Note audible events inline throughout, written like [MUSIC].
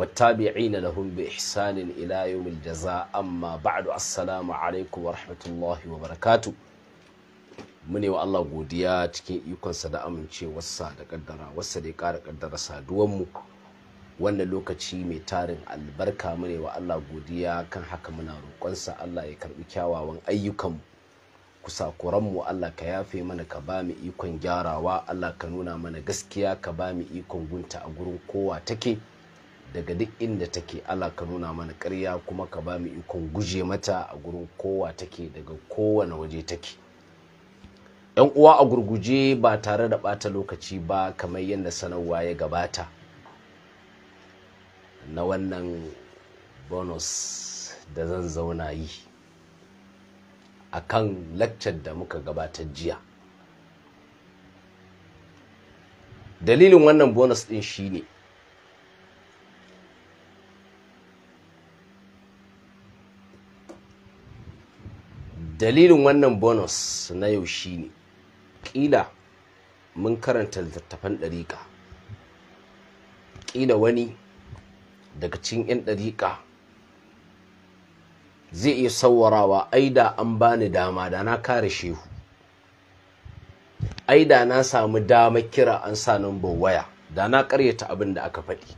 والتابعين لهم بإحسان إلى يوم الجزاء أما بعد السلام عليكم ورحمة الله وبركاته mune wa Allah godiya cikin ikonsa da amincewarsa da kaddara wasa da ya ƙara kaddara saduwanmu wannan lokaci mai tarin albarka mune wa Allah godiya kan haka muna roƙonsa Allah ya karbi kyawawan ayyukan kusakuranmu Allah ka yafe mana ka ba mu ikon gyarawa Allah ka nuna mana gaskiya ka ba mu ikon gunta a gurin kowa take daga duk inda take Allah ka nuna mana ƙarya kuma ka ba mu ikon guje mata a gurin kowa take daga kowane waje take yan uwa a gurguje ba tare da ɓata lokaci ba kamar yadda sanarwa ya gabata na wannan bonus da zan zauna yi a kan laccar da muka gabata jiya dalilin wannan bonus din shine ne dalilin wannan bonus na yau ne. ƙila mun karanta littattafan ɗariƙa ƙila wani daga cikin 'yan ɗariƙa zai iya sauwarawa aida an bani dama da na kare shehu aida na samu dama kira an sa numbar waya da na karyata abin da aka faɗi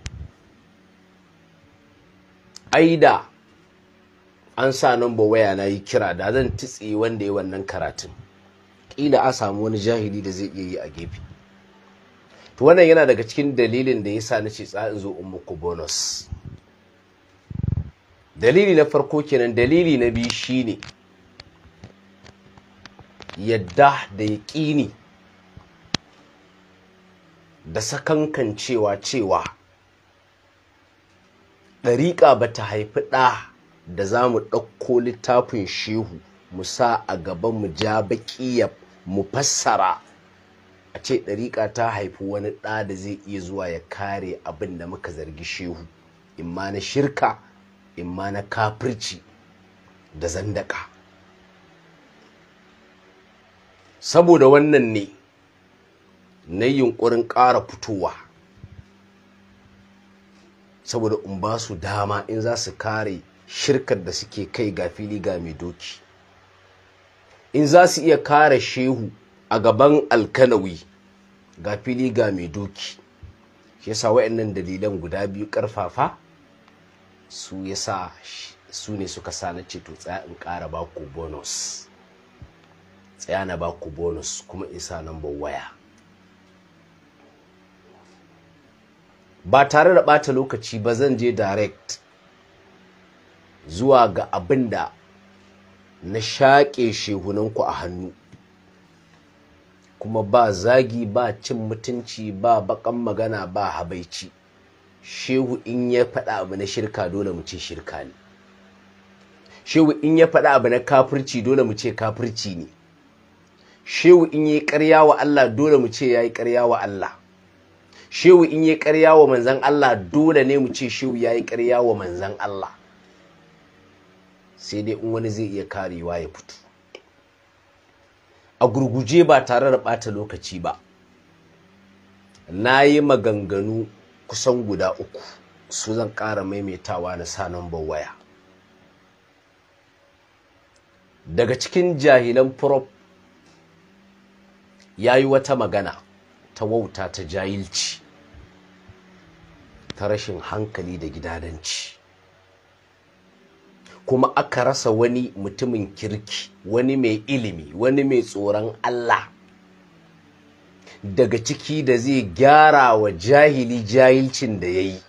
aida an sa number waya na yi kira da zan titse wanda ya wannan karatun ƙila a samu wani jahili da zai iya yi a gefe to wannan yana daga cikin dalilin da ya sa na ce tsarin zo in muku bonus dalili na farko kenan dalili na biyu shine yadda da ya yaƙini da sakankan cewa cewa ɗariƙa ba ta haifi ɗa da za mu ɗauko littafin shehu mu sa a gaban mu ja ya mu fassara a ce ɗariƙa ta haifi wani ɗa da zai iya zuwa ya kare abin da muka zargi shehu imma na shirka imma na kafirci da zandaka saboda wannan ne na yunkurin ƙara fitowa saboda in ba su dama in za su kare shirkar da suke kai ga fili ga mai doki in za su iya kare shehu a gaban alkanawi ga fili ga mai doki shi yasa waɗannan dalilan guda biyu ƙarfafa su yasa su ne suka sa na ce to tsaya in ƙara baku bonus tsaya na baku bonus kuma isa number waya ba tare da bata lokaci ba zan je direct zuwa ga abin da na shaƙe shehunanku a hannu kuma ba zagi ba cin mutunci ba bakan magana ba habaici shehu in ya faɗa abu na shirka dole mu ce shirka ne shehu in ya faɗa abu na kafirci dole mu ce kafirci ne shehu in yi ƙarya wa Allah dole mu ce ya yi ƙarya wa Allah shehu in yi ƙarya wa manzan Allah dole ne mu ce shehu ya yi ƙarya wa manzan Allah sai dai in wani zai iya karewa ya fito a gurguje ba tare da ɓata lokaci ba na yi maganganu kusan guda uku su zan ƙara maimaitawa na sa nambar waya daga cikin jahilan prop ya yi wata magana ta wauta ta jahilci ta rashin hankali da gidadanci kuma aka rasa wani mutumin kirki wani mai ilimi wani mai tsoron Allah daga ciki da zai gyara wa jahili jahilcin da ya yi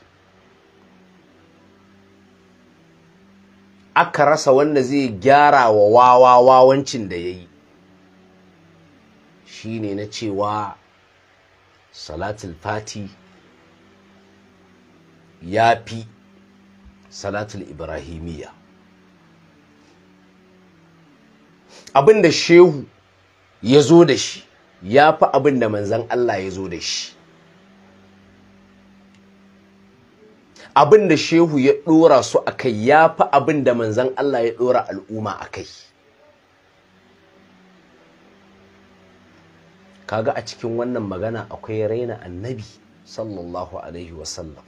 aka rasa wanda zai gyara wa wawa wawancin da ya yi shi ne na cewa salatul fati ya fi salatul ibrahimiyya abin da shehu ya zo da shi ya fi abin da manzan Allah ya zo da shi abin da shehu ya ɗora su a kai ya fi abin da manzan Allah ya ɗora al'umma a kai kaga a cikin wannan magana akwai raina annabi sallallahu alaihi wasallam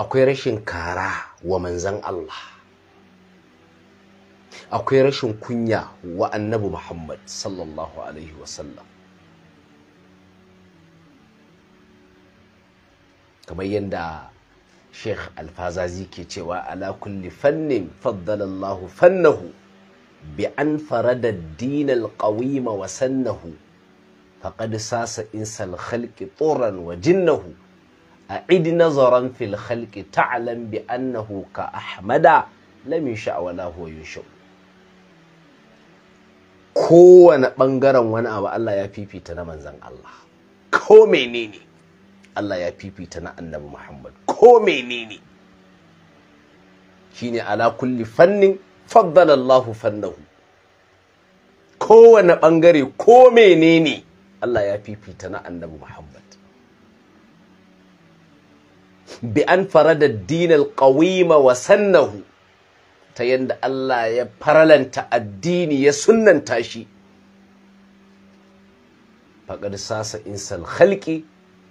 akwai rashin kara wa manzan Allah akwai rashin kunya wa annabi Muhammad sallallahu alaihi wasallam kamar yadda sheikh alfazazi ke cewa ala kulli fannin faddalallahu fannahu bi an farada dinal qawima wa sannahu faqad sasa insal khalqi turan wa jinnahu fil نظرا في الخلق تعلم ka كأحمد لم يشأ ولا هو يشأ kowane ɓangaren wani abu Allah ya fifita na manzan Allah ko menene Allah ya fifita na annabi Muhammad ko menene shine ala kulli fannin faddala Allah fannahu kowane ɓangare ko menene Allah ya fifita na annabi Muhammad bi an farada dinal qawima wa sannahu ta yadda Allah ya faralanta addini ya sunnanta shi faƙar sasa insal halki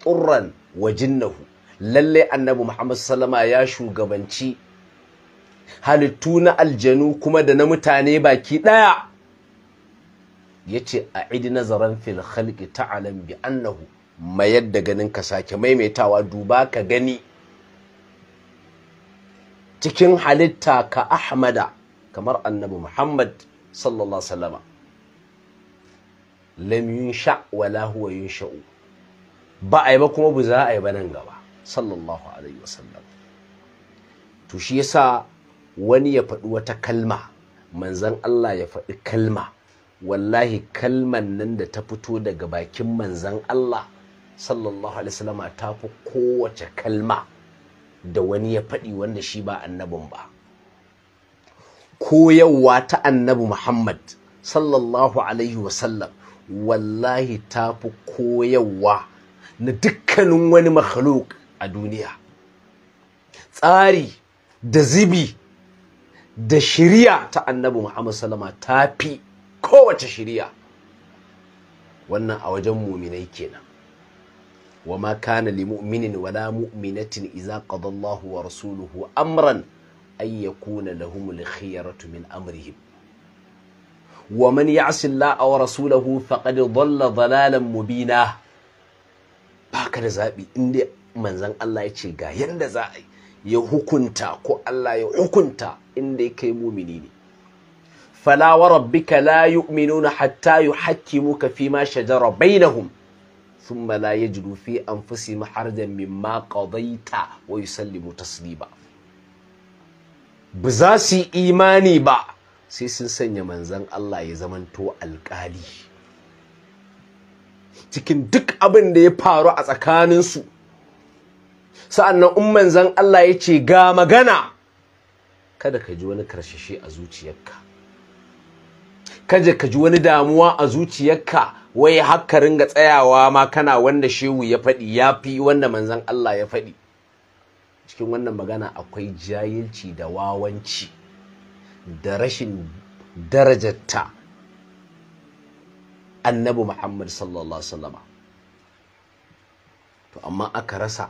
turran wa jinnahu lallai annabi Muhammad sallama ya shugabanci halittu na aljanu kuma da na mutane baki ɗaya ya ce a idi nazaran fil halki ta'alam bi annahu mayar da ganin ka sake maimaitawa duba ka gani cikin halitta ka ahmada kamar annabi muhammad sallallahu sallama lam yunsha wala huwa yunsha'u ba a yi ba kuma bu za a yi ba nan gaba sallallahu alaihi wasallam to shi yasa wani ya faɗi wata kalma manzan Allah ya faɗi kalma wallahi kalman nan da ta fito daga bakin manzan Allah sallallahu alaihi wasallama ta fi kowace kalma da wani ya faɗi wanda shi ba annabin ba koyarwa ta annabi muhammad sallallahu alaihi wasallam wallahi ta fi koyarwa na dukkanin wani makhluk a duniya tsari da zibi da shirya ta annabi muhammad sallama ta fi kowace shirya wannan a wajen muminai kenan wa ma kana li mu'minin wala mu'minatin idza qada Allahu wa rasuluhu amran ay yakuna lahumul khiyaratu min amrihim wa man ya'si Allah wa rasulahu faqad dhalla dhalalan mubina baka da zabi inda Allah ya ce ga yanda za a ya hukunta ko Allah ya hukunta inda ya kai mumini ne fala wa rabbika la yu'minuna hatta yuhakkimuka fi ma shajara bainahum thumma la yajidu fi anfusihim harajan mimma qadaita wa yusallimu taslima ba za su yi imani ba sai sun sanya manzan Allah ya zamanto alƙali cikin duk abin da ya faru a tsakaninsu sa'annan in manzan Allah ya ce ga magana kada ka ji wani karshe a zuciyarka kaje ka ji wani damuwa a zuciyarka wai haka ringa tsayawa ma kana wanda shehu ya faɗi ya fi wanda manzan Allah ya faɗi cikin wannan magana akwai jahilci da wawanci da rashin darajarta annabi Muhammad sallallahu Alaihi to amma aka rasa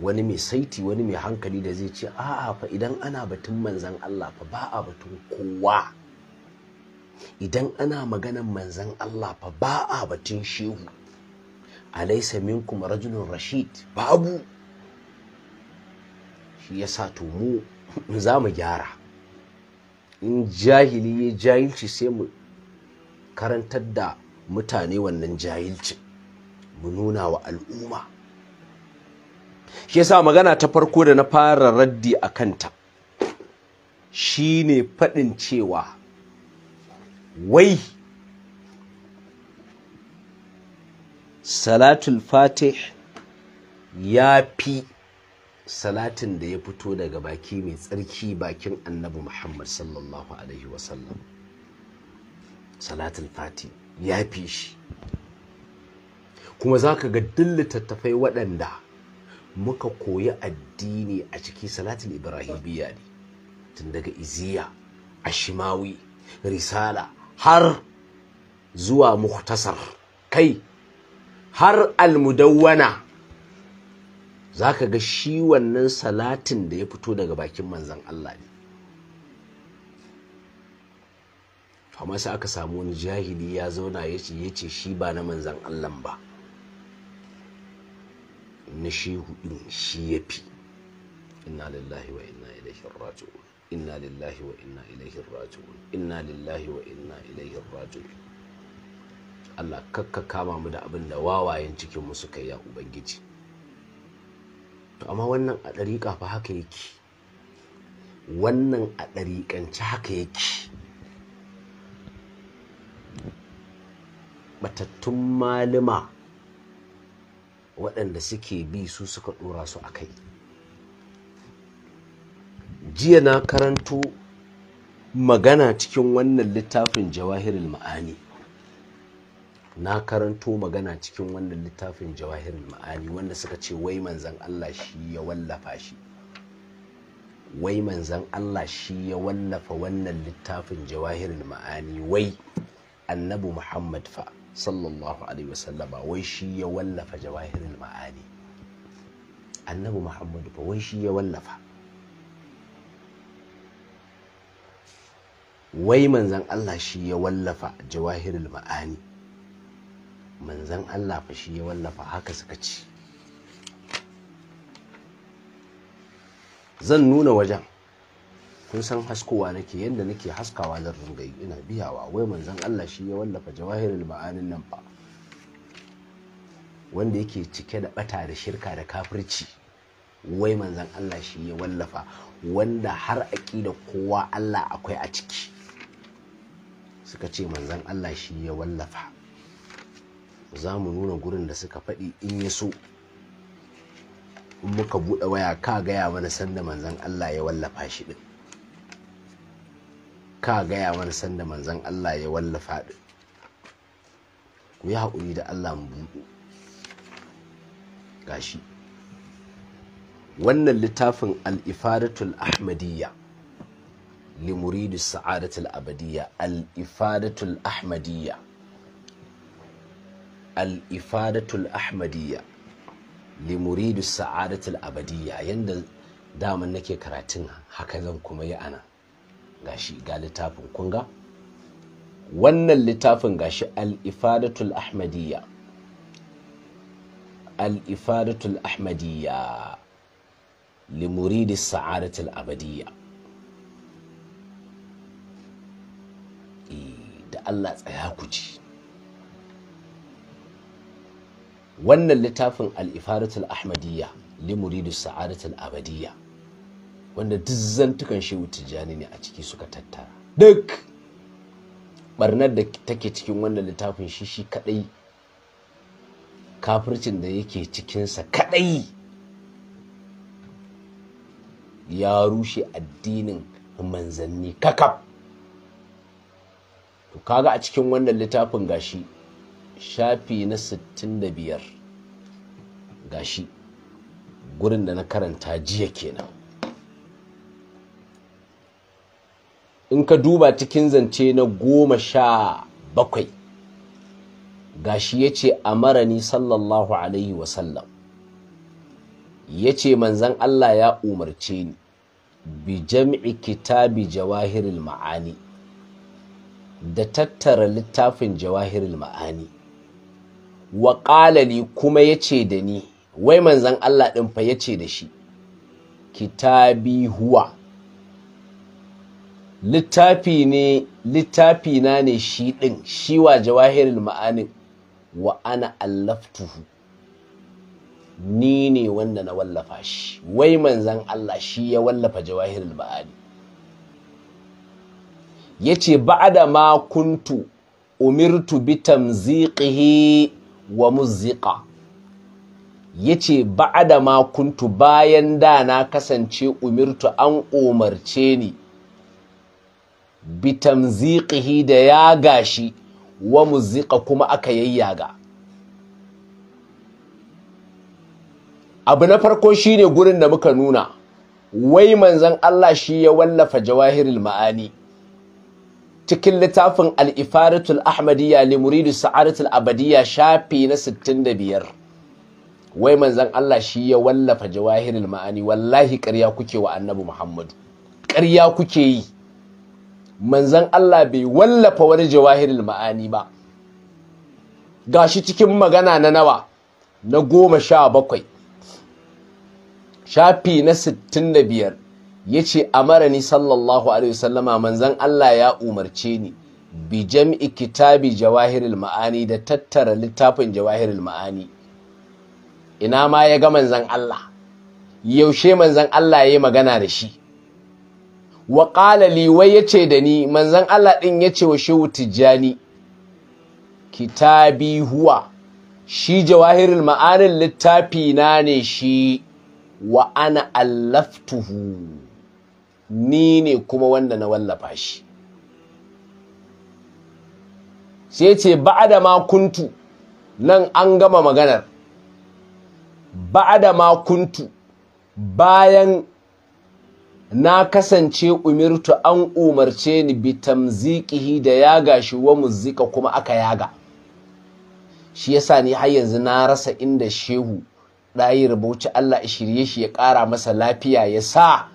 wani mai saiti wani mai hankali da zai ce a'a fa idan ana batun manzon Allah fa ba a batun kowa idan ana maganan manzan Allah fa ba a batun shehu alaisa minkum rajulun rashid babu shi ya sa to mu [LAUGHS] za mu gyara in jahili ya jahilci sai mu karantar da mutane wannan jahilci. mu nuna wa al'umma shi yasa magana ta farko da na fara raddi a kanta shine faɗin cewa wai salatul fatih ya fi salatin da ya fito daga baki mai tsarki bakin annabi muhammad sallallahu alaihi wasallam salatul fatih ya fi shi kuma za ka ga duk littattafai waɗanda muka koyi addini a ciki salatin Ibrahim biya ne tun daga iziya ashimawi risala har zuwa muhtasar kai har almudawwana za ka ga shi wannan salatin da ya fito daga bakin manzan Allah ne amma sai aka samu wani jahili ya zauna ya ce shi ba na manzan Allah ba na shehu din shi ya fi inna lillahi wa inna ilaihi raji'un inna lillahi wa inna ilaihi raji'un inna lillahi wa inna ilaihi raji'un Allah kakka kama mu da abin da wawayen cikin mu suka ya ubangiji to amma wannan a dariƙa fa haka yake wannan a ɗariƙance haka yake batattun malima waɗanda suke bi su suka ɗora su a kai jiya na karanto magana cikin wannan littafin jawahirul ma'ani na karanto magana cikin wannan littafin jawahirul ma'ani wanda suka ce wai manzan Allah shi ya wallafa shi wai manzan Allah shi ya wallafa wannan littafin jawahirul ma'ani wai annabi Muhammad fa sallallahu alaihi wasallama wai shi ya wallafa jawahirul ma'ani annabi Muhammad fa wai shi ya wallafa wai manzan Allah shi ya wallafa jawahirul ma'ani manzan Allah fa shi ya wallafa haka suka ci zan nuna wajen kun san haskowa nake yadda nake haskawa zan rungayi ina biyawa wai manzan Allah shi ya wallafa jawahirul ma'anin nan fa wanda yake cike da bata da shirka da kafirci wai manzan Allah shi ya wallafa wanda har aƙida kowa Allah akwai a ciki suka ce manzan Allah shi ya wallafa za mu nuna gurin da suka faɗi in ya so in muka buɗe waya ka gaya mana sanda manzan Allah ya wallafa shi ɗin ka gaya mana sanda manzan Allah ya wallafa ɗin ku yi haƙuri da Allah mu buɗe gashi wannan littafin al-ifadatul ahmadiyya limuridu sa'adatul abadiyya al-ifadatul limuridu sa'adatul Abadiya. yanda dama nake karatun haka zan kuma yi ana gashi ga littafin kunga wannan littafin gashi al-ifadatul ahmadiyya limuridi sa'adatul Abadiya. da Allah tsaya ku ji wannan littafin al-ifaratul ahmadiyya li muridu sa'adatul abadiyya wanda duk zantukan shehu tijjani ne a ciki suka tattara duk barnar da take cikin wannan littafin shi shi kadai kafircin da yake cikinsa kadai ya rushe addinin manzanni kakaf to kaga a cikin wannan littafin gashi shafi na 65 gashi gurin da na karanta jiya kenan in ka duba cikin zance na goma sha bakwai gashi yace ce amarani sallallahu alaihi wasallam ya ce manzan Allah ya umarce ni bi jam'i kitabi jawahiril ma'ani da tattara littafin jawahirul ma'ani wa ƙalali kuma ya ce da ni wai manzan Allah ɗin fa ya ce da shi kitabi huwa littafi ne littafi ne shi ɗin shi wa jawahirul ma'anin wa ana allaftuhu ni ne wanda na wallafa shi wai manzan Allah shi ya wallafa jawahirul ma'ani Ya ce, ba'ada ma kuntu umirtu bi tamziqihi wa ya yace ba'ada ma kuntu bayan da na kasance umirtu an umarce ni bi tamziqihi da ya gashi wa muzziqa kuma aka yayyaga abu na farko shine gurin da muka nuna wai manzon Allah shi ya wallafa jawahirul ma'ani cikin littafin al'ifaratul ahmadiyya limuridu Sa'aratul abadiyya shafi na 65 wai manzan Allah shi ya wallafa jawahirul ma'ani wallahi ƙarya kuke wa annabi Muhammadu Karya kuke yi manzan Allah bai wallafa wani jawahirul ma'ani ba gashi cikin magana na nawa na goma sha bakwai shafi na sittin biyar Ya yace amarani sallallahu alaihi wasallama manzan Allah ya umarce ni bi jam'i kitabi jawahirul ma'ani da tattara littafin jawahirul ma'ani ina ma ya ga manzan Allah yaushe manzan Allah ya yi magana da shi wa qala li wai yace da ni manzan Allah din yace wa shehu tijjani kitabi huwa shi jawahirul ma'anin littafi na ne shi wa ana allaftuhu ni ne kuma wanda na wallafa shi sai ce ba'ada ma kuntu nan an gama maganar ba'ada ma kuntu bayan na kasance umirtu an umarce ni bi tamzikihi da ya gashi wa muzika kuma aka yaga shi yasa ni har yanzu na rasa inda shehu ɗayi rubuci Allah shirye shi ya ƙara masa lafiya ya sa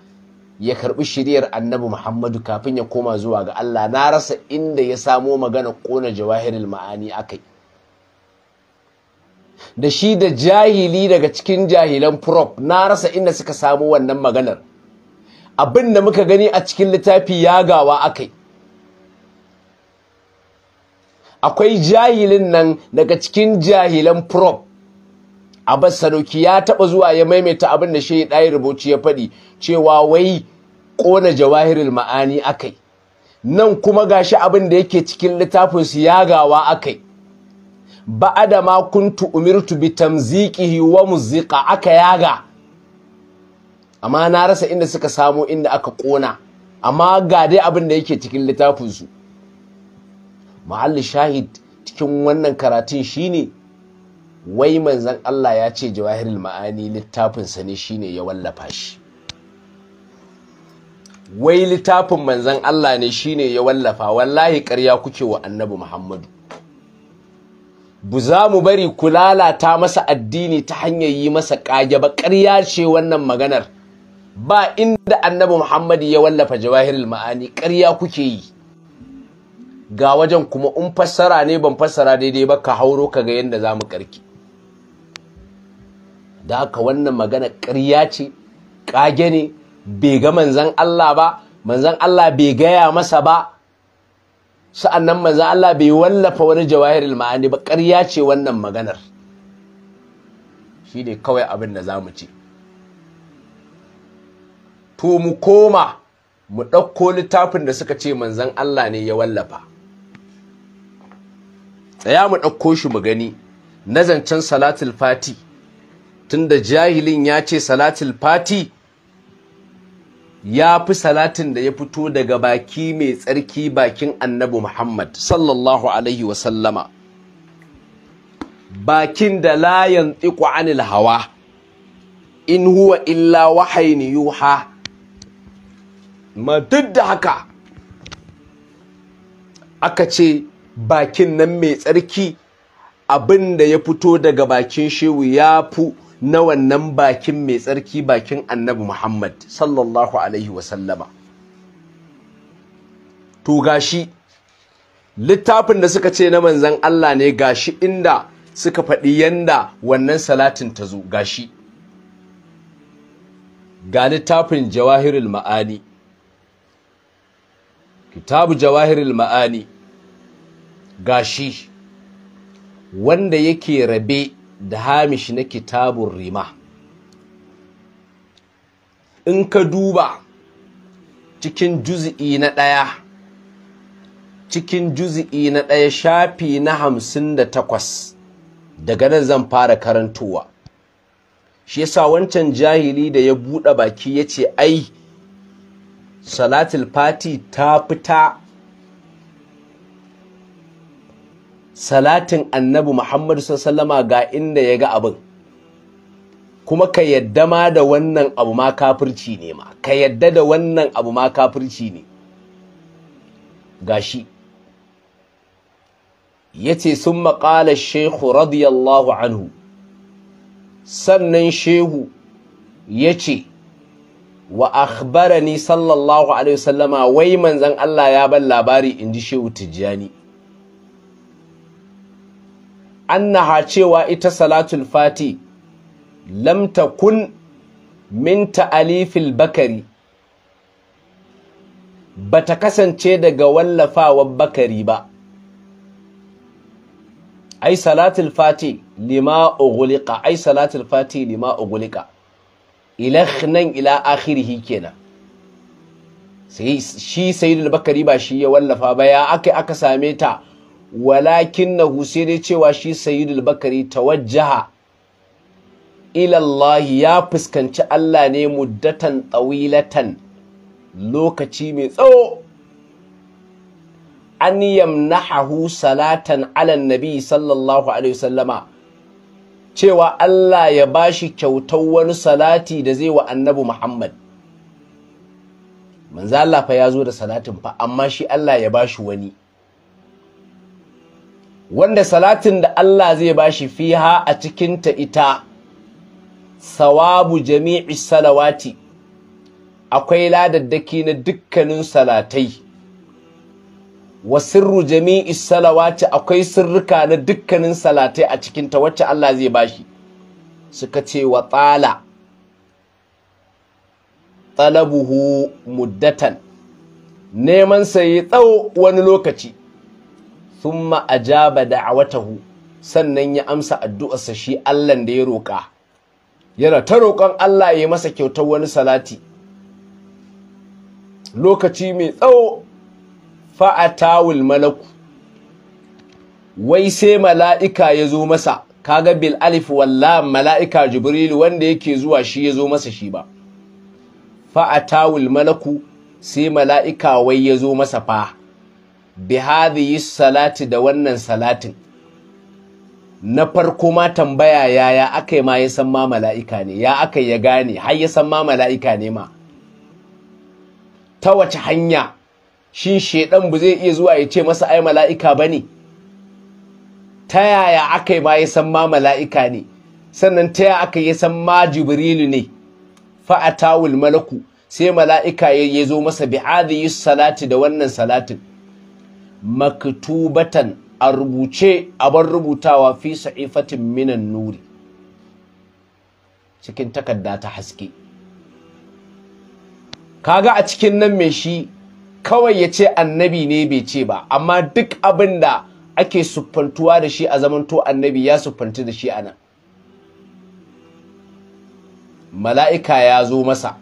ya karbi shiriyar annabi Muhammadu kafin ya koma zuwa ga Allah na rasa inda ya samo magana kona jawahirin ma'ani akai da shi da jahili daga cikin jahilan prop na rasa inda suka samo wannan maganar abin da muka gani a cikin littafi ya gawa akai akwai jahilin nan daga cikin jahilan prop Abbas Sanuki ya taba zuwa ya maimaita abin da ya ɗaya rubuci ya faɗi cewa wai Kona jawahirul ma'ani akai nan kuma gashi abin da yake cikin littafin su yagawa akai ba'ada ma kuntu umirtu bi tamziqihi wa muziqa aka yaga amma na rasa inda suka samo inda aka kona, amma ga dai abin da yake cikin littafin su ma'alli shahid cikin wannan karatun shine wai manzon Allah ya ce jawahirul ma'ani littafin sa ne shine ya wallafa shi wai littafin manzan Allah ne shine ya wallafa wallahi karya kuke wa annabi Muhammadu bu za mu bari ku lalata masa addini ta hanyar yi masa ƙage ba ƙarya ce wannan maganar ba inda annabi Muhammadu ya wallafa jawahirul ma'ani ƙarya kuke yi ga wajen kuma in fassara ne ban fassara daidai ba ka hauro ka ga yadda za mu ƙarki da haka wannan magana ƙarya ce ƙage ne bai ga manzan Allah ba manzan Allah bai gaya masa ba sa'annan manzan Allah bai wallafa wani jawahir ma'ani ba ƙarya ce wannan maganar Shi ne kawai abin da za mu ce to mu koma mu ɗauko littafin da suka ce manzan Allah ne ya wallafa tsaya mu ɗauko shi mu gani na zancen salatul fati tunda jahilin ya ce salatul fati ya fi salatin da ya fito daga baki mai tsarki bakin annabi Muhammad sallallahu alaihi wasallama bakin da layan tsiku anil hawa in huwa illa wahayin yuha ma duk da haka aka ce bakin nan mai tsarki abin da ya fito daga bakin shehu ya fi na wannan bakin mai tsarki bakin annabi Muhammad sallallahu alaihi wasallama to gashi littafin da suka ce na manzan Allah ne gashi inda suka faɗi yanda wannan salatin ta zo gashi ga littafin jawahirul ma'ani kitabu jawahirul ma'ani gashi wanda yake rabe da hamish na kitabun rima in ka duba cikin juzi'i na ɗaya cikin juzi'i na ɗaya shafi na hamsin da takwas daga nan zan fara karantowa shi yasa wancan jahili da ya buɗe baki ya ce ai salatul fati ta fita salatin annabi Muhammadu sallama ga inda ya ga abin kuma ka yadda ma da wannan abu ma kafirci ne ma ka yadda da wannan abu ma kafirci ne gashi ya sun maƙala shehu radiyallahu anhu sannan shehu yace wa akhbarani sallallahu alaihi wasallama wai manzan Allah ya ban labari in ji shehu tijjani annaha cewa ita salatul fati lamta takun min ta'alifil bakari bata kasance daga wallafawar bakari ba ai salatul fati lima ughliqa ai salatul fati lima ughliqa ilakhnan ila akhirih kenan sai shi sayyidul bakari ba shi ya wallafa ba ya aka aka same ta walakin na sai dai cewa shi sayyidul bakari tawajjaha ilallahi ya fuskanci Allah ne muddatan tsawilatan lokaci mai tsawo an yamnahu salatan alan nabi sallallahu alaihi sallama cewa Allah ya bashi kyautar wani salati da zai wa annabi Muhammad manzo Allah fa ya zo da salatin fa amma shi Allah ya bashi wani wanda salatin da Allah zai bashi fiha a cikinta ita sawabu jami'i salawati akwai ladaddaki na dukkanin salatai wa sirru jami'i salawati akwai sirruka na dukkanin salatai a cikin ta wacce Allah zai bashi suka ce wa tsala talabuhu muddatan neman sayi tsawo wani lokaci thumma ajaba da'awatahu sannan ya amsa addu'arsa shi Allah da ya roka yana ta roƙon Allah ya masa kyautar wani salati lokaci mai tsawo fa'atawul malaku wai sai mala'ika ya zo masa kaga bil alif walla mala'ika jibril wanda yake zuwa shi ya zo masa shi ba fa'atawul malaku sai mala'ika wai ya zo masa fa bi yi salati da wannan salatin na farko ma tambaya yaya aka yi ma ya san ma mala'ika ne ya aka ya gane har ya san ma mala'ika ne ma ta wace hanya shi shedan bu zai iya zuwa ya ce masa ai mala'ika ba ne? ta yaya aka yi ma ya san ma mala'ika ne sannan ta yaya aka yi san ma jibrilu ne fa tawul malaku sai mala'ika ya zo masa bi’adiyus salati da wannan salatin maktubatan a rubuce abin rubutawa fi sa'ifatin minan nuri cikin takarda ta haske kaga a cikin nan mai shi kawai ya ce annabi ne bai ce ba amma duk abin da ake siffantuwa da shi a zamanto annabi ya siffanci da shi a nan mala'ika ya zo masa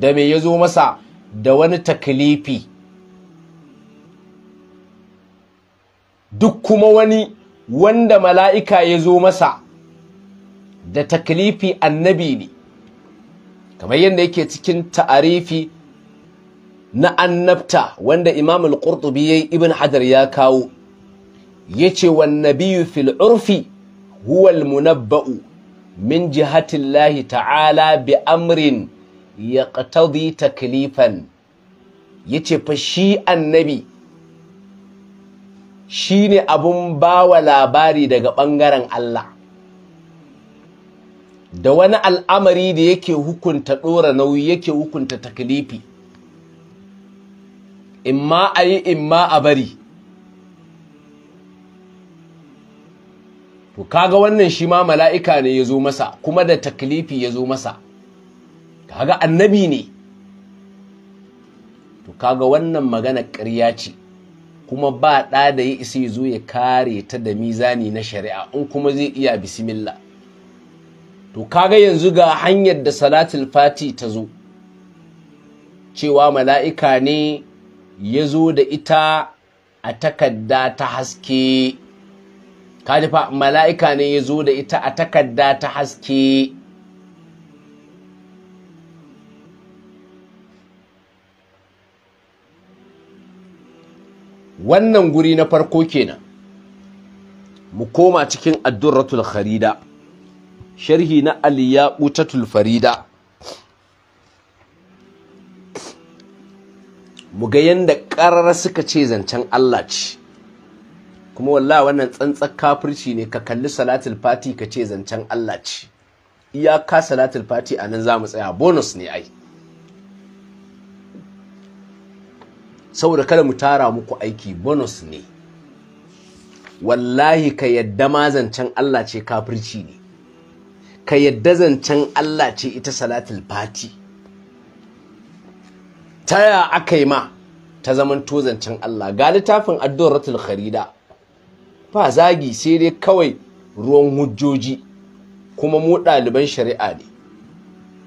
da me ya zo masa da wani taklifi duk kuma wani wanda mala'ika ya zo masa da taklifi annabi ne kamar yadda yake cikin ta'arifi na annabta wanda imam al-qurtubi yayi ibn hajar ya kawo yace ce nabiyyu fil fil’urfi Huwal munabbau min jihatin lahi ta'ala bi amrin yaqtadi taklifan ce fa shi annabi Shi shine abun bawa labari daga ɓangaren Allah da wani al'amari da yake hukunta ɗora nauyi yake hukunta taklifi ma a yi in ma a bari to kaga wannan shi ma mala'ika ne ya zo masa kuma da taklifi ya zo masa kaga annabi ne to kaga wannan magana ƙarya ce kuma ba ɗa da ya isa zo ya kare ta da mizani na shari'a in kuma zai iya bismillah to kaga yanzu ga hanyar da salatul fati ta zo cewa mala'ika ne ya zo da ita a takarda ta haske mala'ika ne ya zo da ita a takarda ta haske wannan guri na farko kenan mu koma cikin addurratul kharida sharhi na aliyaqutatul farida mu ga yanda ƙarar suka ce zancen Allah ce kuma wallahi wannan tsantsar kafirci ne ka kalli salatul fati ka ce zancen Allah ce iyaka salatul fati anan zamu tsaya bonus ne ai saboda kada mu tara muku aiki bonus ne wallahi ka yadda ma zancen Allah ce kafirci ne ka yadda zancen Allah ce ita salatul fati ta ya aka yi ma ta zaman to zancen Allah ga littafin addu'ar ratul kharida ba zagi sai dai kawai ruwan hujjoji kuma mu ɗaliban shari'a ne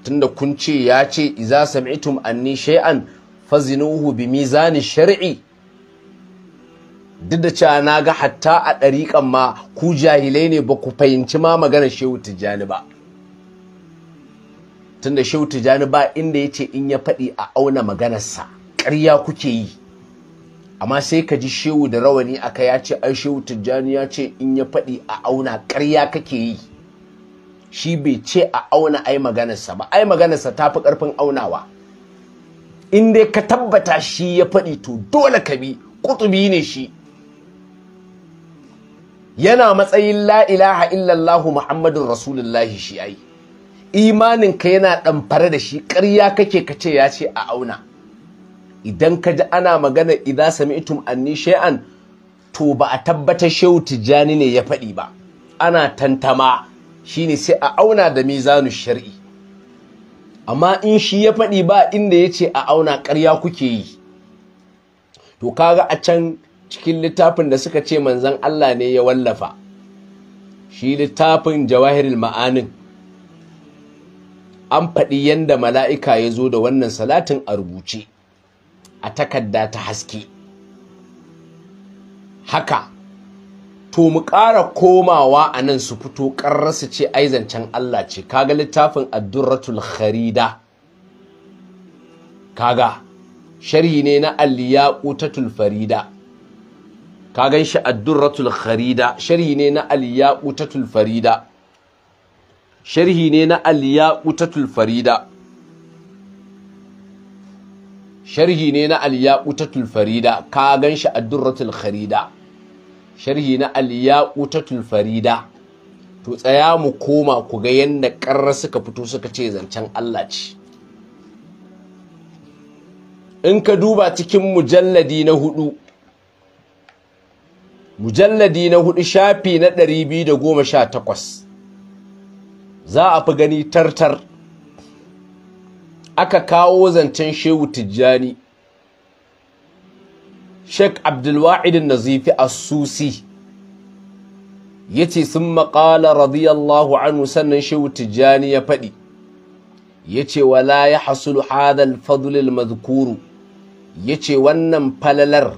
tunda kun ce ya ce iza sami'tum anni shay'an fazinuhu bi mizani shar'i duk da cewa na ga hatta a ɗariƙan ma ku jahilai ne ba ku fahimci ma maganar shehu tijjani ba tunda shehu tijjani ba inda ya ce in ya faɗi a auna maganarsa ƙarya kuke yi amma sai ka ji shehu da rawani aka ya ce ai shehu tijjani ya ce in ya faɗi a auna ƙarya kake yi shi bai ce a auna ai maganarsa ba ai maganarsa ta fi ƙarfin aunawa in dai ka tabbata shi ya faɗi to dole ka bi ƙutubi ne shi yana matsayin la'ilaha ilaha illallahu muhammadun rasulullahi shi ai ka yana ɗamfare da shi ƙarya kake ka ce ya ce a auna idan ka ji ana magana idan sami'tum anni shay'an to ba a tabbata shehu tijjani ne ya faɗi ba ana tantama shine sai a auna da mizanu shar'i amma in shi ya faɗi ba inda ya ce a auna ƙarya kuke yi to kaga a can cikin littafin da suka ce manzan Allah ne ya wallafa shi littafin jawahirin ma'anin an faɗi yadda mala'ika ya zo da wannan salatin a rubuce a takarda ta haske haka to mu ƙara komawa a nan su fito ƙarar su ce aizancen Allah ce kaga littafin addurratul kharida kaga sharhi ne na alliyaqutatul farida kagan shi addurratul kharida sharhi ne na alliyaqutatul farida sharhi ne na alliyaqutatul farida sharhi ne na alliyaqutatul farida kagan shi addurratul kharida sharhi na al-yaqutatul farida to tsaya mu koma ku ga yanda ƙarra suka fito suka ce zancen Allah ce in ka duba cikin mujalladi na hudu mujalladi na hudu shafi na 218 za a fi gani tartar aka kawo zancen shehu tijjani Sheikh abdulwahid Nazifi As-Susi yace sun maƙala radiyallahu anhu sannan Shehu Tijjani ya faɗi yace wala ya hasulu hadha al-fadl al-madhkuru yace wannan falalar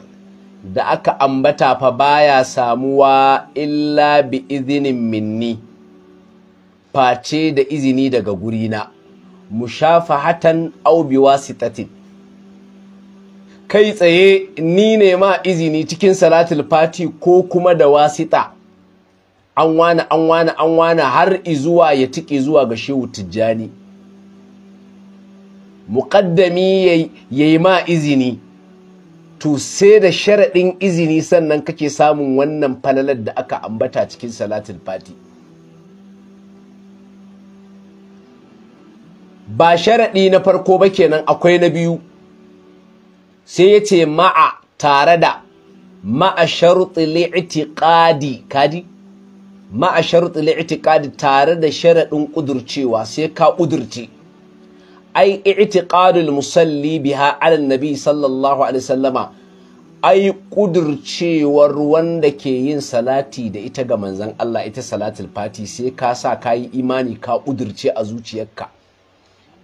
da aka ambata fa baya samuwa illa bi izinin minni face da izini daga gurina mushafahatan aw biwasitatin kai tsaye ni ne ma izini cikin salatul fati ko kuma da wasita an wani an wani an wani har izuwa ya tiki zuwa ga shehu tijjani muƙaddami ya yi ma izini to sai da sharaɗin izini sannan kake samun wannan falalar da aka ambata cikin salatul fati ba sharaɗi na farko ba kenan akwai na biyu sai ya ce ma'a tare da ma'a sharuɗi li'itiƙadi kadi ma'a sharuɗi li'itiƙadi tare da sharaɗin ƙudurcewa sai ka ƙudurce ai i'tiqadul musalli biha alal nabi sallallahu alaihi sallama ai ƙudurcewar wanda ke yin salati da ita ga manzan Allah ita salatul fati sai ka sa ka yi imani ka ƙudurce a zuciyarka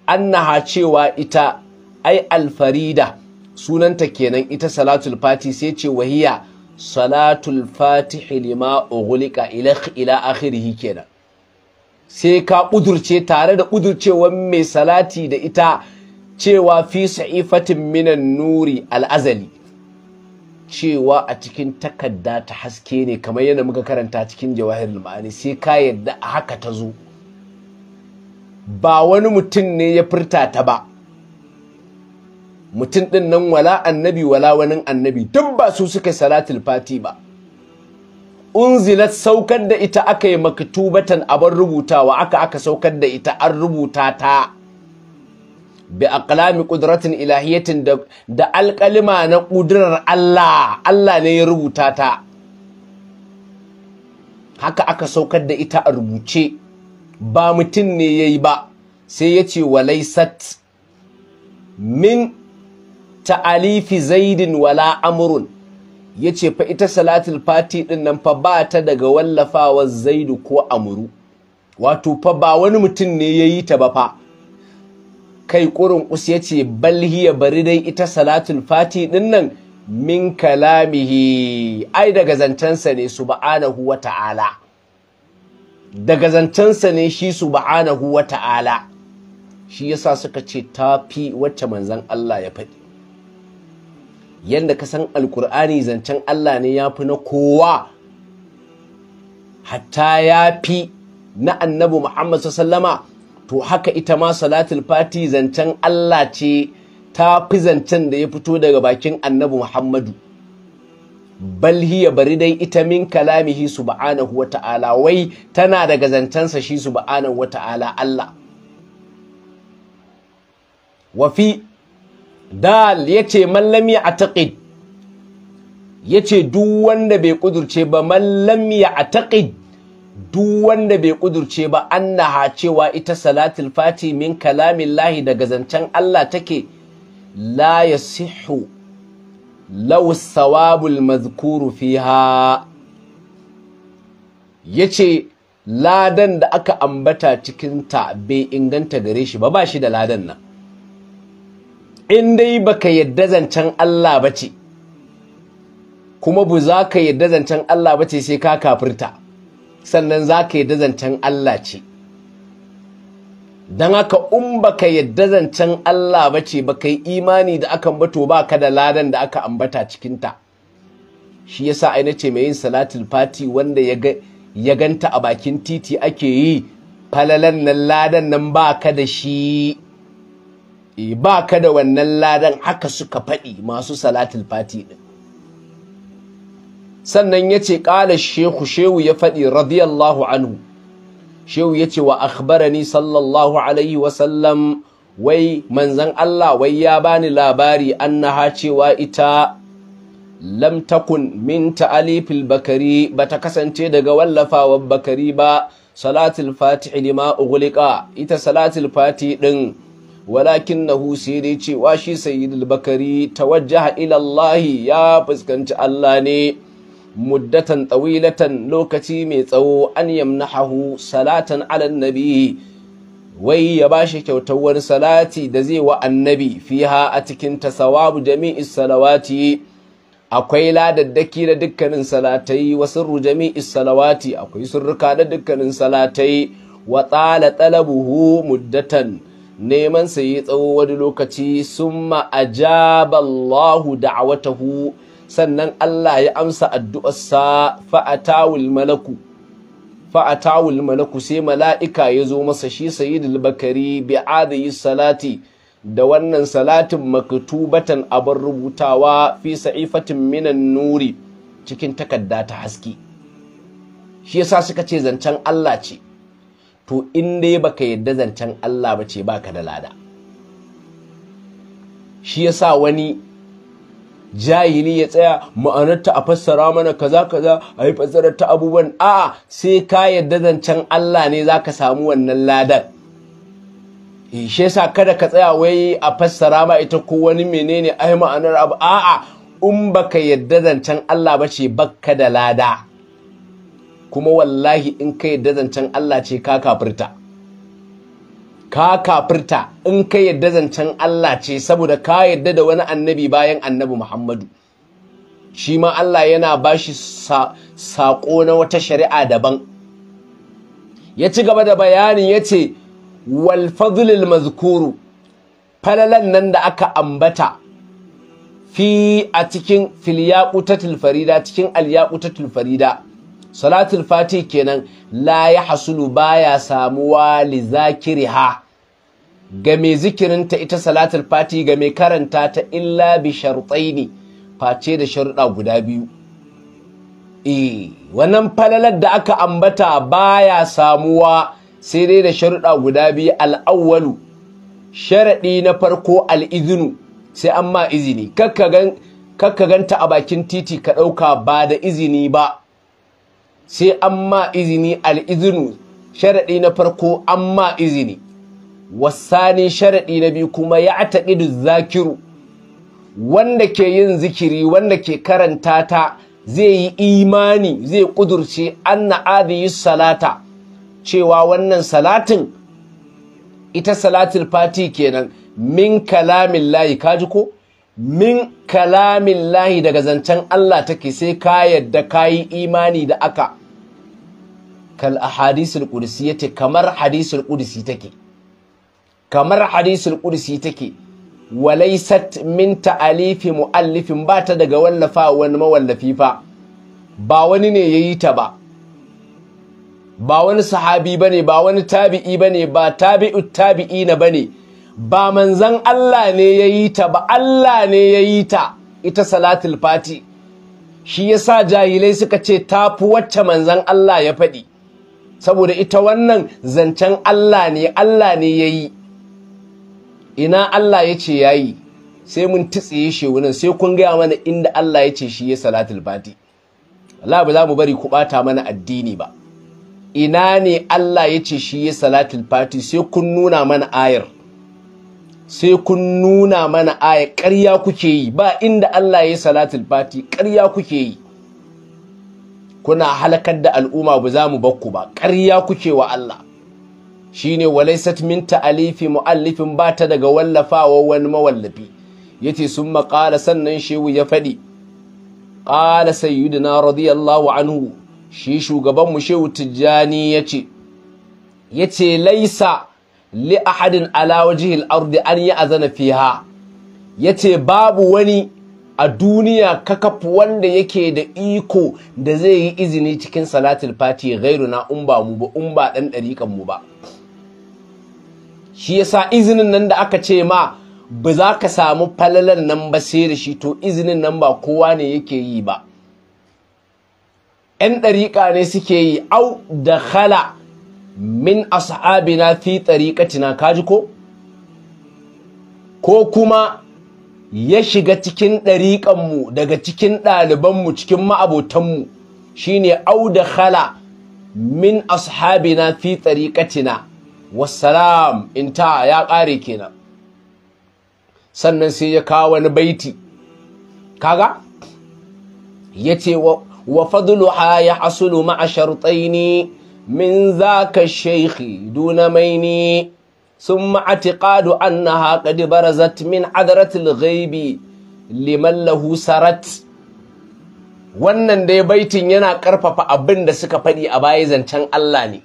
annaha cewa ita ai alfarida sunanta kenan ita salatul fati sai ce wahiya salatul fatihi lima ughliqa ila akhirihi kenan sai ka ƙudurce tare da udurcewan mai salati da ita cewa fi sa'ifatin minan nuri al'azali cewa a cikin takarda ta haske ne kamar yadda muka karanta cikin jawahir ma'ani sai ka yadda haka ta zo ba wani mutum ne ya furta ta ba mutum ɗin nan wala annabi wala wani annabi duk ba su suka salatul fati ba unzilat saukar da ita aka yi maktubatan abin rubutawa aka aka saukar da ita an rubuta ta bi aqlami qudratin ilahiyatin da da alƙalima na ƙudurar Allah Allah ne ya rubuta ta haka aka saukar da ita a rubuce ba mutum ne yayi ba sai ya ce walaisat min ta'alifi zaidin wala ya ce fa ita salatul fati din nan fa ba ta daga wallafawa zaidu ko amru wato fa ba wani mutum ne ya yi ta ba fa kai ƙurin us yace bal hiya bari dai ita salatul fati din nan min kalamihi ai daga zancensa ne su ba'anahu wa ta'ala daga zancensa ne shi su ba'anahu wa ta'ala shi yasa suka ce tafi wacce manzan Allah ya faɗi yadda ka san alkur'ani zancen Allah ne ya fi na kowa hatta ya fi na Annabu Muhammad sallama to haka ita ma salatul fati zancen Allah ce ta fi zancen da ya fito daga bakin Annabu Muhammadu bal hiya bari dai ita min kalamihi subhanahu ta'ala, wai tana daga zancensa shi subhanahu ta'ala Allah wa fi dal yace man lam Ya yace duk wanda bai kudurce ba mallami a taƙid duk wanda bai kudurce ba annaha cewa ita salatul fati min lahi daga zancen Allah take la yasihu law sawabul mazkuru fiha yace ladan da aka ambata cikin ta bai inganta gare shi ba ba shi da ladan nan in dai baka yadda zancen Allah ba ce kuma bu za ka yadda zancen Allah ba sai ka kafirta sannan za ka yadda zancen Allah ce don haka in baka yadda zancen Allah ba ce baka yi imani da aka ambato ba ka da ladan da aka ambata cikinta shi yasa aina ce mai yin salatul fati wanda ya ganta a bakin titi ake yi falalan nan ladan nan ba ka da shi E, ba ka da wannan ladan haka suka faɗi masu salatul fati ɗin sannan ya ce ƙala shehu shehu ya faɗi radiyallahu anhu shehu ya ce wa akhbarani sallallahu alaihi wasallam wai manzan Allah wai ya bani labari annaha cewa ita lam takun min ta'alifil bakari bata kasance daga wallafawar bakari ba salatul fatih lima ughliqa ita salatul fati din Walakin walakinahu sai dai cewa shi sayyidul bakari ta ila ilallahi ya fuskanci Allah ne muddatan tsawilatan lokaci mai tsawo an yamnahu salatan ala nabi wai ya bashi kyautar wani salati da zai wa annabi fiha a cikin tasawabu jami'i salawati akwai ladaddaki da dukkanin salatai wa sirru jami'i salawati akwai sirruka da dukkanin salatai wa tsala talabuhu muddatan neman sa yi tsawo wani lokaci sun ma'ajaba Allahu da'awatahu sannan Allah ya amsa addu'arsa fa'atawul malaku fa'atawul malaku sai mala'ika ya zo masa shi sayyidul bakari bi adayi salati da wannan salatin maktubatan abin rubutawa fi sa'ifatin minan nuri cikin takarda ta haske shi yasa suka ce zancen Allah ce to in dai baka yadda zancen Allah ba ce baka da lada shi yasa wani jahili ya tsaya ma'anarta a fassara mana kaza kaza a yi fassarar ta abubuwan a sai ka yadda zancen Allah ne za ka samu wannan ladar. Eh, shi yasa kada ka tsaya wai a fassara ma ita ko wani menene ai ma'anar abu a'a in baka yadda zancen Allah ba ce bakka da lada kuma wallahi in ka yadda zancen Allah ce ka kafirta ka kafirta in ka yadda zancen Allah ce saboda ka yadda da wani annabi bayan annabi Muhammadu shi ma Allah yana bashi saƙo na wata shari'a daban ya ci gaba da bayani ya ce walfazulil mazkuru falalan nan da aka ambata fi a cikin ta farida cikin ta farida salatul fati kenan la ya hasulu baya samuwa li zakiriha ga mai zikirinta ita salatul fati ga mai karanta ta illa bi sharutaini face da sharuɗa guda biyu eh wannan falalar da aka ambata baya samuwa sai dai da sharuɗa guda biyu al'awwalu sharaɗi na farko al'izinu sai an ma izini kakka ganta a bakin titi ka ɗauka ba da izini ba sai an ma izini al'izinu sharaɗi na farko an ma izini wasani sharaɗi na biyu kuma ya taɗi zakiru wanda ke yin zikiri wanda ke karanta ta zai yi imani zai ƙudurce anna yi salata cewa wannan salatin ita salatul fati kenan min kalamin layi kaji ko min kalamin lahi daga zancen Allah take sai ka yadda ka yi imani da aka kal a hadisul ƙudisi ya ce kamar hadisul ƙudisi take kamar hadisul ƙudisi take walaisat min ta'alifi mu'allifin ba ta daga wallafa wani mawallafi fa ba wani ne ya yi ta ba ba wani sahabi ba ne ba wani tabi'i ba ne ba tabi'ut tabi'ina ba ne ba manzan Allah ne ya yi ta ba Allah ne ya yi ta ita salatul fati shi ya sa jahilai suka ce tafi wacce manzan Allah ya faɗi saboda ita wannan zancen Allah ne Allah ne ya yi ina Allah ya ce ya yi sai mun titsiye shi wurin sai kun gaya mana inda Allah ya ce shi ya salatul fati Allah ba za mu bari ku ɓata mana addini ba ina ne Allah ya ce shi ya salatul fati sai kun nuna mana ayar sai kun nuna mana aya ƙarya kuke yi ba inda Allah ya yi salatul fati ƙarya kuke yi kuna halakar da al'umma ba za mu bakku ba ƙarya kuke wa Allah Shi shine walaisat min ta'alifi mu'allifin ba ta daga wallafawa wani mawallafi Ya ce sun maƙala sannan shehu ya faɗi ƙala sayyidina radiyallahu anhu shi shugaban mu shehu tijjani yace yace laisa li ahadin ala wajhil ardi an yi azana fiha yace babu wani a duniya kakaf wanda yake da iko da zai yi izini cikin salatul fati gairu na umba mu ba umba dan dariƙan mu ba shi yasa izinin nan da aka ce ma ba za ka samu falalan nan ba sai da shi to izinin nan ba kowa ne yake yi ba ‘yan ɗariƙa ne suke yi au da khala min ashabina fi tariqatina kaji ko ko kuma ya shiga cikin ɗariƙanmu daga cikin ɗalibanmu cikin ma'abotanmu shine auda khala min ashabina fi tariqatina wassalam inta ya ƙare kenan sannan sai ya kawo wani baiti kaga yace wa ha ya hasulu ma'a shartaini min zaka shaykhi duna maini ثم اعتقاد أنها قد برزت من عذرة الغيب liman sarat wannan dai baitin yana karfafa abin da suka faɗi a baya zancen Allah ne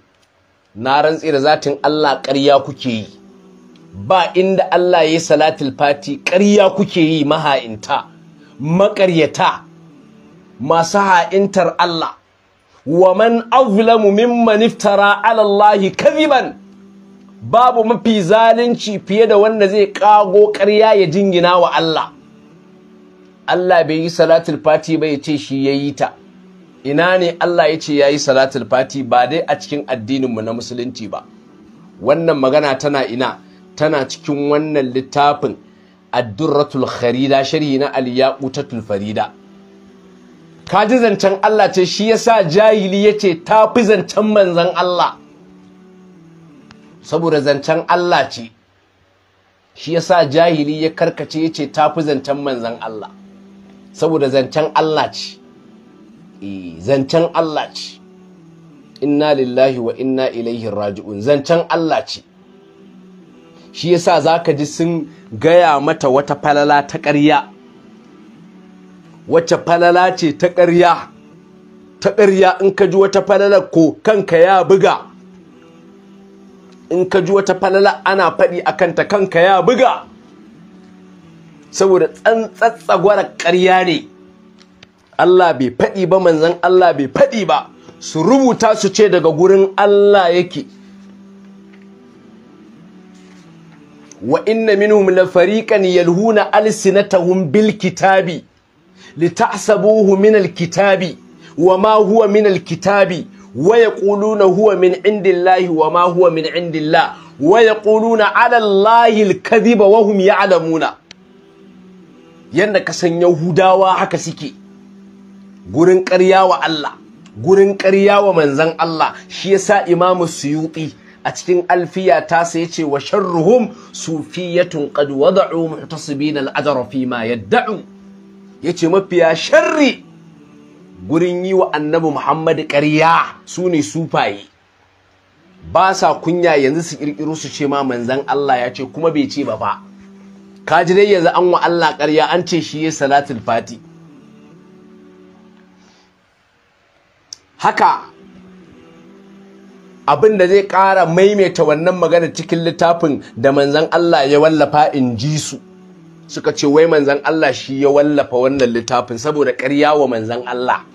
na rantsi da zatin Allah ƙarya kuke yi ba inda Allah ya salatul fati ƙarya kuke yi maha'inta maƙaryata masu ha'intar Allah wa man azlamu mimman iftara ala allahi kadhiban babu mafi zalunci fiye da wanda zai kago ƙarya ya jingina wa Allah Allah bai yi salatul fati ba ya ce shi ya yi ta ina ne Allah ya ce ya yi salatul fati ba dai a cikin addininmu na musulunci ba wannan magana tana ina tana cikin wannan littafin addurratul kharida sharhi na al-yaqutatul farida ka ji zancen Allah ce shi yasa jahili yace ta fi zancen manzon Allah saboda zancen Allah ce shi yasa jahili ya karkace yace ta fi zancen manzon Allah saboda zancen Allah ce eh zancen Allah ce inna lillahi wa inna ilaihi raji'un zancen Allah ce shi yasa zaka ji sun gaya mata wata falala ta ƙarya wacce falala ce ta ƙarya ta ƙarya in ka ji wata falala ko kanka ya buga in ka ji wata falala ana faɗi a kanta kanka ya buga saboda tsantsatsagwara ƙarya ne Allah bai faɗi ba manzan Allah bai faɗi ba su rubuta su ce daga gurin Allah yake wa inna minhum lafariqan yalhuna alsinatahum bil kitabi litahsabuhu min alkitabi wama huwa min alkitabi wa yaquluna huwa min indillahi wama huwa min indillah wa yaquluna ala allahi alkadhiba wa hum ya'lamuna yanda ka san yahudawa haka suke gurin ƙarya wa Allah gurin ƙarya wa manzon Allah shi yasa imamu suyuti a cikin alfiya ta sai ce wa sharruhum sufiyatun qad wada'u muhtasibina al-ajra fi ma yadda'u ya ce mafiya sharri gurin yi wa annabi muhammadu ƙarya su ne sufaye ba sa kunya yanzu su ƙirƙiro su ce ma manzan Allah ya ce kuma bai ce ba fa ka ji dai yanzu an wa Allah ƙarya an ce shi ya salatul fati haka abin da zai ƙara maimaita wannan magana cikin littafin da manzan Allah ya wallafa in ji su suka ce wai manzan Allah shi ya wallafa wannan littafin saboda ƙarya wa manzan Allah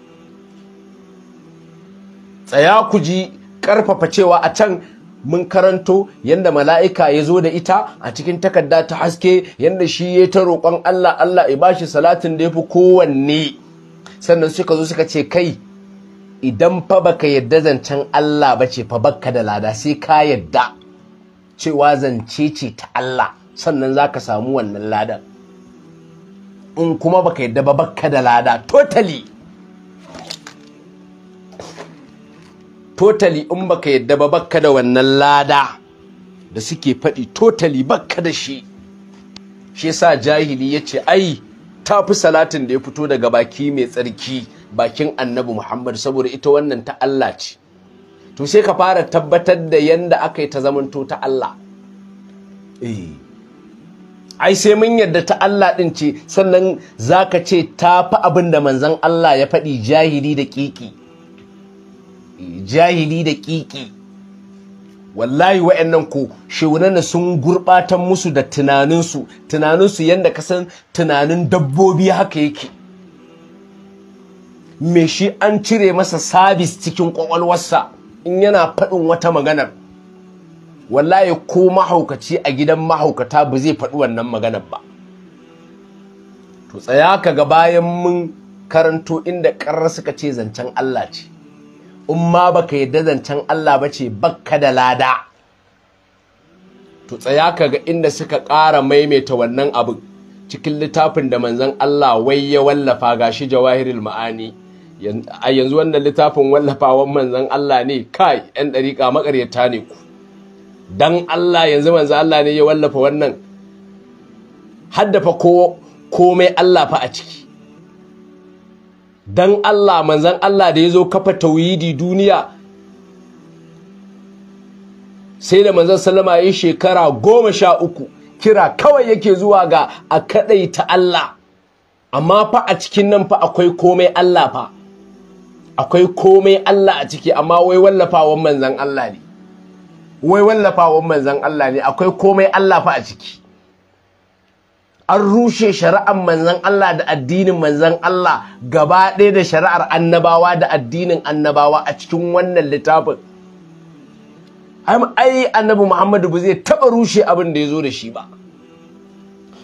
tsaya ku ji ƙarfafa cewa a can mun karanto yadda mala'ika ya zo da ita a cikin takarda ta haske yadda shi ya ta roƙon Allah Allah ya shi salatin da ya fi kowanne sannan suka zo suka ce kai idan fa baka yadda zancen Allah ba ce fa ka da lada sai ka yadda cewa zance ce ta Allah sannan za ka samu wannan ladan in kuma baka yadda ba bakka da lada totally totally in baka yadda ba bakka da wannan lada da suke faɗi totally bakka da shi shi sa jahili ya ce ai ta fi salatin da ya fito daga baki mai tsarki bakin annabi muhammad saboda ita wannan ta Allah ce to sai ka fara tabbatar da yadda aka yi ta zamanto ta Allah eh. ai sai mun yadda ta Allah ɗin ce sannan za ka ce ta fi abin da manzon Allah ya faɗi jahili da kiki jahili da ƙiƙi. wallahi wa'annan ko shehunanna sun gurɓatan musu da tunaninsu tunaninsu yadda ka san tunanin dabbobi haka yake me shi an cire masa sabis cikin ƙwaƙwalwarsa in yana faɗin wata maganar wallahi ko mahaukaci a gidan mahaukata ba zai faɗi wannan maganar ba to tsaya ka ga bayan mun karanto inda ƙarar suka ce zancen Allah ce in ma baka yadda zancen Allah ba ce bakka da lada to tsaya ka ga inda suka ƙara maimaita wannan abu cikin littafin da manzon Allah wai ya wallafa ga gashi jawahirul ma'ani a yanzu wannan littafin wallafawan manzon Allah ne kai 'yan ɗariƙa makaryata ne ku dan Allah yanzu manzo Allah ne ya wallafa wannan haddafa ko komai Allah fa a ciki dan Allah manzan Allah da ya zo kafa tauhidi duniya sai da manzan sallama yi shekara goma sha uku kira kawai yake zuwa ga a ta Allah amma fa a cikin nan fa akwai komai Allah fa akwai komai Allah a ciki amma wai wallafa wallafawan manzan Allah ne wai wallafa wallafawan manzan Allah ne akwai komai Allah fa a ciki an rushe shari'ar manzan Allah da addinin manzan Allah gaba ɗaya da shari'ar annabawa da addinin annabawa a cikin wannan littafin ai annabi Muhammadu ba zai taɓa rushe abin da ya zo da shi ba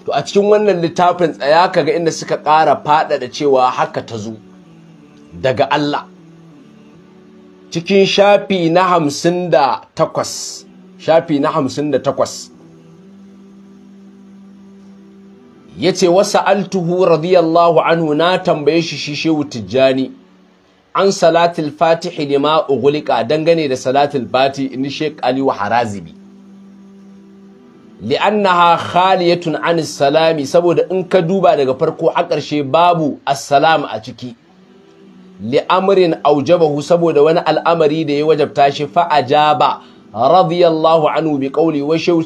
to a cikin wannan littafin tsaya kaga inda suka ƙara faɗaɗa cewa haka ta zo daga Allah cikin shafi na hamsin da takwas shafi na hamsin da takwas ya ce wasa altuhu radiyallahu anhu na tambaye shi shi shehu tijjani an salatul fatihi lima ugulika dangane da salatul fati in sheik ali wa harazibi li'annaha khaliyatun an salami saboda in ka duba daga farko a ƙarshe babu assalam a ciki li'amrin aujabahu saboda wani al'amari da ya wajabta shi fa'ajaba radiyallahu anhu bi qawli wa shaw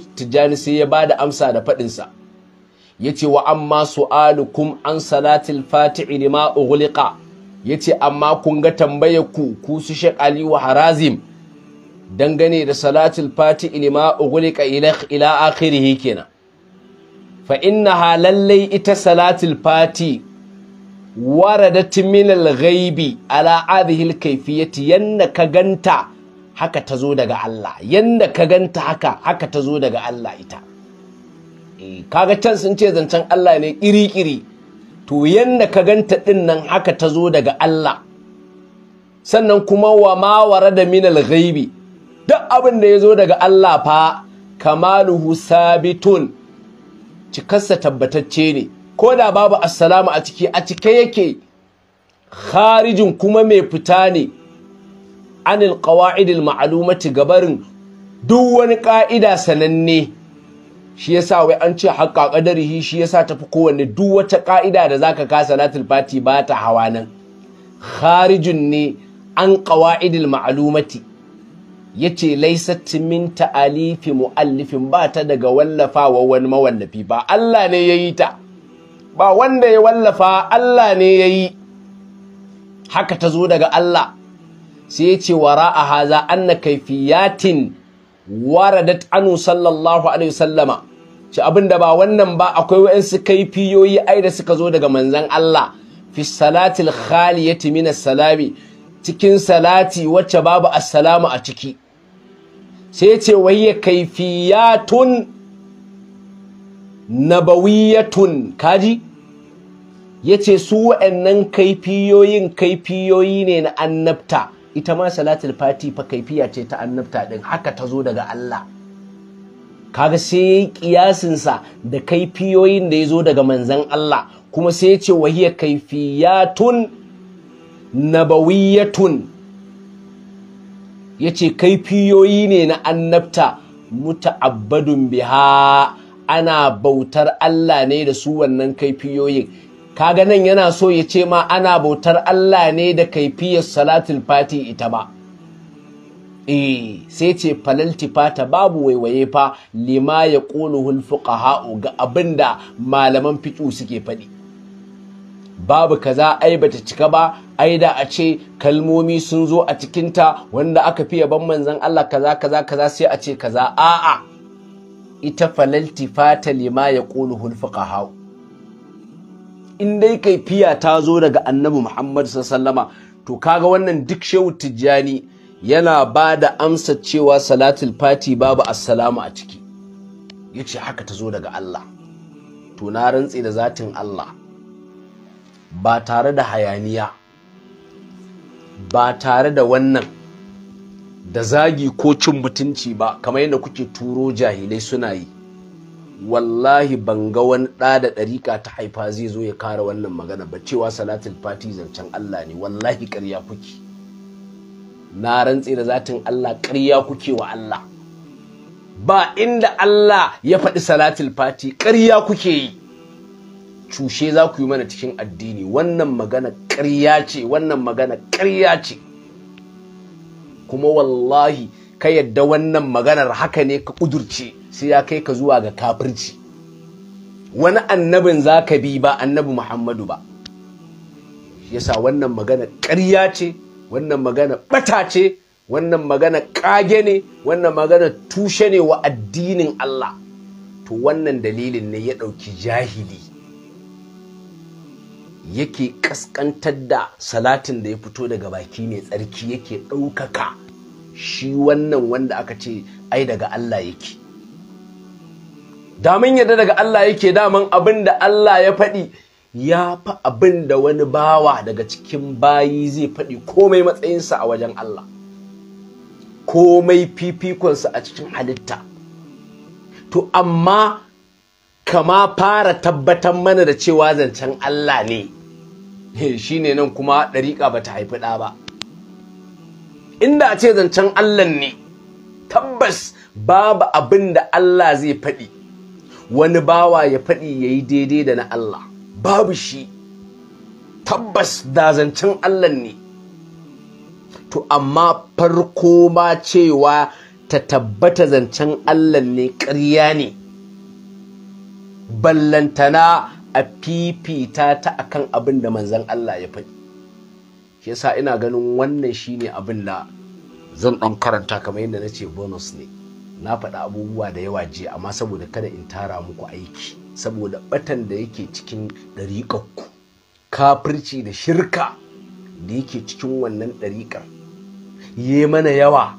sai ya bada amsa da fadin sa yace wa amma su'alukum an salatil fati'i lima ughliqa yace amma kun ga tambayarku ku ku su shaqali wa harazim dangane da salatil fati'i lima ughliqa ila ila akhirih kina fa innaha lallai ita salatil fati waradat min al-ghaibi ala hadhihi al-kayfiyati yanda ka ganta haka ta zo daga Allah yanda ka ganta haka haka ta zo daga Allah ita kaga can sun ce zancen Allah ne kiri to yanda ka ganta din nan haka ta zo daga Allah sannan kuma wa ma warada min al-ghaibi duk abin da ya zo daga Allah fa kamaluhu sabitun cikarsa tabbatacce ne ko da babu assalamu a ciki a cike yake kharijin kuma mai fita ne anil qawaidil ma'lumati gabarin duk wani ka'ida sananne shi yasa wai an ce haqqa qadarihi shi yasa tafi kowanne duk wata ka'ida da zaka ka salatul fati ba ta hawa nan Kharijin ne an qawaidil ma'lumati yace laysat min ta'alifi mu'allifin ba ta daga wallafawa wani mawallafi ba Allah ne yayi ta ba wanda ya wallafa Allah ne ya yi haka ta zo daga Allah sai ya ce wara a haza anna kaifiyatin waradat anu sallallahu alaihi wasallama ce abinda ba wannan ba akwai waɗansu kaifiyoyi ai da suka zo daga manzan Allah fi salatil ya timina salami cikin salati wacce babu assalamu a ciki sai ya ce wayya kaifiyatun nabawiyatun kaji yace su waɗannan kaifiyoyin kaifiyoyi ne na annabta ita ma salatul fati fa kaifiya ce ta annabta din haka ta zo daga Allah kaga sai kiyasin sa da kaifiyoyin da yazo daga manzon Allah kuma sai yace wahiya kaifiyatun nabawiyatun yace kaifiyoyi ne na annabta muta'abbadun biha ana bautar Allah ne da su wannan kaifiyoyin kaga nan yana so ya ce ma ana bautar Allah ne da kaifiyar salatul fati ita ba? eh sai ce falalti fata babu waiwaye fa lima ya quluhul fuqaha'u ga abinda malaman fiqh suke faɗi babu kaza ai bata cika ba ai da a ce kalmomi sun zo a cikinta wanda aka fiye ban manzon Allah kaza kaza kaza sai a ce kaza a'a ita falalti fata lima ya ƙulu hulfuka hau in dai kaifiya ta zo daga annabi muhammad sallama to kaga wannan duk shehu tijjani yana ba da amsa cewa salatul fati babu assalamu a ciki ya ce haka ta zo daga allah to na rantse da zatin allah ba tare da hayaniya ba tare da wannan da zagi ko cin mutunci ba kamar yadda kuke turo jahilai suna yi wallahi ban ga wani ɗa da ɗariƙa ta haifa zai zo ya kara wannan magana ba cewa salatin fati zancen Allah ne wallahi karya kuke na rantse da zatin Allah ƙarya kuke wa Allah ba inda Allah ya faɗi salatin fati ƙarya kuke yi cushe za ku yi mana cikin addini wannan magana ƙarya ce wannan magana ƙarya ce kuma wallahi ka yadda wannan maganar haka ne ka ƙudurce sai ya kai ka zuwa ga kafirci wani annabin za ka bi ba annabi muhammadu ba yasa wannan magana ƙarya ce wannan magana ɓata ce wannan magana ƙage ne wannan magana tushe ne wa addinin Allah to wannan dalilin ne ya ɗauki jahili yake ƙasƙantar da salatin da ya fito daga baki mai tsarki yake ɗaukaka shi wannan wanda aka ce ai daga Allah yake damin yadda daga Allah yake daman abin da Allah ya faɗi ya fi abin da wani bawa daga cikin bayi zai faɗi komai matsayinsa a wajen Allah komai fifikonsa a cikin halitta to amma kama fara tabbatar mana da cewa zancen Allah ne [LAUGHS] shine nan kuma ɗariƙa ba ta haifi ɗa ba inda a ce zancen Allah ne tabbas babu abin da Allah zai faɗi wani bawa ya faɗi ya yi daidai da na Allah babu shi tabbas da zancen Allah ne to amma farko ma cewa ta tabbata zancen Allah ne ƙarya ne ballantana a fifita ta akan abin da manzan Allah ya faɗi shi sa ina ganin wannan shine abin da zan ɗan karanta kamar yadda na ce bonus ne na faɗa abubuwa da yawa jiya amma saboda kada in tara muku aiki saboda ɓatan da yake cikin ɗariƙarku kafirci da shirka da yake cikin wannan ɗariƙar yi mana yawa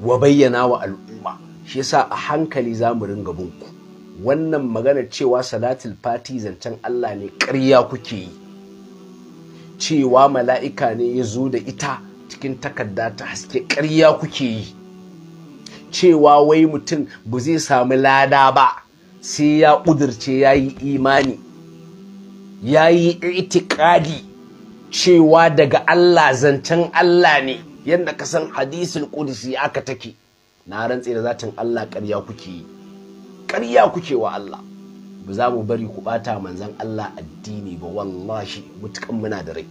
wa bayyana wa al'umma shi sa a hankali za mu ringa binku wannan magana cewa salatul fati zancen Allah ne ƙarya kuke yi cewa mala'ika ne ya zo da ita cikin takarda ta haske ƙarya kuke yi cewa wai mutum ba zai sami lada ba sai ya ƙudurce ya yi imani ya yi itikadi cewa daga Allah zancen Allah ne yadda ka san hadisul ƙudusi aka take na rantse da zatin Allah ƙarya kuke yi ƙarya kuke wa Allah ba za mu bari ku ɓata manzan Allah addini ba wallahi mutukan muna da rai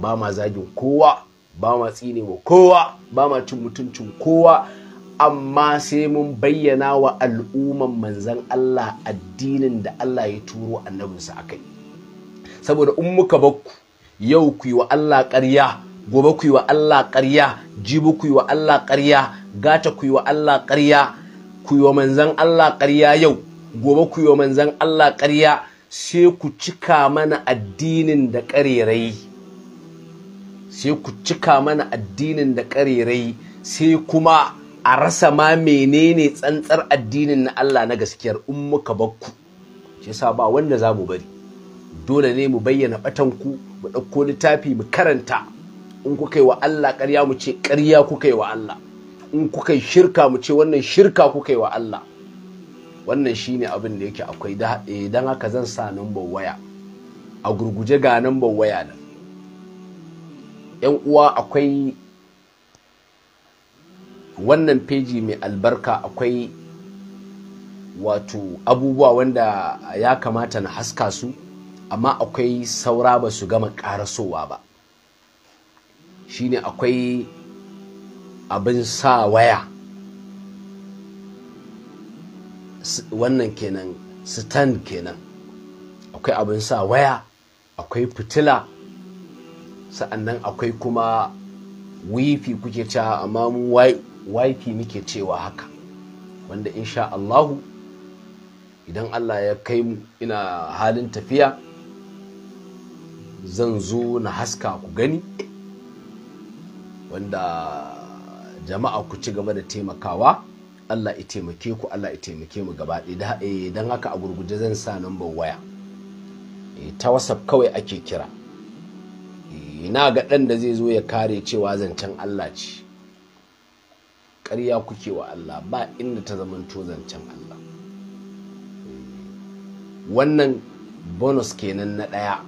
ba ma zagin kowa ba ma tsine wa kowa ba ma cin mutuncin kowa amma sai mun bayyana wa al'umman manzan Allah addinin da Allah ya turo annabinsa a kai saboda in muka bakku yau ku yi wa Allah ƙarya gobe ku yi wa Allah ƙarya jibi ku yi wa Allah ƙarya gata ku yi wa Allah ƙarya ku wa manzan Allah ƙarya yau gobe ku manzan Allah ƙarya sai ku cika mana addinin da ƙarerai sai ku cika mana addinin da ƙarerai sai kuma a rasa ma menene tsantsar addinin na Allah na gaskiyar in muka bakku shi yasa ba wanda za mu bari dole ne mu bayyana batanku mu ɗauko littafi mu karanta in kuka yi wa Allah ƙarya mu ce ƙarya kuka yi wa Allah in kuka shirka mu ce wannan shirka kuka yi wa Allah wannan shine abin da yake akwai eh, don haka zan sa number waya a gurguje ga number waya nan yan uwa akwai wannan feji mai albarka akwai wato abubuwa wanda ya kamata na haska su amma akwai saura ba su gama karasowa ba shine akwai abin sa waya wannan kenan stand kenan akwai abin sa waya akwai fitila sa'annan akwai kuma wifi kuke cewa amma mu wifi muke cewa haka wanda insha Allahu idan Allah ya kai mu ina halin tafiya zan zo na haska ku gani wanda jama'a ku ci gaba da taimakawa Allah ya taimake ku Allah ya taimake mu gaba ɗaya eh, don haka a gurguje zan sa number waya eh, ta wasap kawai ake kira eh, na ga ɗan da zai zo ya kare cewa zancen Allah ce ƙarya kuke wa Allah ba inda ta zamanto zancen Allah wannan bonus kenan na ɗaya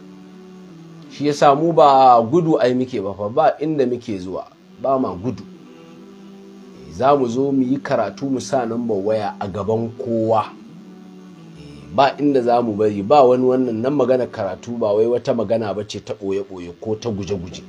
shi ya mu ba gudu ai muke ba fa ba inda muke zuwa ba ma gudu za mu zo mu yi karatu mu sa number waya a gaban kowa eh, ba inda za mu bari ba wani wannan nan magana karatu ba wai wata magana ba ce ta ɓoye-ɓoye ko ta guje-guje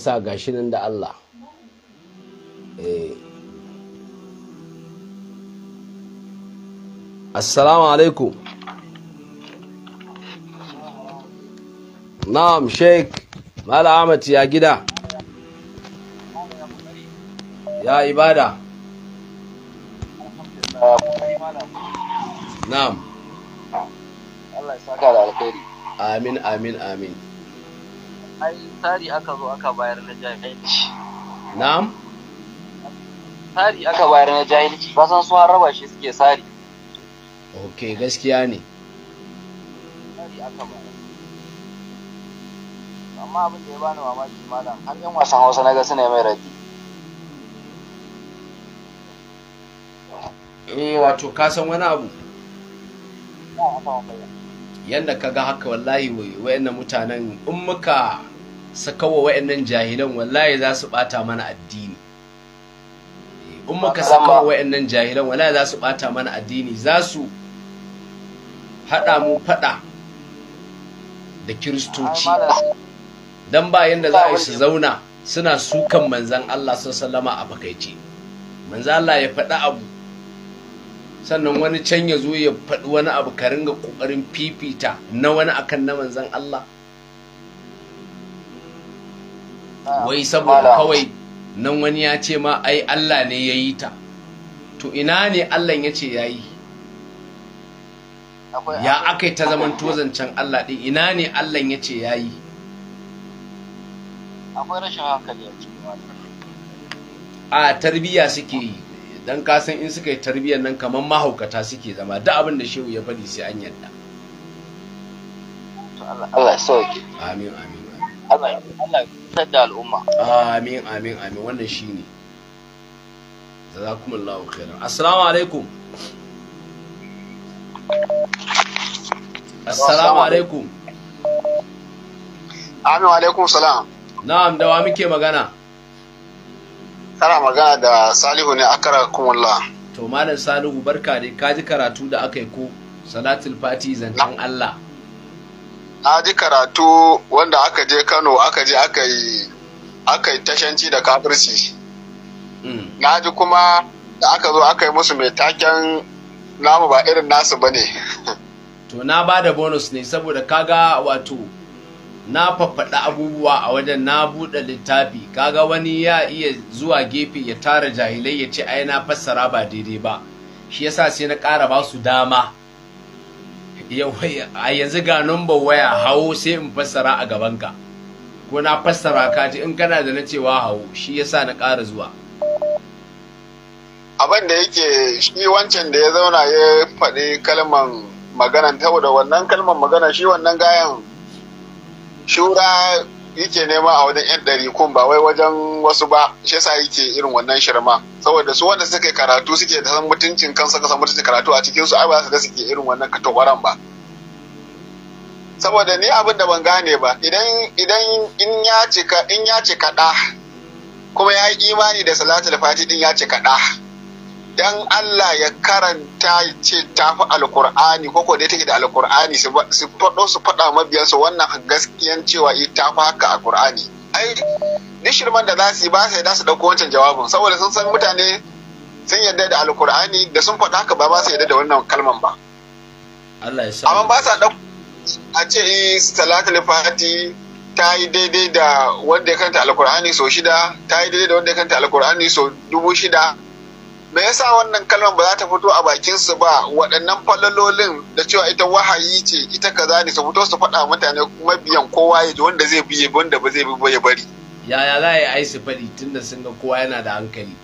yasa gashi nan da Allah eh. assalamu alaikum na'am sheik mala ahmad ya gida ya ibada na'am Allah ya saka da alkhairi amin amin amin tsari aka zo aka bayar na jahilci na'am tsari aka bayar na jahilci ba san su har raba shi suke tsari ok gaskiya ne tsari aka bayar amma abin da ya bani mamaki malam har yan wasan hausa na ga suna mai radi eh wato ka san wani abu yanda ka ga haka wallahi wayannan mutanen in muka sakawa wa'annan jahilan wallahi za su bata mana addini in muka sakawa wa'annan jahilan wallahi za su bata mana addini za su haɗa mu faɗa da kiristoci don bayan da za a yi su zauna suna sukan manzan Allah sallama a bakaice manzan Allah ya faɗi abu sannan wani can ya zo ya faɗi wani abu ka ringa ƙoƙarin fifita na wani akan na manzan Allah wai saboda kawai nan wani ya ce ma ai Allah ne ya yi ta to ina ne Allah ya ce ya yi ya aka yi ta zaman tozancan Allah ɗin ina ne Allah ya ce ya yi a tarbiya tarbiyya suke yi don kasan in suka yi tarbiyyar nan kamar mahaukata suke zama da abin da shehu ya faɗi sai an yadda Allah sauki amin amin Allah da al'umma amin amin amin wannan shi shine jazakumullahu khairan assalamu alaikum assalamu alaikum amin alaikum salam na'am da wa muke magana kana magana da salihu ne a akara kumullah to malam salihu barka ne ka ji karatu da aka yi ko salatul fati zancen Allah na ji karatu wanda aka je kano aka je aka yi aka yi tashanci da kafirci mm. na ji kuma da aka zo aka yi musu mai taken namu ba irin nasu ba ne to na ba da bonus ne saboda kaga wato na faffaɗa abubuwa a wajen na buɗe littafi kaga wani ya iya zuwa gefe ya tara jahilai ya ce ai na fassara ba daidai ba shi yasa sai na ƙara ba su dama a yanzu ga number waya Hau sai in fassara a gabanka ko na fassara ka ji in kana da na cewa Hau shi yasa na ƙara zuwa abin da yake shi wancan da ya zauna ya faɗi kalman ta da wannan kalman magana shi wannan gayan shura yake nema a wajen yan ɗari kun ba wai wajen wasu ba shi yasa yake irin wannan shirma saboda su wanda suka karatu suke da san mutuncin kansa kasan mutuncin karatu a cikin su ai ba su da suke irin wannan katobaran ba saboda ni abin da ban gane ba idan idan in ya cika in ya cika da kuma ya yi imani da salatul fati din ya cika da dan Allah ya karanta ce tafi alkur'ani ko ko da take da alkur'ani su faɗo su faɗa mabiyansu wannan gaskiyan cewa ita eh tafi haka alkur'ani ai duk shirman da za su yi ba sai da su ɗauko wancan jawabin saboda sun san mutane sun yarda da alkur'ani da sun faɗa haka ba ba su yarda da wannan kalman ba Allah ya sa amma ba sa ɗauko a ce eh salatul fati ta yi daidai da wanda ya kanta alkur'ani so shida ta yi daidai da wanda ya kanta alkur'ani so dubu shida me yasa wannan kalmar ba za ta fito a bakin su ba waɗannan falalolin da cewa ita wahayi ce ita kaza ne su fito su faɗa mutane kuma biyan kowa ya ji wanda zai biye wanda ba zai bi bari yaya za a yi su faɗi da sun ga kowa yana da hankali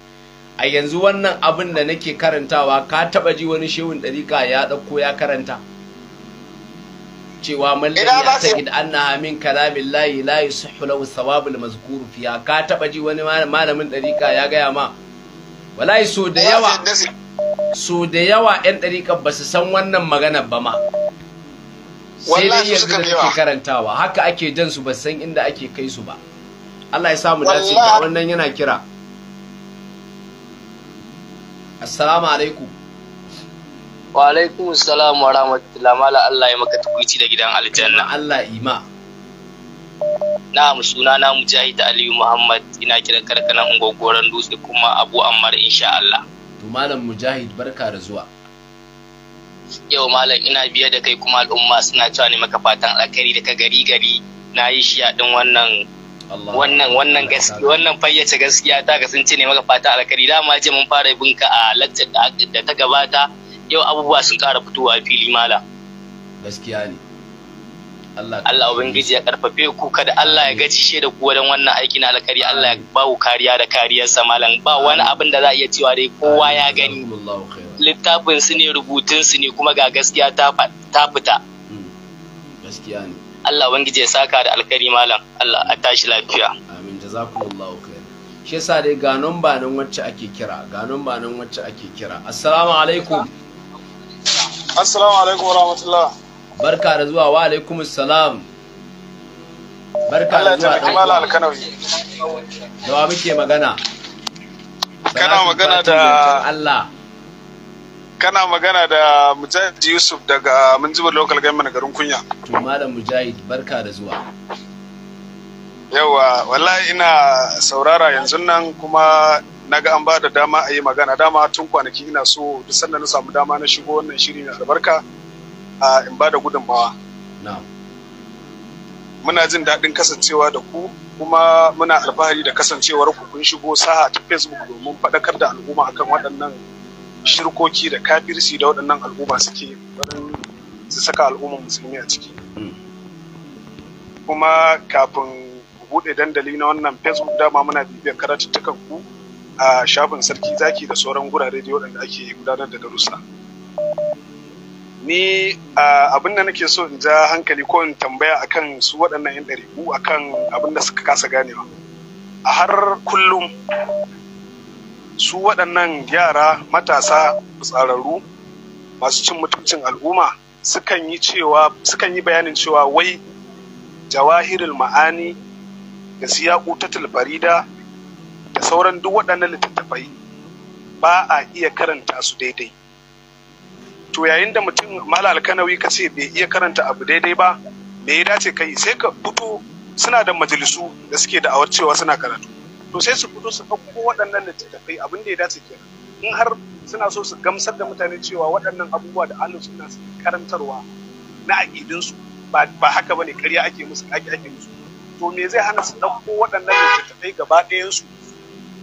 a yanzu wannan abin da nake karantawa ka taɓa ji wani shehun ɗarika ya ɗauko ya karanta cewa man lam ya'taqid annaha min kalamin layi layi lahu sababin mazkur fiha ka taɓa ji wani malamin ɗarika ya gaya ma wallahi so da yawa so da yawa yan dariƙar ba su san wannan magana ba ma sai dai yanzu da ke karantawa haka ake jan su ba san inda ake kai su ba Allah ya samu dace ga wannan yana kira assalamu alaikum wa alaikum assalam wa rahmatullah mala Allah ya maka tukuci da gidan aljanna Allah ima na'am suna na mujahid aliyu muhammad ina kira karkanan ungogoran dutse kuma abu ammar insha Allah to malam mujahid barka da zuwa yau malam ina biya da kai kuma al'umma suna cewa ne maka fatan alkhairi daga gari gari na yi shi a din wannan wannan wannan gaskiya wannan fayyace gaskiya ta ga sun ce ne maka fatan alkhairi ma je mun fara bin ka a lecture da ta gabata yau abubuwa sun ƙara fitowa fili malam gaskiya ne Allah ubangiji ya karfafe ku kada Allah ya gaci da ku wadan wannan aiki na alkari Allah ya ba ku kariya da kariyar sa malam ba wani abin da za a iya cewa dai kowa ya gani littafin su ne rubutun su ne kuma ga gaskiya ta fita hmm. gaskiya ne Allah ubangiji ya saka da alkari malam Allah a tashi lafiya amin jazakumullahu khair shi yasa dai ga numba nan wacce ake kira ga numba nan wacce ake kira assalamu alaikum assalamu alaikum rahmatullah barka da zuwa wa alaikum salam barka da zuwa da Allah alkanawi da wa muke magana kana magana da Allah kana magana da Mujahid Yusuf daga Minjibir Local Government garin Kunya to Malam Mujahid barka da zuwa yawa wallahi ina saurara yanzu nan kuma naga an ba da dama a yi magana dama tun kwanaki ina so duk sanda na samu dama na shigo wannan shiri mai albarka a in ba da gudunmawa muna jin daɗin kasancewa da ku kuma muna alfahari da kasancewar ku kun shigo saha ta facebook domin faɗakar da al'umma akan waɗannan shirkoki da kafirci da waɗannan al'umma suke su saka al'umma musulmi a ciki hmm. kuma kafin buɗe dandali na wannan facebook dama muna bibiyar karatuttukan ku a shafin sarki zaki da sauran gurare da waɗanda ake gudanar da darussa ni abin da nake so in ja hankali ko in tambaya akan su waɗannan 'yan ɗariku akan abin da suka kasa ganewa a har kullum su waɗannan yara matasa tsararru masu cin mutuncin al'umma sukan yi bayanin cewa wai jawahirul ma'ani da siyaƙutatul farida da sauran duk waɗannan littattafai ba a iya karanta su daidai to yayin da mutum mala alkanawi ka ce bai iya karanta abu daidai ba me ya dace kai sai ka fito suna da majalisu da suke da awar cewa suna karatu to sai su fito su ɗauko waɗannan littattafai abin da ya dace ke in har suna so su gamsar da mutane cewa waɗannan abubuwa da Allah suna karantarwa na aƙidinsu ba haka bane ƙarya ake musu ake musu to me zai hana su ɗauko waɗannan littattafai gaba su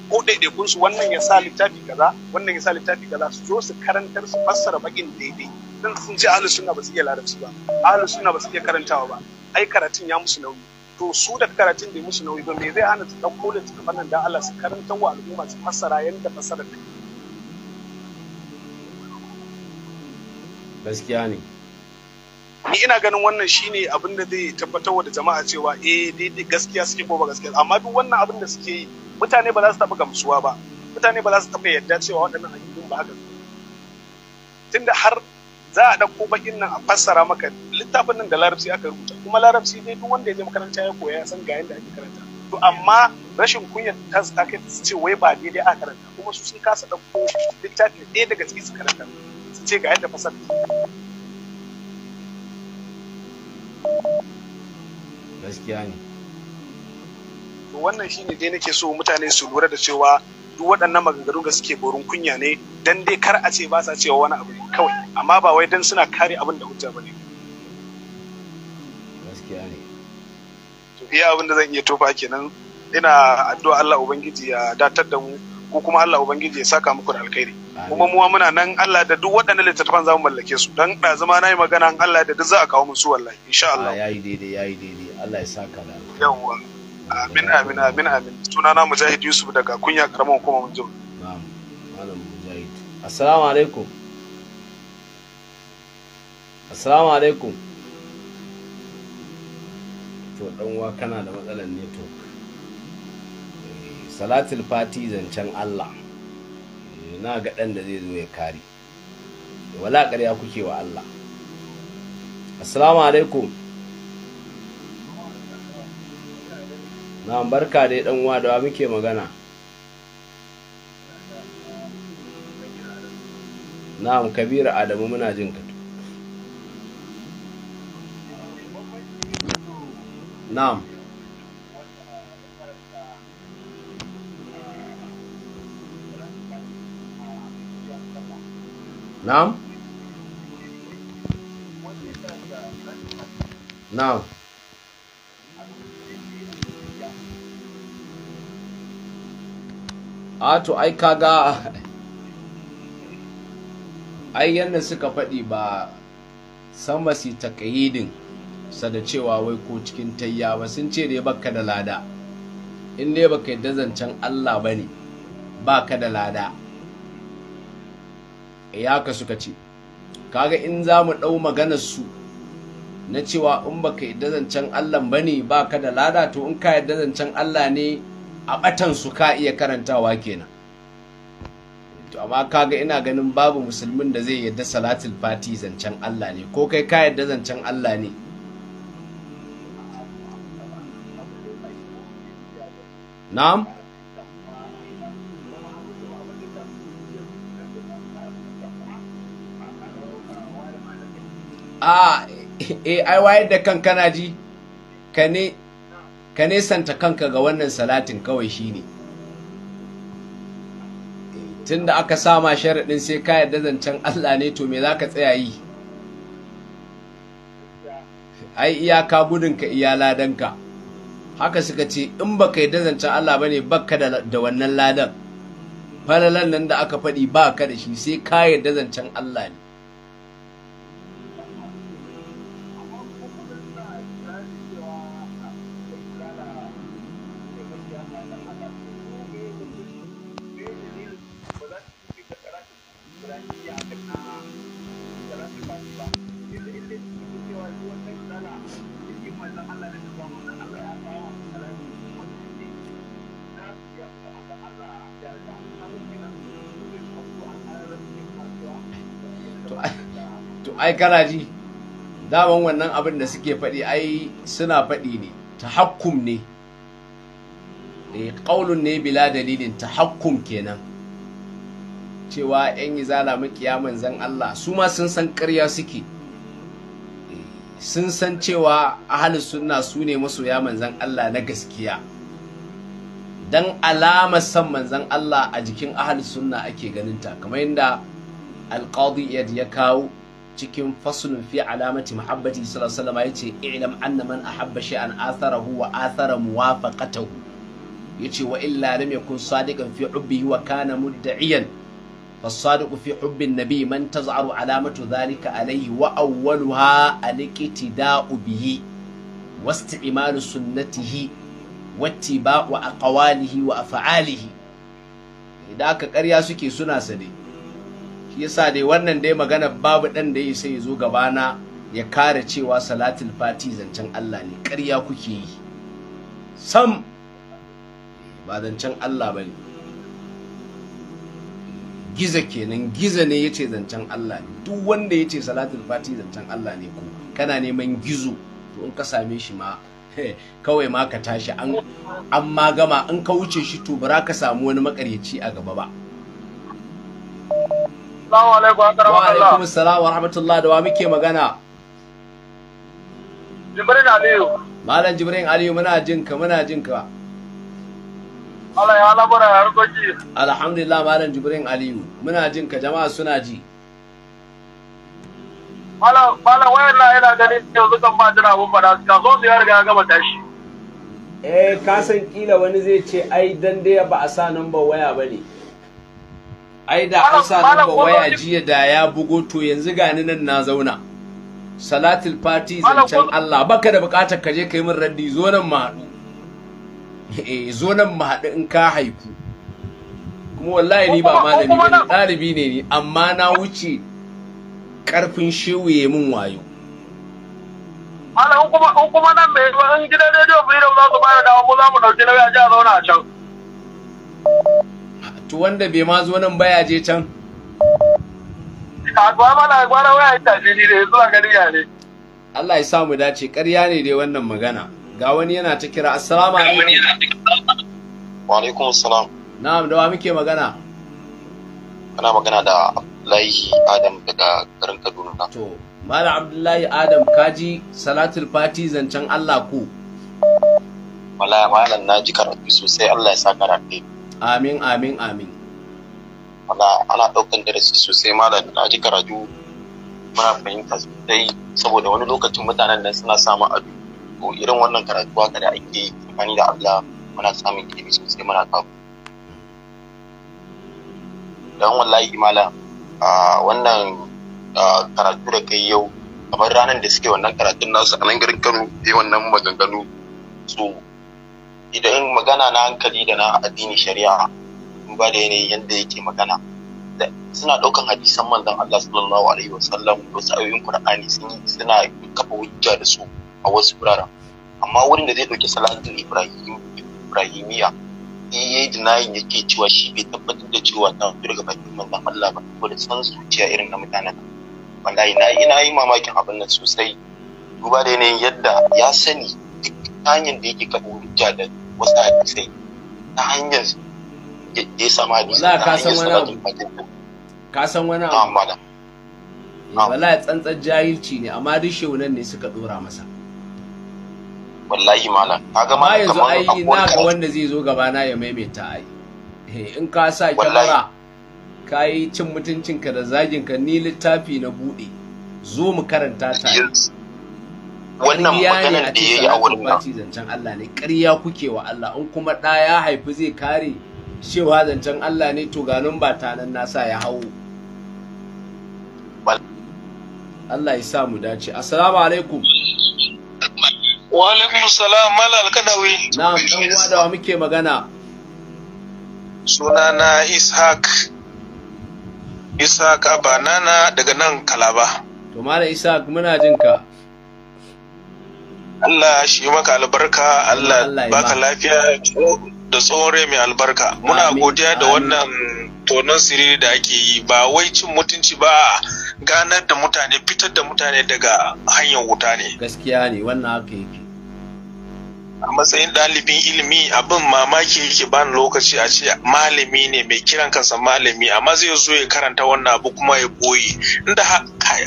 ko ɗaiɗaikun su wannan ya sa littafi kaza wannan ya sa littafi kaza su zo su karantar su fassara bakin daidai dan sun ce ahlus sunna ba su iya larabci ba ahlus sunna ba su iya karantawa ba ai karatun ya musu nauyi to su da karatun bai musu nauyi ba me zai hana su dauko da nan da Allah su karanta wa al'umma su fassara yanda fassara take gaskiya ne ni ina ganin wannan shine abin da zai tabbatar da jama'a cewa eh daidai gaskiya suke ko ba gaskiya amma duk wannan abin da suke yi mutane ba za su taɓa gamsuwa ba mutane ba za su taɓa yadda cewa waɗannan aƙidun ba haka tunda har za a ɗauko bakin nan a fassara maka littafin nan da larabci aka rubuta kuma larabci dai duk wanda ya je makaranta ya koya ya san ga yadda ake karanta to amma rashin kunyar ta su take su ce wai ba daidai a karanta kuma su sun kasa ɗauko littafi ɗaya daga ciki su karanta su ce ga yadda fasar gaskiya ne to wannan shine dai nake so mutane su lura da cewa duk waɗannan maganganu da suke borin kunya ne dan dai kar a ce ba sa cewa wani abu kawai amma ba wai dan suna kare abin da hujja bane gaskiya ne to iya abin da zan iya tofa kenan ina addu'a Allah ubangiji ya datar da mu ko kuma Allah ubangiji ya saka muku da alkhairi kuma muwa muna nan Allah da duk waɗannan littattafan zamu mallake su dan da zama nayi magana Allah da duk za a kawo musu wallahi insha Allah ah, yayi daidai yayi daidai Allah ya saka da yawa amin amin amin amin sunana mujahid yusuf daga kunya karamar kuma mun jau malam mujahid assalamu alaikum assalamu alaikum to dan kana da matsalar network eh, salatul fati zancen Allah eh, na ga dan da zai zo ya kare wala ƙarya kuke wa Allah assalamu alaikum na barka dai dan uwa da muke magana na'am kabiru adamu muna jin ka na'am na'am na'am a ai kaga ai yadda suka faɗi ba sama si takayidin sada cewa wai ko cikin tayya ba sun ce dai baka da lada in dai baka yadda zancen Allah ba ne baka da lada ya ka suka ce kaga in za mu ɗau maganar su na cewa in baka yadda zancen Allah ba ne baka da lada to in ka yadda zancen Allah ne a batan su ka iya karantawa kenan to amma kaga ina ganin babu musulmin da zai yadda salatul fati zancen Allah ne ko kai ka yadda zancen Allah ne na'am a ah, eh, eh, ai wayar da kan kana ji ka ne ka nesanta kanka ga wannan salatin kawai shine tunda aka sama sharaɗin sai ka yarda zancen Allah ne to me za ka tsaya yi ai iyaka gudunka iya ladanka haka suka ce in baka yarda zancen Allah bane baka da wannan ladan falalan nan da aka faɗi ba ka da shi sai ka yarda zancen Allah ne ai kana ji daman wannan abin da suke faɗi ai suna faɗi ne ta hakkum ne eh, ƙaunin ne bila dalilin ta tahakkum kenan cewa 'yan yi izala makiya manzan Allah su ma sun san ƙarya suke eh, sun san cewa ahalin suna su ne masoya manzan Allah na gaskiya Don alamar san manzan Allah a jikin ahalin sunna ake ganinta kamar yadda alqadi ya kawo cikin fasulun fi alamati muhabbati sallallahu ya ce ilam anna man an shay'an atharahu wa athara Ya yace wa illa lam yakun sadiqan fi hubbihi wa kana mudda'iyan fasadiqu fi hubbin nabi man tazaru alamatu zalika alayhi wa awwaluha al-iqtida'u bihi wasti'malu sunnatihi wattiba'u aqwalihi wa af'alihi Ida ka karya suke suna sadi shi yasa dai wannan dai magana babu ɗan da ya sai zo gabana ya kare cewa salatul fati zancen Allah ne ƙarya kuke yi sam ba zancen Allah ba ne giza kenan giza ne yace zancen Allah ne duk wanda yace salatul fati zancen Allah ne ko kana neman gizo to in ka same shi ma kawai ma ka tashi an ma gama in ka wuce shi to ba ka samu wani makaryaci a gaba ba Assalamu alaikum wa rahmatullahi. Wa alaikum assalam wa rahmatullahi da wa muke magana. Jibrin Aliyu. Malam Jibrin Aliyu muna jin ka muna jin ka. Allah ya labura ya harkoki. Alhamdulillah Malam Jibrin Aliyu muna jin ka jama'a suna ji. Malam wayan na yana ganin yanzu kan ba jira abun fada ka zo su ya riga ya gama tashi. Eh ka san kila wani zai ce ai dan dai ba a sa nan ba waya bane. ai da an sa lamba waya jiya da ya bugo to yanzu gani nan na zauna salatul fati zancen Allah baka da bukatar ka je kai min raddi zo nan mu haɗu eh zo nan mu haɗu in ka haiku kuma wallahi ni ba malami ne ɗalibi ne ni amma na wuce karfin shiwuye min wayo Malam kuma kuma nan mai in gidan rediyo Freedom za su da dawo ko za mu dauki nauyi a ji a zauna a can. to wanda bai ma zo nan baya je can Allah ya sa mu dace ƙarya ne dai wannan magana ga wani yana ta kira assalamu alaikum wa alaikum assalam na'am da wa muke magana kana magana da Abdullahi Adam daga garin Kaduna to Mala Abdullahi Adam kaji salatul fati zancen Allah ku Mala malam na ji karatu sosai Allah ya sa karatu Amin amin amin. Ana ana ɗaukan darasi sosai malam na ji karatu muna fahimta sosai saboda wani lokacin mutanen nan suna samun abu, to irin wannan karatu haka da ake amfani da Allah muna samun ilimi sosai muna kawo. Dan wallahi malam wannan karatu da kai yau kamar ranar da suke wannan karatun nasu a nan garin Kano yi wannan maganganu su idan magana na hankali da na addini shari'a in ba da yanayin yadda yake magana suna ɗaukan hadisan manzon Allah sallallahu alaihi da wasu ayoyin Qur'ani suna kafa hujja da su a wasu wuraren amma wurin da zai ɗauki salatul Ibrahim Ibrahimiya in eh, yayi ya yake cewa shi bai tabbatar da cewa ta fi daga bakin manzon Allah ba ko da san zuciya irin na mutanen wallahi na ina yi mamakin abin nan sosai duba da yanayin yadda ya sani duk hanyar da yake kafa hujja da wasu hadisai ta hanyar da ya samu hadisai ta hanyar salatul fatiha ka san wani abu wallahi tsantsar jahilci ne amma duk shaunan ne suka dora masa wallahi malam kaga ma yanzu ai na ga wanda zai zo gaba na ya maimaita ai eh, in ka sa kyamara ka yi cin mutuncinka da zaginka ni littafi na buɗe zo mu karanta ta wannan maganar da ya yi a wurin nan zancen Allah ne ƙarya kuke wa Allah in kuma ɗa ya haifi zai kare cewa zancen Allah ne to ganin ba ta nan nasa ya hau Allah ya sa mu dace assalamu alaikum wa alaikum salam mala kadawi. na'am dan uwa da muke magana sunana ishaq ishaq abanana daga nan kalaba to mala ishaq muna jin ka Allah shi maka albarka Allah baka lafiya da tsohon rai mai albarka muna godiya da wannan tonon siriri da ake yi ba wai cin mutunci ba ganar da mutane fitar da mutane daga hanyar wuta ne gaskiya ne wannan haka yake a matsayin ɗalibin ilimi abin mamaki yake bani lokaci a ce malami ne mai kiran kansa malami amma zai zo ya karanta wannan abu kuma ya koyi, inda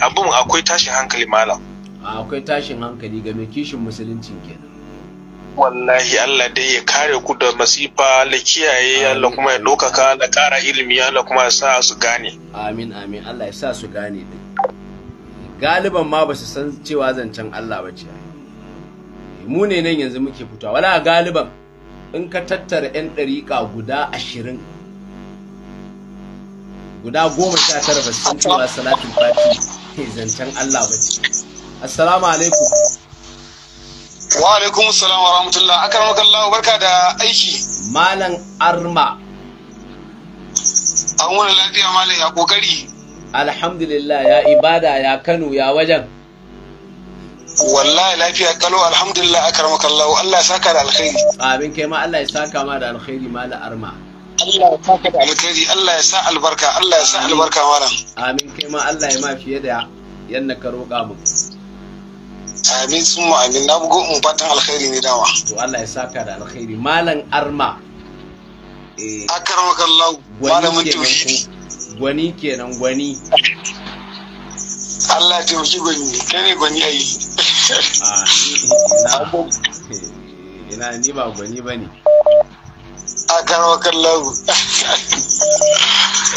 abin akwai tashin hankali malam akwai tashin hankali game kishin musulunci kenan wallahi Allah dai ya kare ku da masifa da kiyaye Allah kuma ya ɗaukaka da ƙara ilimi Allah kuma ya sa su gane amin amin Allah ya sa su gane din galiban ma ba su san cewa zancen Allah ba ce mu ne nan yanzu muke fitowa wala galiban in ka tattara 'yan ɗariƙa guda ashirin guda goma sha tara ba su san cewa salatin fati zancen Allah ba ce assalamu alaikum wa alaikum salam wa rahmatullah akramaka Allah barka da aiki malam arma an wani lafiya malam ya kokari alhamdulillah ya ibada ya Kano ya wajen wallahi lafiya kalo alhamdulillah akramaka Allah Allah ya saka da alkhairi amin kai ma Allah ya saka ma da alkhairi malam arma Allah ya saka da alkhairi Allah ya sa albarka Allah ya sa albarka malam amin kai ma Allah ya ma fiye da yanna ka roƙa mu amin sun amin na bugo in fatan alkhairi ne dama to Allah ya saka da alkhairi malam arma eh akarmakallahu malamin tauhidi gwani kenan gwani Allah ta wuce gwani kai ne gwani ai ah, eh, ina ni ba gwani bane akarmakan lagu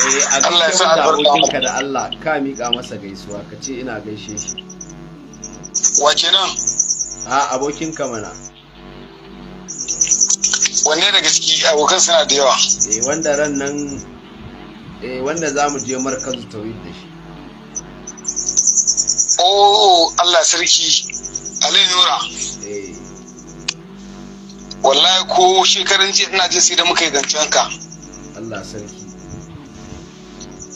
eh, Allah ya sa albarka da Allah ka miƙa masa gaisuwa ka ce ina gaishe shi wace nan a abokin ka mana wanne daga ciki abokan suna da yawa eh wanda ran nan eh wanda za mu je markazu tawhid da shi oh Allah sarki Ali Nura eh wallahi ko shekaran jiya ina jin sai da muka yi zancen ka Allah sarki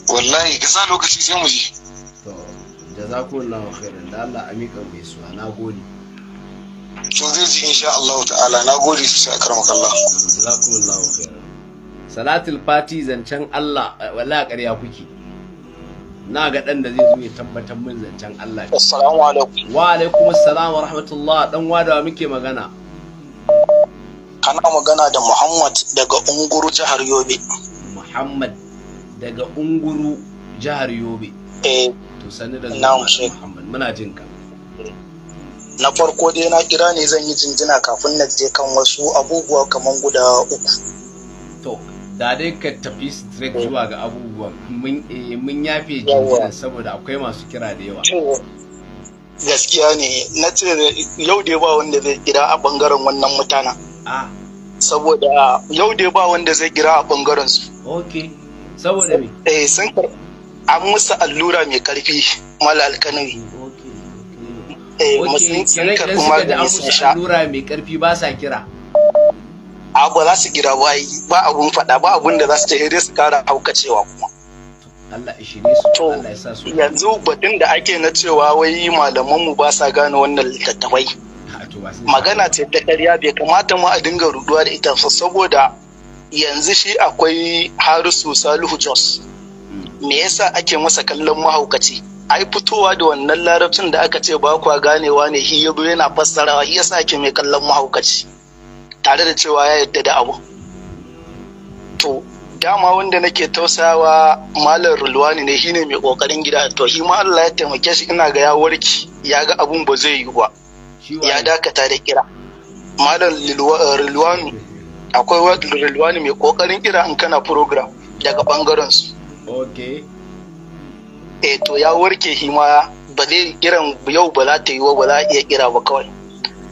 wallahi ka sa lokaci sai mu je da za ku lawa khairan da Allah amika mai suwa na gode to zai ji insha Allah ta'ala na gode sosai a karamar Allah za khairan salatul fati zancen Allah eh, wala ƙarya kuke na ga dan da zai zo ya tabbatar min zancen Allah assalamu alaikum wa alaikum assalam wa rahmatullah dan wadawa muke magana kana magana da Muhammad daga Unguru jihar Yobe Muhammad daga Unguru jihar Yobe eh sani da zuwa Muhammad muna jin ka na farko dai na kira ne zan yi jinjina kafin na je kan wasu abubuwa kamar guda uku to da dai ka tafi straight zuwa ga abubuwa mun eh, yafe jinjina saboda akwai masu kira da yawa gaskiya ne na ce yau dai ba wanda zai kira a bangaren wannan mutanen saboda yau dai ba wanda zai kira a bangaren su okay saboda me eh sun an musu allura mai karfi mala alkanawi eh, abu ba za su gira ba ba abun faɗa ba abun da za su tehere su kara haukacewa kuma Allah su Allah su yanzu batun da ake na cewa wai malamanmu ba sa gane wannan littattafai [LAUGHS] magana ce ta ƙarya bai kamata mu a dinga ruduwa da ita saboda yanzu shi akwai harisu salihu jos me yasa ake masa kallon mahaukaci ai fitowa da wannan larabcin da aka ce ba kwa ganewa ne hi yazo yana fassarawa hi yasa ake mai kallon mahaukaci tare da cewa ya yadda da abu to dama wanda nake tausawa malam rulwani ne shine mai kokarin gida to shi ma Allah ya taimake shi ina ga ya warki ya ga abun ba zai yi ba ya dakata da kira malam eh, rulwani akwai rulwani mai kokarin kira in kana program daga bangaren su ok eh to ya warke shi ma ba zai irin yau ba za ta yi wa ba za iya kira ba kawai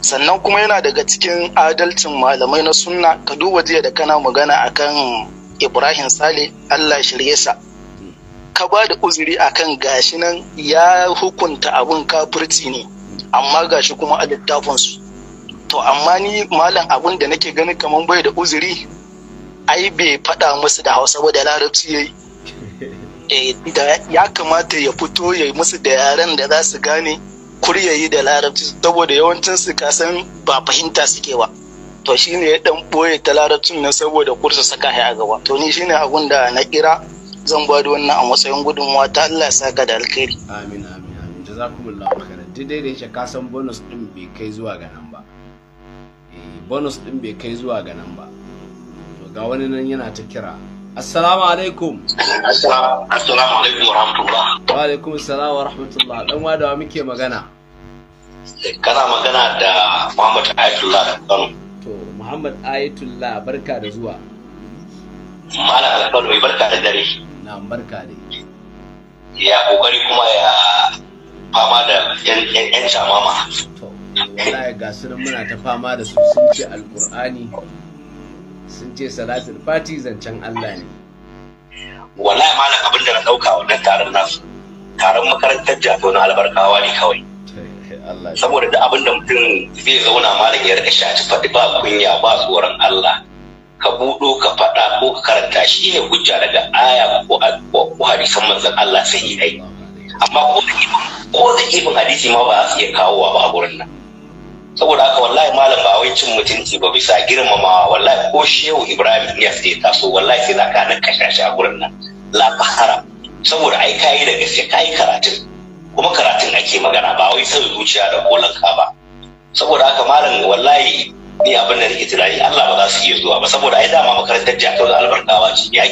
sannan kuma yana daga cikin adalcin malamai na sunna ka duba jiya da kana magana akan ibrahim sale allah shirye sa ka ba da uzuri akan gashi nan ya hukunta abun kafirci ne amma gashi kuma a littafinsu to amma ni malam abun da nake ganin kamar bai da uzuri ai bai faɗa musu da hausa ba da larabci yayi ya kamata ya fito ya yi musu da yaren da za su gane kuryayi da larabci saboda yawancin su kasan ba fahimta suke ba to shi ya dan boye ta larabcin nan saboda kursa saka ya a gaba to ni shine abun da na kira zan ba da wannan a matsayin gudunmawa ta Allah ya saka da alkhairi amin amin amin jazakumullahu khairan daidai da shi ka san bonus din bai kai zuwa ga nan ba eh bonus din bai kai zuwa ga nan ba to ga wani nan yana ta kira Assalamu alaikum. Assalamu alaikum wa rahmatullah. Wa alaikum assalam wa rahmatullah. Dan wadawa muke magana. Kana magana da Muhammad Ayatullah da Kano. To, Muhammad Ayatullah barka da zuwa. Mala Alkano mai barka da dare. Na barka da Ya kokari kuma ya fama da yan shamama. To, wallahi ga muna ta fama da su sun ce Alkur'ani. sun ce salatul fati zancen Allah ne wallahi malam abin da na dauka wannan taron nasu taron makarantar jato na albarkawa ne kawai saboda da abin da mutum zai zauna malam ya rika shaci faɗi ba kunya ba tsoron Allah ka buɗo ka faɗa ko ka karanta shi ne hujja daga aya ko hadisan manzon Allah sai yi amma ko da ibin hadisi ma ba a su iya kawowa ba a gurin nan saboda haka wallahi malam ba wai cin mutunci ba bisa girmamawa wallahi ko shehu ibrahim niyas da ya taso wallahi sai na kanin kashashi a gurin nan la fahara saboda ai kayi da gaske kayi karatun kuma karatun ake magana ba wai sai zuciya da kolanka ba saboda haka malam wallahi ni abin da nake tunani Allah ba za su iya zuwa ba saboda ai dama makarantar ta da albarkawa ce ya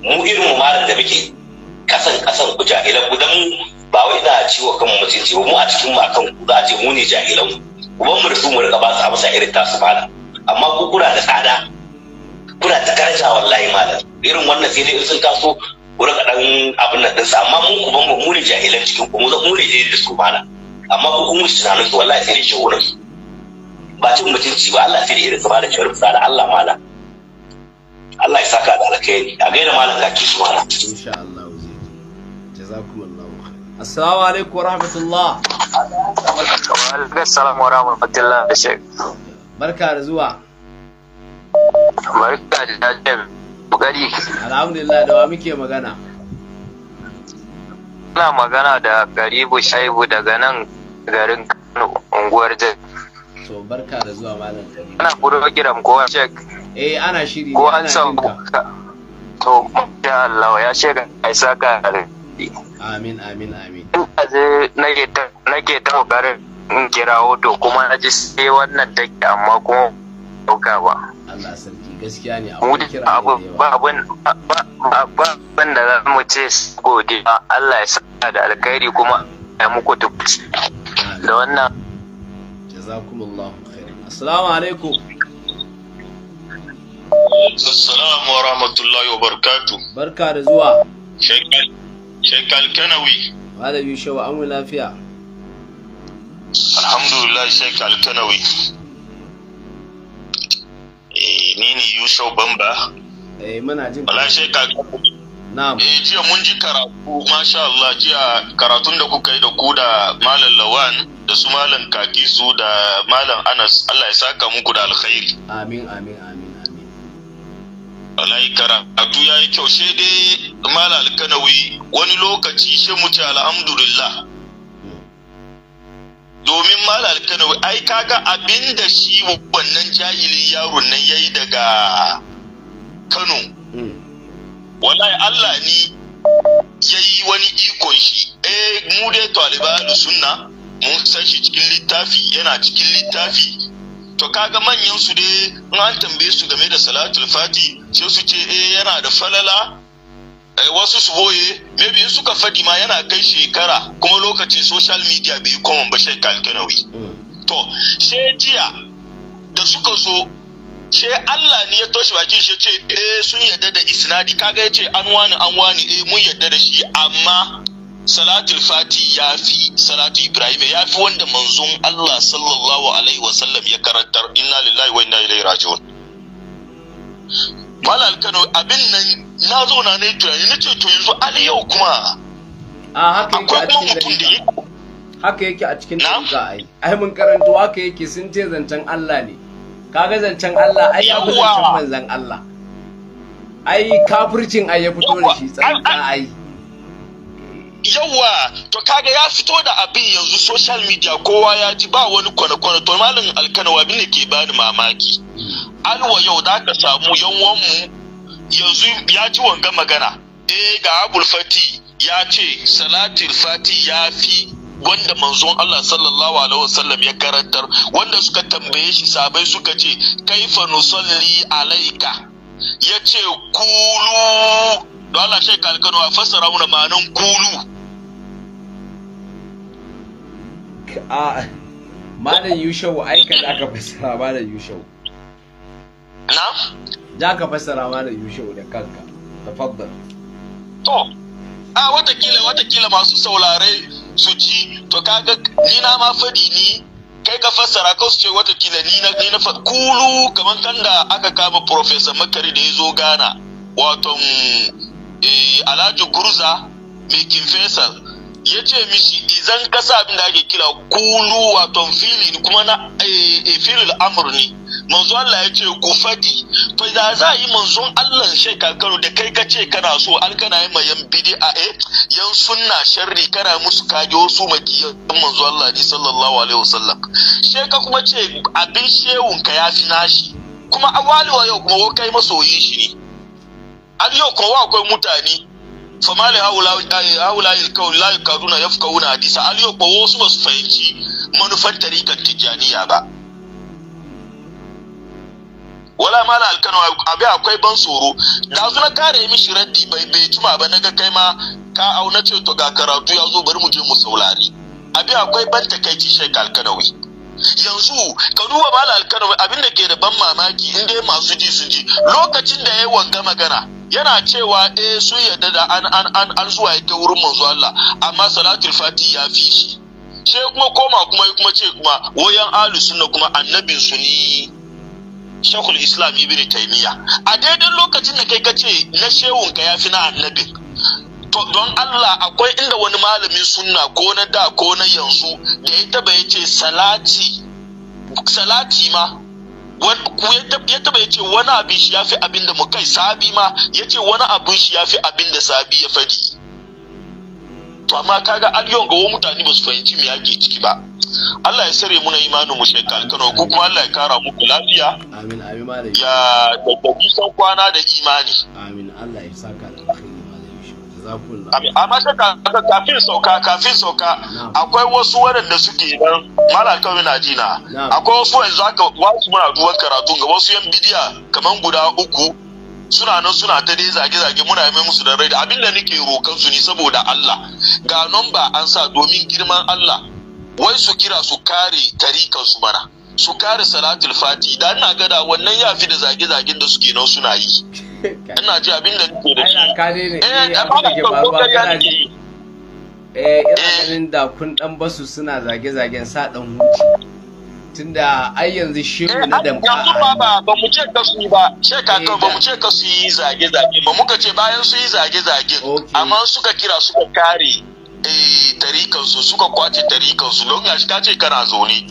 mu irin mu malam da muke kasan kasan ku gudan ba wai za a ciwo kan mutunci ba mu a cikin mu akan ku za a ce mu ne jahilan ku ban mu da su mu rika ba su a masa irin tasu malam amma ku kuna da tsada kuna da daraja wallahi malam irin wannan sai dai in sun taso ku rika dan abin nan dinsa amma mu ku ban mu mu ne jahilan cikin ku mu zan mu ne dai da su malam amma ku kuma tunanin su wallahi sai dai shi su ba cin mutunci ba Allah sai da irin su da shawarar su da Allah malam Allah ya saka da alkhairi a gaida malam ki su malam insha Allah assalamu alaikum wa rahmatullah assalamu wa rahmatullah shek barka da zuwa barka da jajjar bugari alhamdulillah da wa muke magana Ina magana da garibu shaibu daga nan garin kano unguwar jai to barka da zuwa malam garibu ana program kowa shek eh ana shiri ko an samu to ya Allah ya shega ai saka daɗi. Amin amin amin. Ina je nake ta ƙoƙarin in kirawo to kuma na ji sai wannan take amma kuma ɗauka ba. Allah sarki gaskiya ne abun kira ba abun ba abun da za mu ce gode Allah ya saka da alkhairi kuma ya muku tukuci da wannan. Jazakumullahu khairan. Assalamu alaikum. Assalamu wa rahmatullahi wa barkatu. Barka da zuwa. Shekari. shekal kanawi malam yushewa an wani lafiya alhamdulillah shekal kanawi eh, ni ne yushewa bamba eh muna jin wala shekal na'am eh jiya mun ji karatu masha Allah jiya karatun da kuka yi da ku da malam lawan da su malam kakisu da malam anas Allah ya saka muku da alkhairi amin amin amin wallahi karatu ya yi kyau sai dai mala alkanawi wani lokaci shi mu alhamdulillah domin mala alkanawi ai kaga abin da shi wannan jahilin yaro nan ya yi daga kano Walai allah ni ya yi wani ikon shi eh mu dai talibai sunna mun san shi cikin littafi yana cikin littafi to kaga manyan su dai in an tambaye su game da salatul fati sai su ce eh yana da falala eh, wasu su boye maybe suka fadi ma yana kai shekara kuma lokacin social media bai common ba shai kalkanawi mm. to sai jiya da suka so she Allah ne ya toshe bakin shi ce eh sun yarda da isnadi kaga yace an wani an wani eh mun yarda da shi amma salatul fati ya fi salatu ibrahim ya fi wanda manzon Allah sallallahu alaihi wasallam ya karantar inna lillahi wa inna ilaihi raji'un malal kano abin nan na zo na ne tunani na ce to yanzu ali yau kuma a haka yake a cikin haka yake a cikin da ai ai mun karanto haka yake sun ce zancen Allah ne kaga zancen Allah ai ya fi zancen manzon Allah ai kafircin ai ya fito da shi tsanka ai yawa to kaga ya fito da abin yanzu social media kowa ya ji ba wani kwana-kwana to malamin alkanawa wa ke bani mamaki alwa yau da ka samu mu yanzu ya ji wanga magana eh ga abul fati ya ce salatul fati ya fi wanda manzon Allah sallallahu alaihi wasallam ya karantar wanda suka tambaye shi sabai suka ce kaifa nusalli alaika ya ce kulu da Allah shi kalkano a fassara mana ma'anin kulu a malam yushau aika za ka fassara malam yushau na za ka fassara malam yushau da kanka tafaddal to a watakila watakila masu saurare su ji to kaga ni na ma fadi ni kai ka fassara ka su ce watakila ni na ni na kulu kamar kan da aka kama professor makari da ya zo gana wato eh, alhaji gurza mai kin ya ce mishi idan zan sa abin da ake kira kulu wato fili kuma na eh, eh, filil amur ne manzo Allah ya ce ku fadi to da za yi manzo Allah shi kakaro da kai ka ce kana so al kana yi mayan bid'a eh yan sunna sharri kana musu kage wasu makiyan manzo Allah ne sallallahu alaihi wasallam shi ka kuma ce abin shehun ka yafi nashi kuma awali wa yau kuma kai masoyin shi ne har yau kowa akwai mutane famali haulayi eh, kawai layu kaduna ya fuka wuna hadisa aliyu ba wasu ba su fahimci manufar tarikan tijjaniya ba wala mala alkano abi akwai ban tsoro da su na kare mishi raddi bai bai tuma ba na ga kai ma ka auna ce to ga karatu ya zo bari mu je mu saurari abi akwai ban takaici shek alkanawi yanzu ka duba mala abin da ke da ban mamaki in dai masu ji sun ji lokacin da ya yi wanga magana yana cewa eh su yarda da an an an an zuwa ya kai wurin manzo Allah amma salatul fati ya fi shi she kuma koma kuma kuma ce kuma wayan ahlus sunna kuma annabin su shekul islam ibn taymiya a daidai lokacin da kai ka ce na shehun ka yafi na annabin to don Allah akwai inda wani malami sunna ko na da ko na yanzu da ya taba ya ce salati salati ma ya taba ya ce wani abin shi ya fi abin da mukai sabi ma ya ce wani abin shi ya fi abin da sabi ya fadi to amma kaga aliyon gawo mutane ba su fahimci me yake ciki ba Allah ya sare muna imanin mu shekar kano ko kuma Allah ya kara muku lafiya amin amin ya da san kwana da imani amin Allah ya saka da amma shakka kafin sauka kafin sauka akwai wasu waɗanda suke nan malakawai na jina akwai wasu yanzu aka wasu muna duban karatu ga wasu yan bidiya kamar guda uku suna nan suna ta dai zage-zage muna yi musu da rai da abinda nake rokan su ne saboda Allah ga ba an sa domin girman Allah wai su kira su kare tarikan su mana su kare salatul fati da ina gada wannan yafi da zage-zagen da suke nan suna yi [LAUGHS] ina ji abin da nake da shi eh, eh abin da ke faruwa kana ji eh ina eh. ganin da kun dan basu suna zage-zagen sa dan huci tunda ai yanzu shiru eh, na damka yanzu ba ba ba mu ce ka su yi ba ce kaka ba mu ce ka su yi zage-zage ba muka ce bayan su yi zage-zage amma suka kira suka kare Eh, tarikansu suka kwace tarikansu don yashi ka ce kana zaune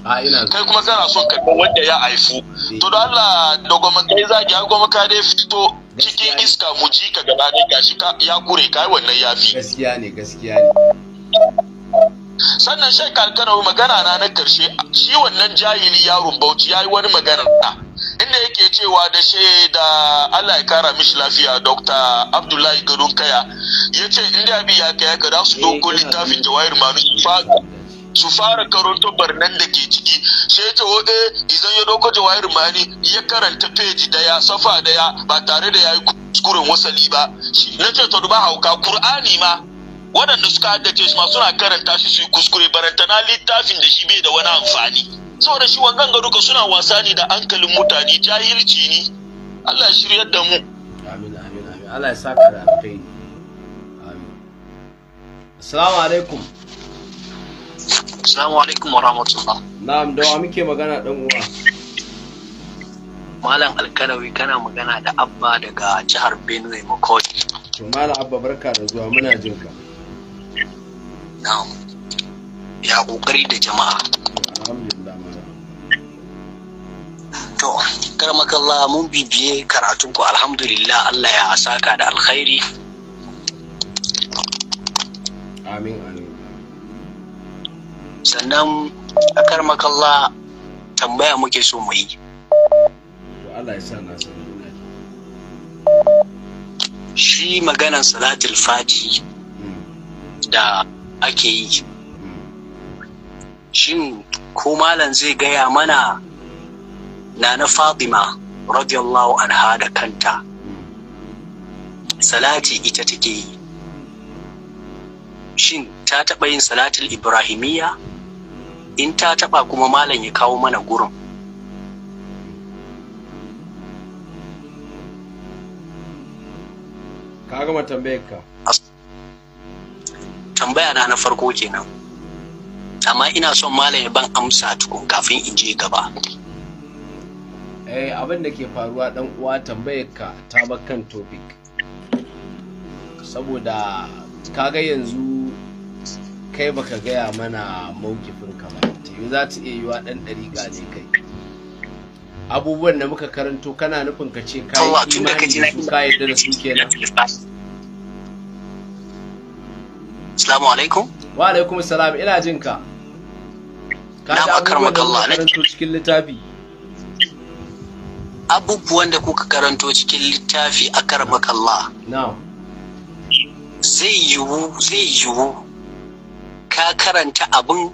kai kuma kana son ka wanda ya haifu eh. to don Allah da goma kai ki har goma ka dai fito cikin iska mu ji ka gaba dai gashi ya kure kai wannan ya fi gaskiya ne gaskiya ne sannan shai karkarau magana na na karshe shi wannan jahili yaron bauchi ya yi wani magana inda yake cewa da shaida Allah ya kara mishi lafiya Dr. Abdullahi Gadon Kaya ya ce inda abi ya kaya ka da su doko eh, littafin Jawahir Manu su fara karanto barnan da ke ciki sai ta wo eh ya doko Jawahir Mani ya karanta peji daya safa daya ba tare da yayi kuskuren wasali ba na ce ta duba hauka Qur'ani ma waɗanda suka haddace shi ma suna karanta shi su yi kuskure barantana littafin da shi bai da wani amfani. saboda shi wannan gado duka suna wasa ne da hankalin mutane jahilci ne Allah shiryar da mu amin amin amin Allah ya saka da kai. amin assalamu alaikum assalamu alaikum wa rahmatullah na'am da wa muke magana dan uwa malam alkanawi kana magana da abba daga jihar benue makoji to malam abba barka da zuwa muna jin ka na'am ya kokari da jama'a alhamdulillah To, karmakalla mun bibiye karatunku alhamdulillah Allah ya asaka da alkhairi. Amin amin. Sannan a karmakalla tambaya muke so mu yi. Allah ya sa na Shi maganan salatul faji hmm. da ake yi. Hmm. Shin ko malam zai gaya mana nana fatima radiyallahu anha da kanta salati ita take yi shin ta taɓa yin salatul ibrahimiyya in ta taɓa kuma malam ya kawo mana gurin ka gama tambayar tambaya na na farko kenan amma ina son malam ya ban amsa tukun kafin in je gaba eh abin da ke faruwa dan uwa tambayar ka ta kan topic saboda kaga yanzu kai baka gaya mana maukifin ka ba yi za ta iya yiwa dan dariƙa ne kai abubuwan da muka karanto kana nufin ka ce kayi imani da su ka da su kenan Assalamu alaikum wa alaikum salam ina jin ka ka ji abubuwan da muka karanto cikin littafi abubuwan da kuka karanto cikin littafi a karmakalla zai yiwu zai yiwu ka karanta abin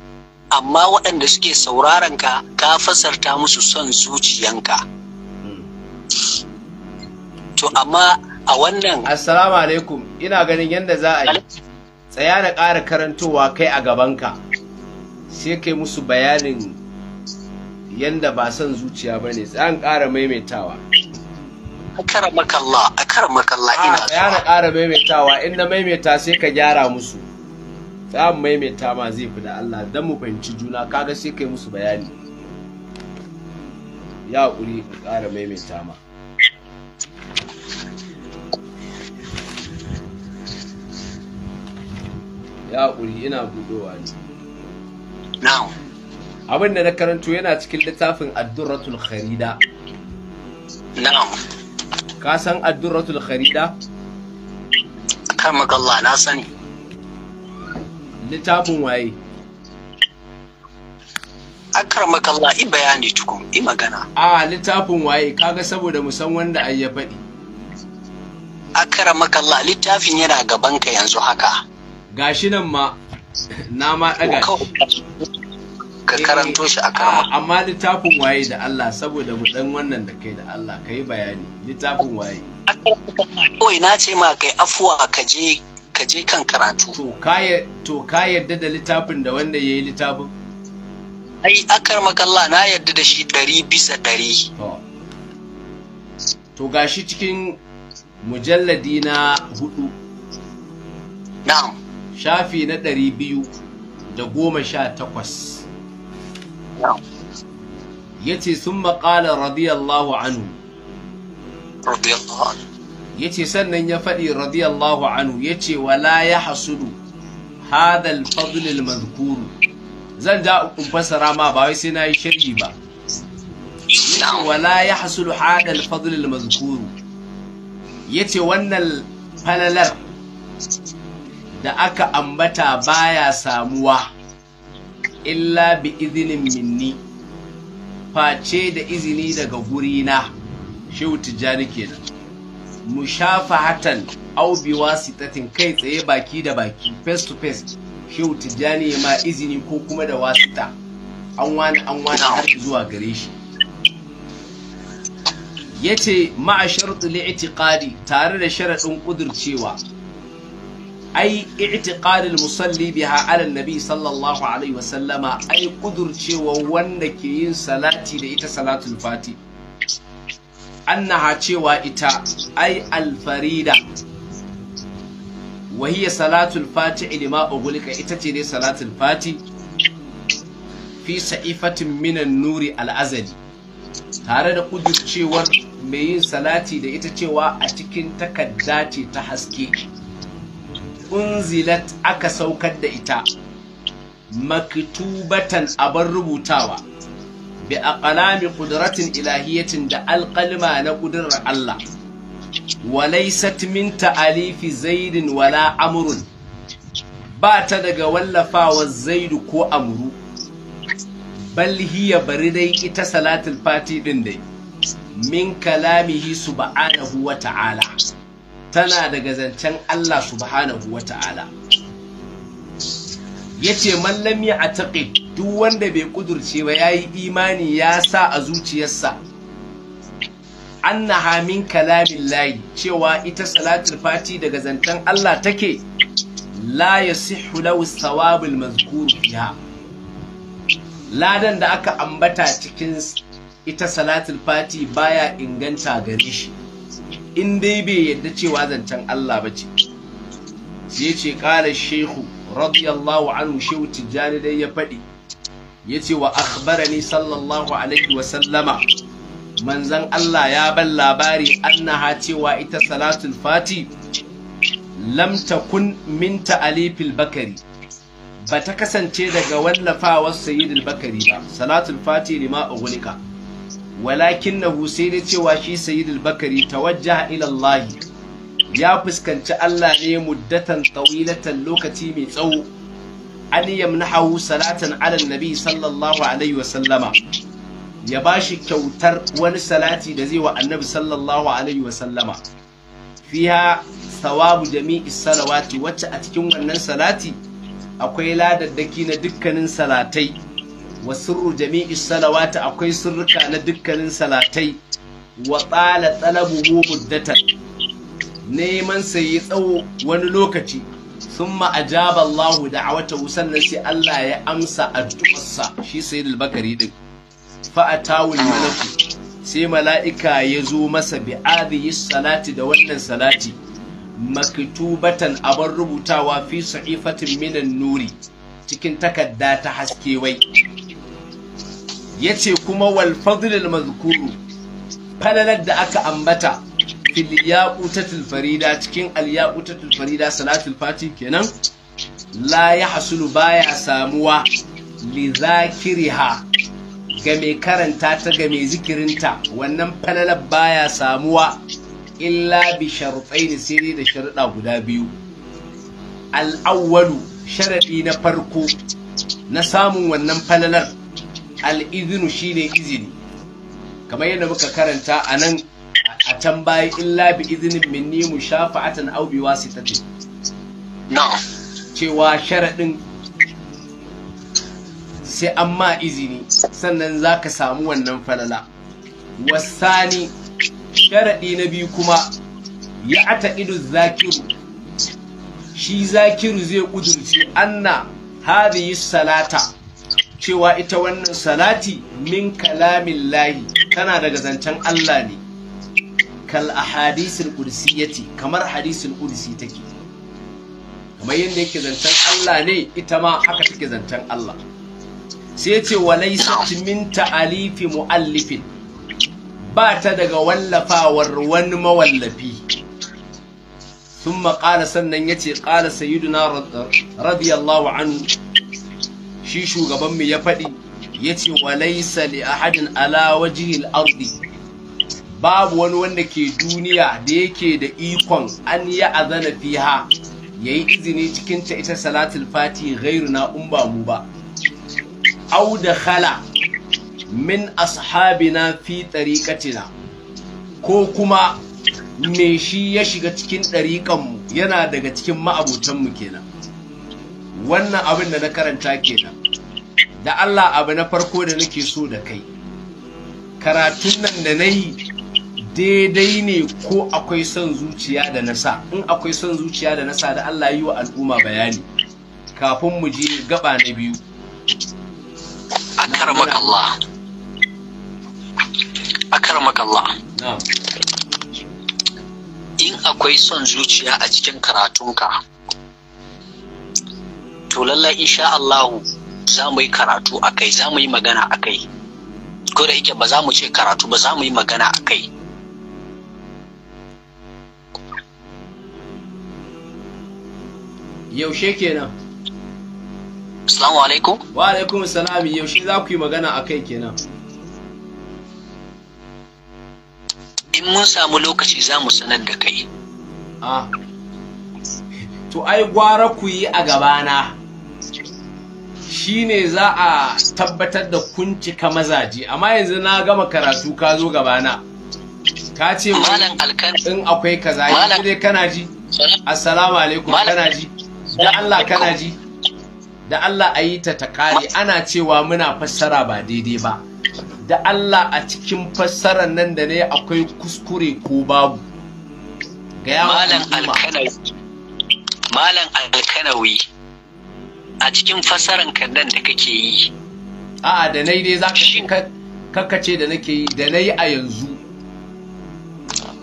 amma waɗanda suke sauraron ka ka fasarta musu son zuciyanka hmm. to amma a wannan assalamu alaikum ina ganin yadda za a yi tsaya da ƙara karantowa kai a gabanka sai kai musu bayanin yanda ba son zuciya ba ne zan ƙara maimaitawa ina so ah, ya na ƙara maimaitawa in na maimaita sai ka gyara musu za mu maimaita ma zai fi da Allah dan mu fahimci juna kaga sai kai musu bayani ya ƙuri in ƙara maimaita ma ya ƙuri ina budowa ne na'am abin da na karanto yana cikin littafin addurratul kharida Na ka san addurratul kharida kama Allah na sani littafin waye akramaka ah, Allah i bayani tukun i magana a littafin waye kaga saboda mu san wanda ai ya faɗi akramaka ah, Allah littafin yana gaban ka yanzu haka gashi nan ma na ma ɗaga ka eh, karanto shi a karama amma littafin waye da Allah saboda mu dan wannan da kai da Allah kai bayani littafin waye kawai na ce ma kai afuwa ka je ka je kan karatu to ka to yarda da littafin da wanda yayi littafin ai akar makalla na yarda da shi ɗari bisa ɗari to gashi cikin mujalladi na hudu na'am shafi na ɗari biyu da goma sha takwas ya ce sun maƙala radiyallahu anhu ya ce sannan ya faɗi radiyallahu anhu ya ce wala ya hasudu hadal fadlil mazkuru zan ja in fassara ma ba wai sai na yi shirgi ba wala ya hasudu hadal fadlil mazkuru ya ce wannan falalar da aka ambata baya samuwa illa bi izinin minni face da izini daga gurina shehu tijjani kenan hatan au bi wasitatin kai tsaye baki da baki face to face shehu tijjani ya ma izini ko kuma da wasita an wani an wani har zuwa gare shi yace ma'a shartu li'tiqadi tare da sharaɗin ƙudurcewa. ai i'tiqadul musalli biha ala nabi sallallahu alaihi ai kudurcewa wanda ke yin salati da ita salatul fati annaha cewa ita ai alfarida wa hiya salatul fati lima ugulika ita ce dai salatul fati fi sa'ifatin minan nuri al'azali tare da kudurcewar mai yin salati da ita cewa a cikin takadda ce ta haske unzilat aka saukar da ita maktubatan abar rubutawa bi a aqlami qudratin ilahiyatin da alƙalma na ƙudurar Allah walaysat min ta'alifi zaidin wala amrun ba ta daga wallafawa zaidu ko amru bal hiya bari dai ita salatul fati din dai min kalamihi subhanahu wa ta'ala tana daga zancen Allah subhanahu wa ta'ala ya ce mallami a taƙi duk wanda bai ƙudurce ba ya yi imani ya sa a zuciyarsa an na hamin kalamin layi cewa ita salatul fati daga zancen Allah take la ya sihu lahu sawabul mazkur ya. ladan da aka ambata cikin ita salatul fati baya inganta gare shi in dai bai yadda cewa zancen Allah ba ce sai ce ƙala shehu radiyallahu anhu shehu tijjani dai ya faɗi ya ce wa akhbarani sallallahu alaihi wa sallama manzan Allah ya ban labari annaha cewa ita salatul fati lam takun min ta'alifil bakari ba ta kasance daga wallafawar sayyidul bakari ba salatul fati lima ughliqa walakinahu sai dai cewa shi sayidul bakari tawajjaha ila Allah ya fuskanci Allah ne muddatan tawilatan lokaci mai tsawo an yamnahu salatan ala nabi sallallahu alaihi wa sallama ya bashi kyautar wani salati da zai wa annabi sallallahu alaihi wa sallama fiha thawabu jami'is salawati wacce a cikin wannan salati akwai ladaddaki na dukkanin salatai wa sirru jami'i salawata akwai sirrika na dukkanin salatai wa tsala talabuhu muddatan neman sai ya tsawo wani lokaci summa ajaba Allahu da'awatahu sannan sai Allah ya amsa addu'arsa shi sayyidul bakari din fa atawul malaku sai mala'ika ya zo masa bi adhihi salati da wannan salati maktubatan abar rubutawa fi sa'ifatin minan nuri cikin takarda ta haske wai Ya ce kuma wal mazkuru falalar da aka ambata fil yaqutatil farida cikin al yaqutatil farida salatul fati kenan la ya hasulu baya samuwa li zakiriha ga mai karanta ta ga mai zikirinta wannan falalar baya samuwa illa bi ne sai dai da sharuɗa guda biyu al'awwalu sharaɗi na farko na samun wannan falalar al'izinu shi ne izini kamar yadda muka karanta a nan a can bayi illa bi izinin minni mu shafa'atan au bi cewa sharaɗin sai an ma izini sannan za ka samu wannan falala wasani sharaɗi na biyu kuma ya ata idu zakiru shi zakiru zai ƙudurci anna hadhihi salata cewa ita wannan salati min kalamin lahi tana daga zancen Allah ne kal ahadisul qudsiyati kamar hadisul qudsi take kamar yadda yake zancen Allah ne ita ma haka take zancen Allah sai yace walaysat min ta'alifi muallifin ba ta daga wallafawar wani mawallafi ثم قال sannan yace qala sayyiduna radiyallahu anhu shi shugaban mu ya faɗi ya ce wa li ahadin ala wajihil ardi babu wani wanda ke duniya da yake da ikon an ya azana fiha ya yi izini ta ita salatul fati gairu na umba mu ba au da khala min ashabina fi tariqatina ko kuma me shi ya shiga cikin mu yana daga cikin mu kenan wannan abin da na karanta kenan da Allah abu na farko da nake so da kai karatun nan da na yi daidai ne ko akwai son zuciya da na sa in akwai son zuciya da na sa da Allah yi wa al'umma bayani kafin mu je gaba na biyu akarmak Allah Allah in akwai son zuciya a cikin karatunka to lallai insha Allahu za mu yi karatu a kai za mu yi magana a kai ko da yake ba za mu ce karatu ba za mu yi magana a kai yaushe kenan Assalamu alaikum. Wa alaikum salam yaushe za ku yi magana a kai kenan. In mun samu lokaci za mu sanar da kai. Ah. To ai gwara ku yi a gabana. shine za a tabbatar da kuncika mazaje amma yanzu na gama karatu ka zo gabana ka ce in akwai kaza yanzu dai kana ji assalamu alaikum kana ji da Allah kana ji da Allah a yi ta takari ana cewa muna fassara ba daidai ba da Allah a cikin fassarar nan da ne akwai kuskure ko babu ga yawa malam alkanawi a cikin fassaran kandan da kake yi a'a da na yi dai za zaka kakkace da nake yi da na yi a yanzu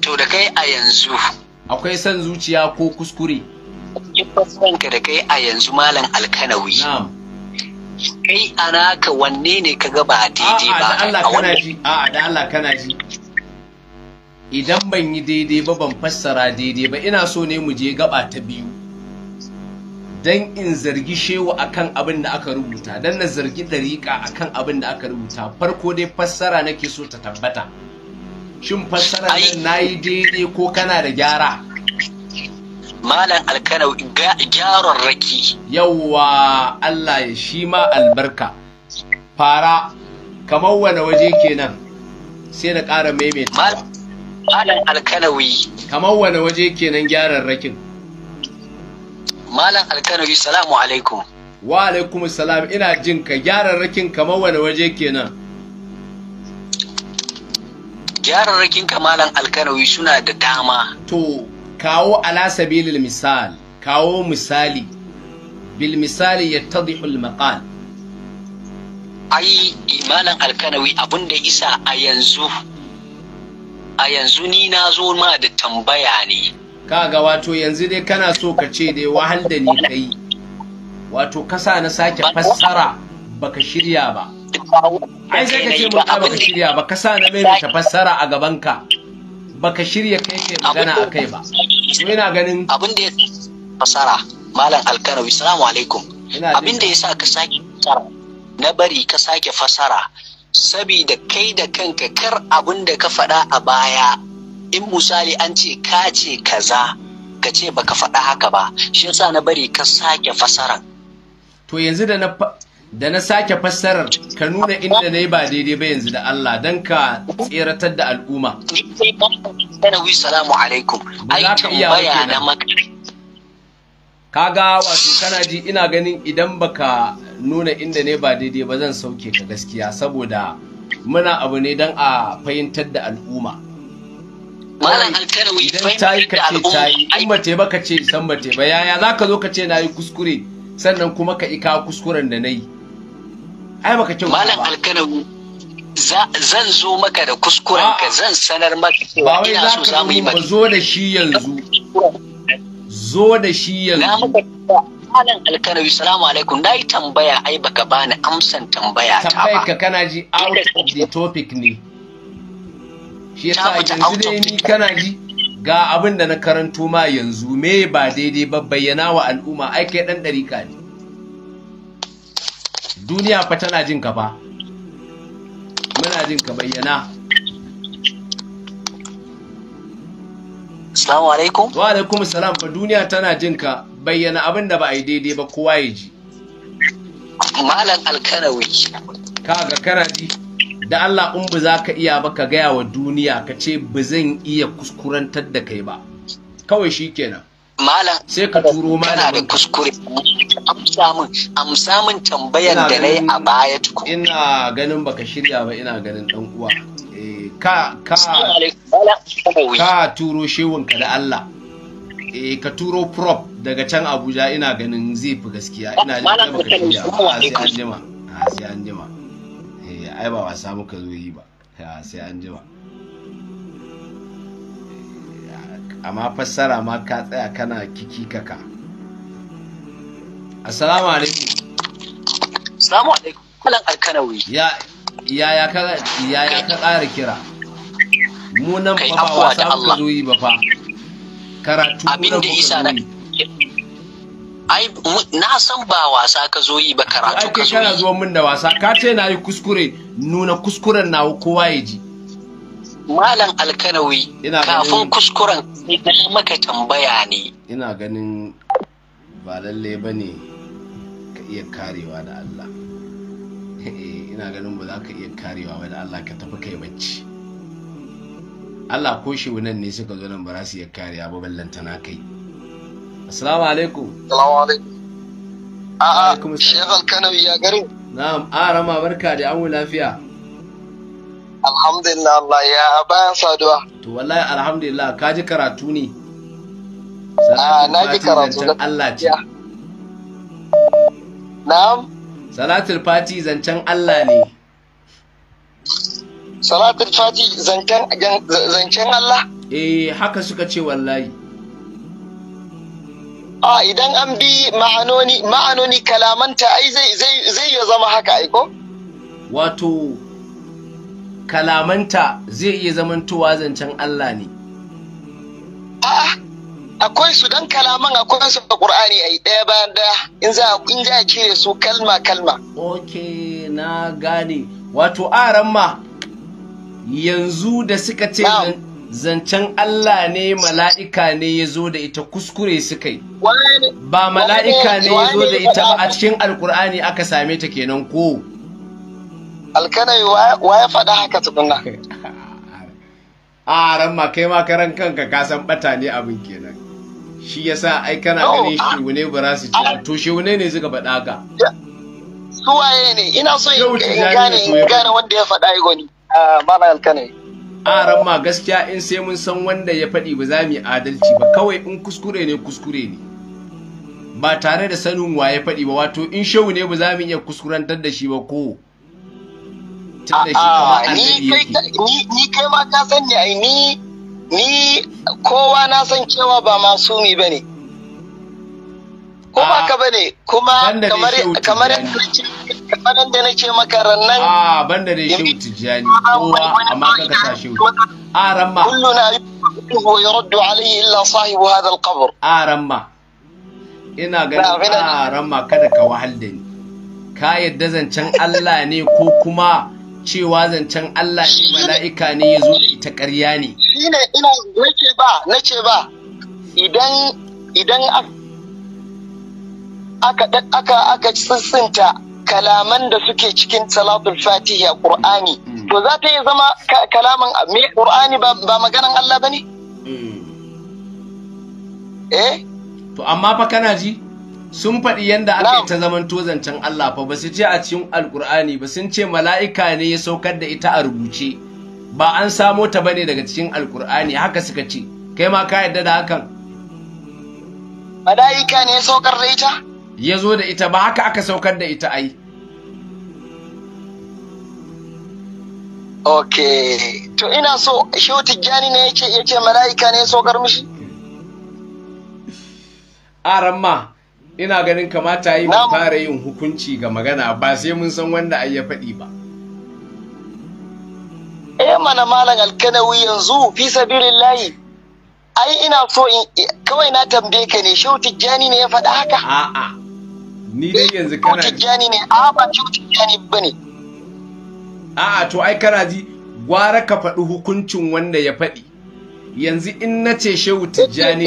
to da kai a yanzu akwai son zuciya ko kuskure cikin fassaran ka da kai a yanzu malam alkanawi na'am kai a naka, wanne ne ka ga ba daidai ba a Allah kana ji a'a da Allah kana ji idan ban yi daidai ba ban fassara daidai ba ina so ne mu je gaba ta biyu don in zargi shehu akan abin da aka rubuta don na zargi ɗariƙa akan abin da aka rubuta farko dai fassara nake so ta tabbata shin fassara nan na yi daidai ko kana da gyara malam alkanau gyaran raki yawwa allah ya shi ma albarka fara kamar wani waje kenan sai na ƙara maimaita malam alkanawi kamar wani waje kenan gyaran rakin Malam Alkanuri salamu alaikum. Wa alaikum salam ina jin ka gyararrakin kamar wani waje kenan. Gyararrakin ka Malam Alkanuri suna da dama. To, kawo alasabilil misal, kawo misali. Bil misali ya tadihul maqal. Ai, Malam Alkanawi abinda isa a yanzu, a yanzu ni na zo ma da tambaya ne. kaga wato yanzu dai kana so ka ce dai wahal da ni kai wato kasa na sake fassara baka shirya ba ai sai ka ce mun baka shirya ba kasa na mai ta fassara a gaban ka baka shirya kai kai magana a kai ba ina ganin abin da ya fassara malam alkarawi assalamu alaikum abin da ya sa ka sake fassara na bari ka sake fassara sabida kai da kanka kar abin da ka faɗa a baya in misali an ce ka ce kaza ka ce baka faɗa haka ba shi yasa na bari ka sake fasaran to yanzu da na da na sake fasarar ka nuna inda na yi ba daidai ba yanzu da Allah don ka tseratar da al'umma. Sanawi salamu alaikum. Ai tambaya na makarai. Kaga wato kana ji ina ganin idan baka nuna inda ne ba daidai ba zan sauke ka gaskiya saboda muna abu ne don a fahimtar da al'umma. malam alkarawi idan ta yi ka ce ta yi in ba ce ba ka ce san ba ce ba yaya za ka zo ka ce na yi kuskure sannan kuma ka ika kuskuren da na yi ai baka kyau malam alkarawi zan zo maka da kuskuren ka zan sanar maka ba wai za ka zo ba zo da shi yanzu zo da shi yanzu malam alkanawi salamu alaikum na yi tambaya ai baka bani amsan tambaya ta ba ka kana ji out of the topic ne shi yasa yanzu dai ni kana ji ga abin da na karanto ma yanzu me ba daidai ba bayyana wa al'umma ai kai dan dariƙa ne duniya fa tana jin ka fa muna jin ka bayyana Assalamu alaikum. Wa alaikum salam fa duniya tana jin ka bayyana abin da ba a yi daidai ba kowa ya ji. Malam Alkanawi. Kaga kana ji. da Allah in ba za ka iya ba ka gaya wa duniya ka ce ba zan iya kuskurantar da kai ba kawai shi kenan malam sai ka turo malamin da kuskure amsa min amsa min tambayar da nayi a baya tuku ina ganin baka shirya ba ina ganin dan uwa eh, ka ka ka turo shewun ka da Allah eh ka turo prop daga can Abuja ina ganin zai fi gaskiya ina da baka shirya ba ah, sai an jima ah, sai an jima ai ba wasa muka zo yi ba sai an jima amma fassara ma ka tsaya kana kiki kaka assalamu alaikum assalamu alaikum kalan alkanawi ya ya ya ka ya ya ka ƙara kira mu nan fa ba wasa muka zo yi ba fa karatu abin da isa na ai na san ba wasa ka zo yi ba karatu ka zo yi kana zuwa min da wasa ka ce na yi kuskure nuna kuskuren na kowa ya ji malam alkanawi kafin kuskuren na maka tambaya ne ina ganin ba lalle ba ne ka iya karewa da Allah eh, ina ganin ba za ka iya karewa ba da Allah ka tafi kai bacci Allah ko shi nan ne suka zo nan ba za su iya karewa ba ballantana kai Assalamu alaikum. Assalamu alaikum. A'a, Sheikh Alkanawi ya garin? Na'am, a rama barka da an lafiya. Alhamdulillah Allah ya bayan saduwa. To wallahi alhamdulillah ka ji karatu ne. Ah, na ji karatu da Allah ce. Na'am. Salatul Fati zancen Allah ne. Salatul Fati zancen Allah? Eh, haka suka ce wallahi. a idan an bi ma'anoni ma'anoni kalamanta ai zai zai zai zama haka ai ko wato kalamanta zai iya zamantowa zancen Allah ne a'a akwai su dan kalaman akwai su a Qur'ani ai daya bayan daya in za in za a su kalma kalma okay na gane wato aran yanzu da suka ce zancen Allah ne mala'ika ne ya zo da ita kuskure suka yi ba mala'ika ne ya zo da ita ba a cikin alkur'ani aka same ta kenan ko alkanai wa ya faɗa haka tukuna [LAUGHS] a ran ma kai ma karan kanka ka san bata ne abin kenan shi sa ai kana ganin shune ba za su ce to wune ne suka faɗa haka suwaye ne ina so in gane wanda ya faɗa igoni ah, malam alkanai aran ma gaskiya in sai mun san wanda ya faɗi ba za mu yi adalci ba kawai in kuskure ne kuskure ne ba tare da sanin wa ya faɗi ba wato in shau ne ba za mu iya kuskurantar da shi ba ko ni kai ma ka san ni ni kowa na san cewa ba masumi ba ne ko ba ah. ka bane kuma kamar kamar kamar da nake maka rannan a ah, banda ne shehu tijani kowa amma ka kasa shehu a ah, ramma kulluna yuhu yuraddu alayhi illa sahibu hadha alqabr a ramma ina ganin a ramma kada ka wahal da ni ka yadda zancen Allah ne ko kuma cewa zancen Allah ne mala'ika ne ya zo da ita ƙarya ne. Shi ne ina nace ba, nace ba, idan idan aka aka aka tsintsinta kalaman da suke cikin salatul fatiha qur'ani hmm. to za ta yi zama kalaman me qur'ani ba maganan Allah bane hmm. eh to amma fa kana ji sun faɗi yadda aka yi ta zaman tozancen Allah fa ba su ce a cikin alkur'ani ba sun ce mala'ika ne ya saukar da ita a rubuce ba an samo ta bane daga cikin alkur'ani haka suka ce kai ma ka yadda da hakan mala'ika ne ya saukar da ita ya zo da ita ba haka aka saukar da ita ai ok to ina so shi gani ne yake yake mala'ika ne saukar mishi [LAUGHS] aramma ina ganin kamata yi mu fara yin hukunci ga magana ba sai mun san wanda ai ya faɗi ba eh mana malam alkanawi yanzu fi layi. ai ina so in kawai na tambaye ka ne shi gani ne ya faɗa haka a'a ni dai yanzu kana tijjani ne a ba shi tijjani bane a'a to ai kana ji gwara ka faɗi hukuncin wanda ya faɗi yanzu in na ce shehu tijjani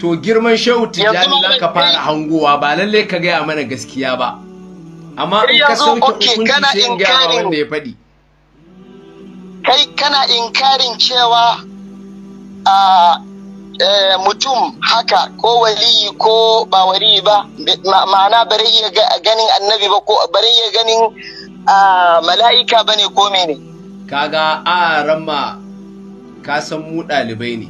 to girman shehu tijjani za ka fara hangowa ba lalle ka gaya mana gaskiya ba amma in ka sauke hukunci sai in gaya wanda ya faɗi kai kana inkarin cewa a ah, Eh, mutum haka ko waliyi ko ba wali ba ma'ana bare iya ganin annabi ba ko bare iya ganin mala'ika ba ne ko mene kaga a ramma ka san mu ɗalibai ne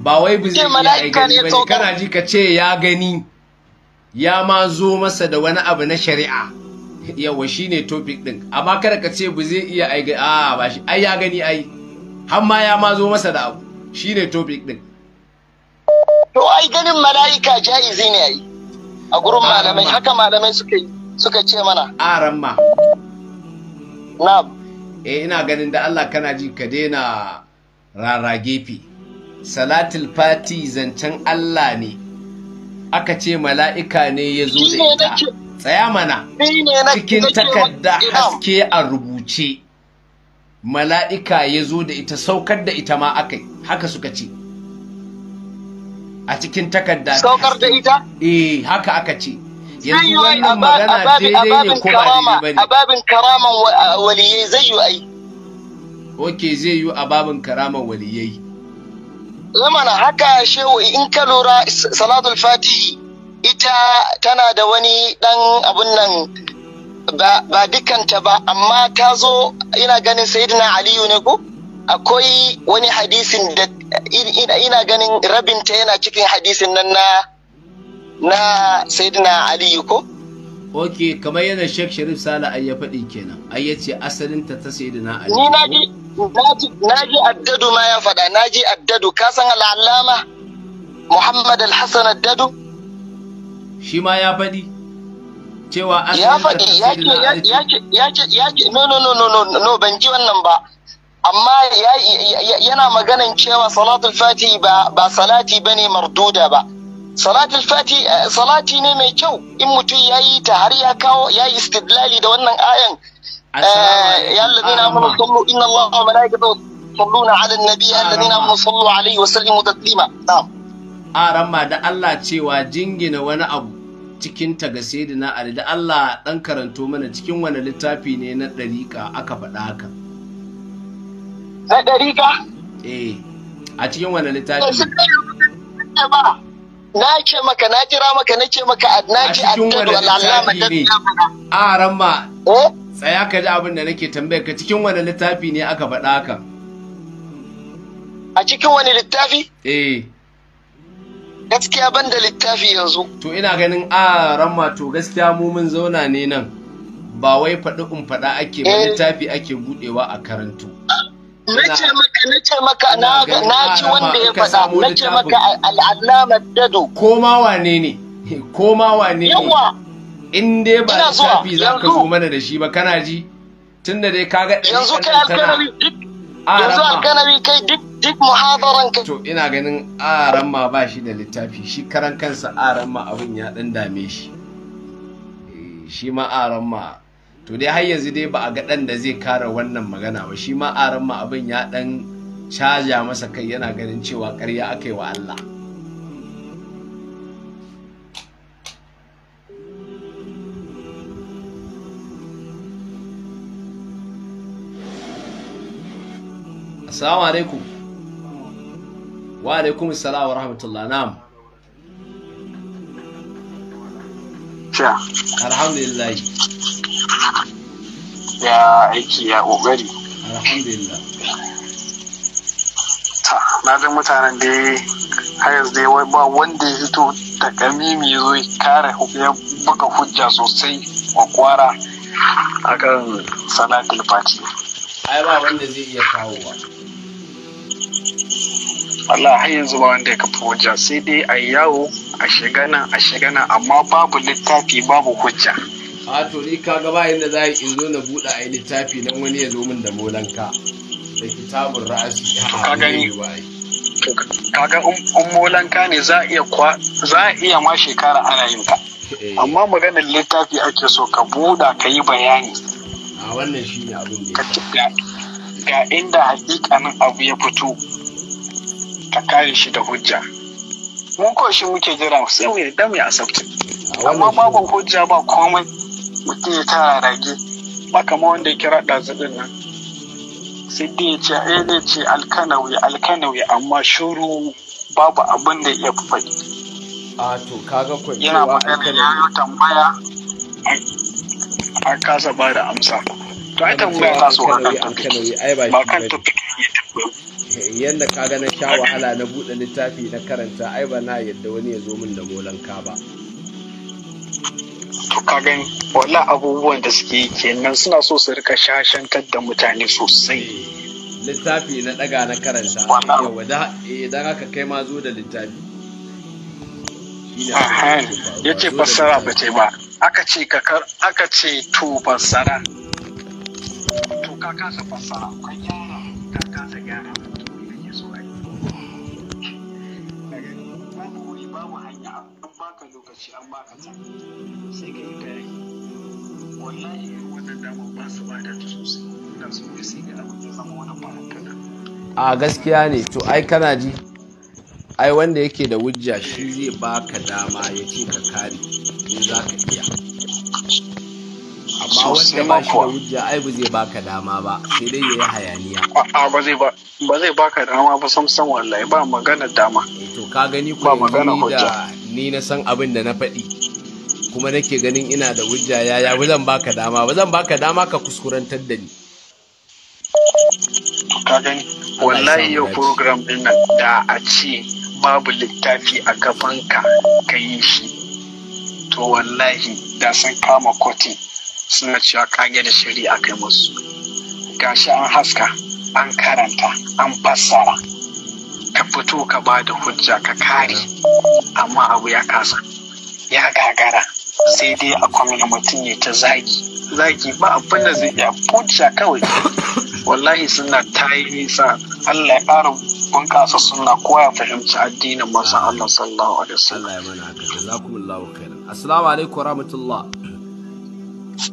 ba wai bu zai iya gani ba ne kana ji ka ce ya gani ya ma zo masa da wani abu na shari'a yawa shi ne topic ɗin amma kada ka ce bu zai iya ai a ba shi ai ya gani ai har ma ya ma zo masa da abu shi ne topic ɗin to ai ganin mala'ika ja'izi ne ai a gurin malamai haka malamai suka yi suka ce mana A ramma. na eh ina ganin da Allah kana ji ka daina rara gefe salatul fati zancen Allah ne aka ce mala'ika ne ya zo da ita tsaya mana cikin takarda haske a rubuce mala'ika ya zo da ita saukar da ita ma aka haka suka ce a cikin takarda saukar da ita eh haka aka ce yanzu wannan magana daidai ne ko ba daidai bane a babin karaman waliyai zai yi ai oke zai yi a babin karaman waliyai eh haka shehu in ka lura salatul fatihi ita tana da wani dan abun nan ba dukkanta ba amma ta zo ina ganin sayyidina aliyu ne ko akwai wani hadisin da ina ganin rabinta yana cikin hadisin nan na na sayyidina aliyu ko ok kamar yana sheikh sharif sala ai ya faɗi kenan ai yace ce asalinta ta sayyidina aliyu ni naji naji naji addadu ma ya faɗa naji addadu ka san al'allama muhammad al-hasan addadu shi ma ya faɗi cewa asalinta ya sayyidina ya ce ya ce ya ce no no no no no ban ji wannan ba amma yana maganan cewa salatul fati ba salati bane marduda ba salatul fati eh, salati ne mai kyau in mutum ya yi ta har ya kawo ya yi istidlali da wannan ayan eh, ya na amanu sallu inna Allah wa malaikatahu yusalluna ala an-nabi ya na amanu sallu alaihi wa sallimu taslima a ramma da Allah cewa jingina wani abu cikin ta ga sayyidina Ali da Allah dan karanto mana cikin wani littafi ne na dariƙa aka faɗa haka na ɗariƙa eh a cikin wani littafi na ce maka na jira maka na ce maka na ce ji addadu al'alama ne a ramma eh? tsaya ka ji abin da nake tambayar ka cikin wani littafi ne aka faɗa haka a cikin wani littafi eh gaskiya ban da littafi yanzu to ina ganin a ramma to gaskiya mu mun zauna ne nan ba wai faɗi in faɗa ake ba eh. littafi ake buɗewa a karantu ah, Na ce maka Na ce maka na na ji wanda ya faɗa Na ce maka al'allama dado ko ma wane ne ko ma wane ne in dai ba littafi za ka zo mana da shi ba kana ji tunda dai kaga yanzu kai alkanari yanzu alkanari kai duk duk muhadaran ka to ina ganin aran ma ba shi da littafi shi karan kansa aran ma abin ya dan dame shi eh, shi ma aran ma to dai har yanzu dai ba a ga ɗan da zai kare wannan magana ba shi ma aran ma abin ya ɗan caja masa kai yana ganin cewa ƙarya aka yi wa Allah Assalamu alaikum wa alaikum wa rahmatullah na'am Sha. Alhamdulillah. Ya aiki ya ƙoƙari. Alhamdulillah. na ga mutanen da hayar zai wai ba wanda ya hito da mai zo kare ya buga hujja sosai wa kwara akan salatul fati ai ba wanda zai iya kawo ba Allah har yanzu ba wanda ya kafa hujja sai dai a yawo a shiga nan a shiga nan amma babu littafi babu hujja a to ni ka ga bayan za in zo na buɗe a yi littafi nan wani ya zo min da ka da kitabun ra'asi ya ka gani kaga in ka ne za a iya ma shekara ana yin ka eh. amma maganar littafi ake so ka buɗa ka yi bayani a wannan shi ne abin da ya ga inda hakikanin abu ya fito Ta kare shi da hujja mu ko shi muke jira sai mu yarda mu asabta amma babu hujja ba komai mutum ya tara rage ba kamar wanda ya kira ɗazudin nan sai dai ya ce eh, ai ne ce alkanawi alkanawi amma shuru babu abin da ya fi faɗi yana magana ya yi tambaya a kasa ba da amsa to ai tambaya ta so kan topic ba kan tafi ya tambaya yadda ka ga na sha wahala na buɗe littafi na karanta ai ba na yadda wani ya zo min da ka ba ka gani abubuwan da suke kenan suna so su rika shashantar da mutane sosai eh, littafi na daga na karanta yawa da idan eh, aka kai ma zo da littafi ya ce fassara ba ce ba aka ce kakar aka ce to fassara to ka kasa fassara ka ka kasa gyara baka lokaci an baka ta sai ka yi kare wallahi wannan damar ba su ba da sosai da su ne sai ga abu ya zama wani faran kaɗan a gaskiya ne to ai kana ji ai wanda yake da wujja shi zai baka dama ya ce ka kare ne za ka iya amma wanda ba shi da hujja ai ba zai baka dama ba sai dai yayi hayaniya a ba zai ba ba zai baka dama ba sam san wallahi ba magana dama eh to ka gani ko ba magana hujja ni na san abin da na faɗi kuma nake ganin ina da hujja ya ya ba zan baka dama ba zan baka dama ka kuskurantar da ni ka gani wallahi yau program din nan da a ce babu littafi a gabanka ka yi shi to wallahi da san kama kotin suna cewa kage da shiri a kai musu gashi an haska an karanta an fassara ka fito ka ba da hujja ka kare amma abu ya kasa ya gagara sai dai a kwamina mutum ya ta zagi zagi ba abin da zai iya kawai [COUGHS] wallahi suna ta yi nisa allah ya ƙara bunƙasa suna ya fahimci addinin masu allah sallallahu alaihi wasallam assalamu alaikum warahmatullah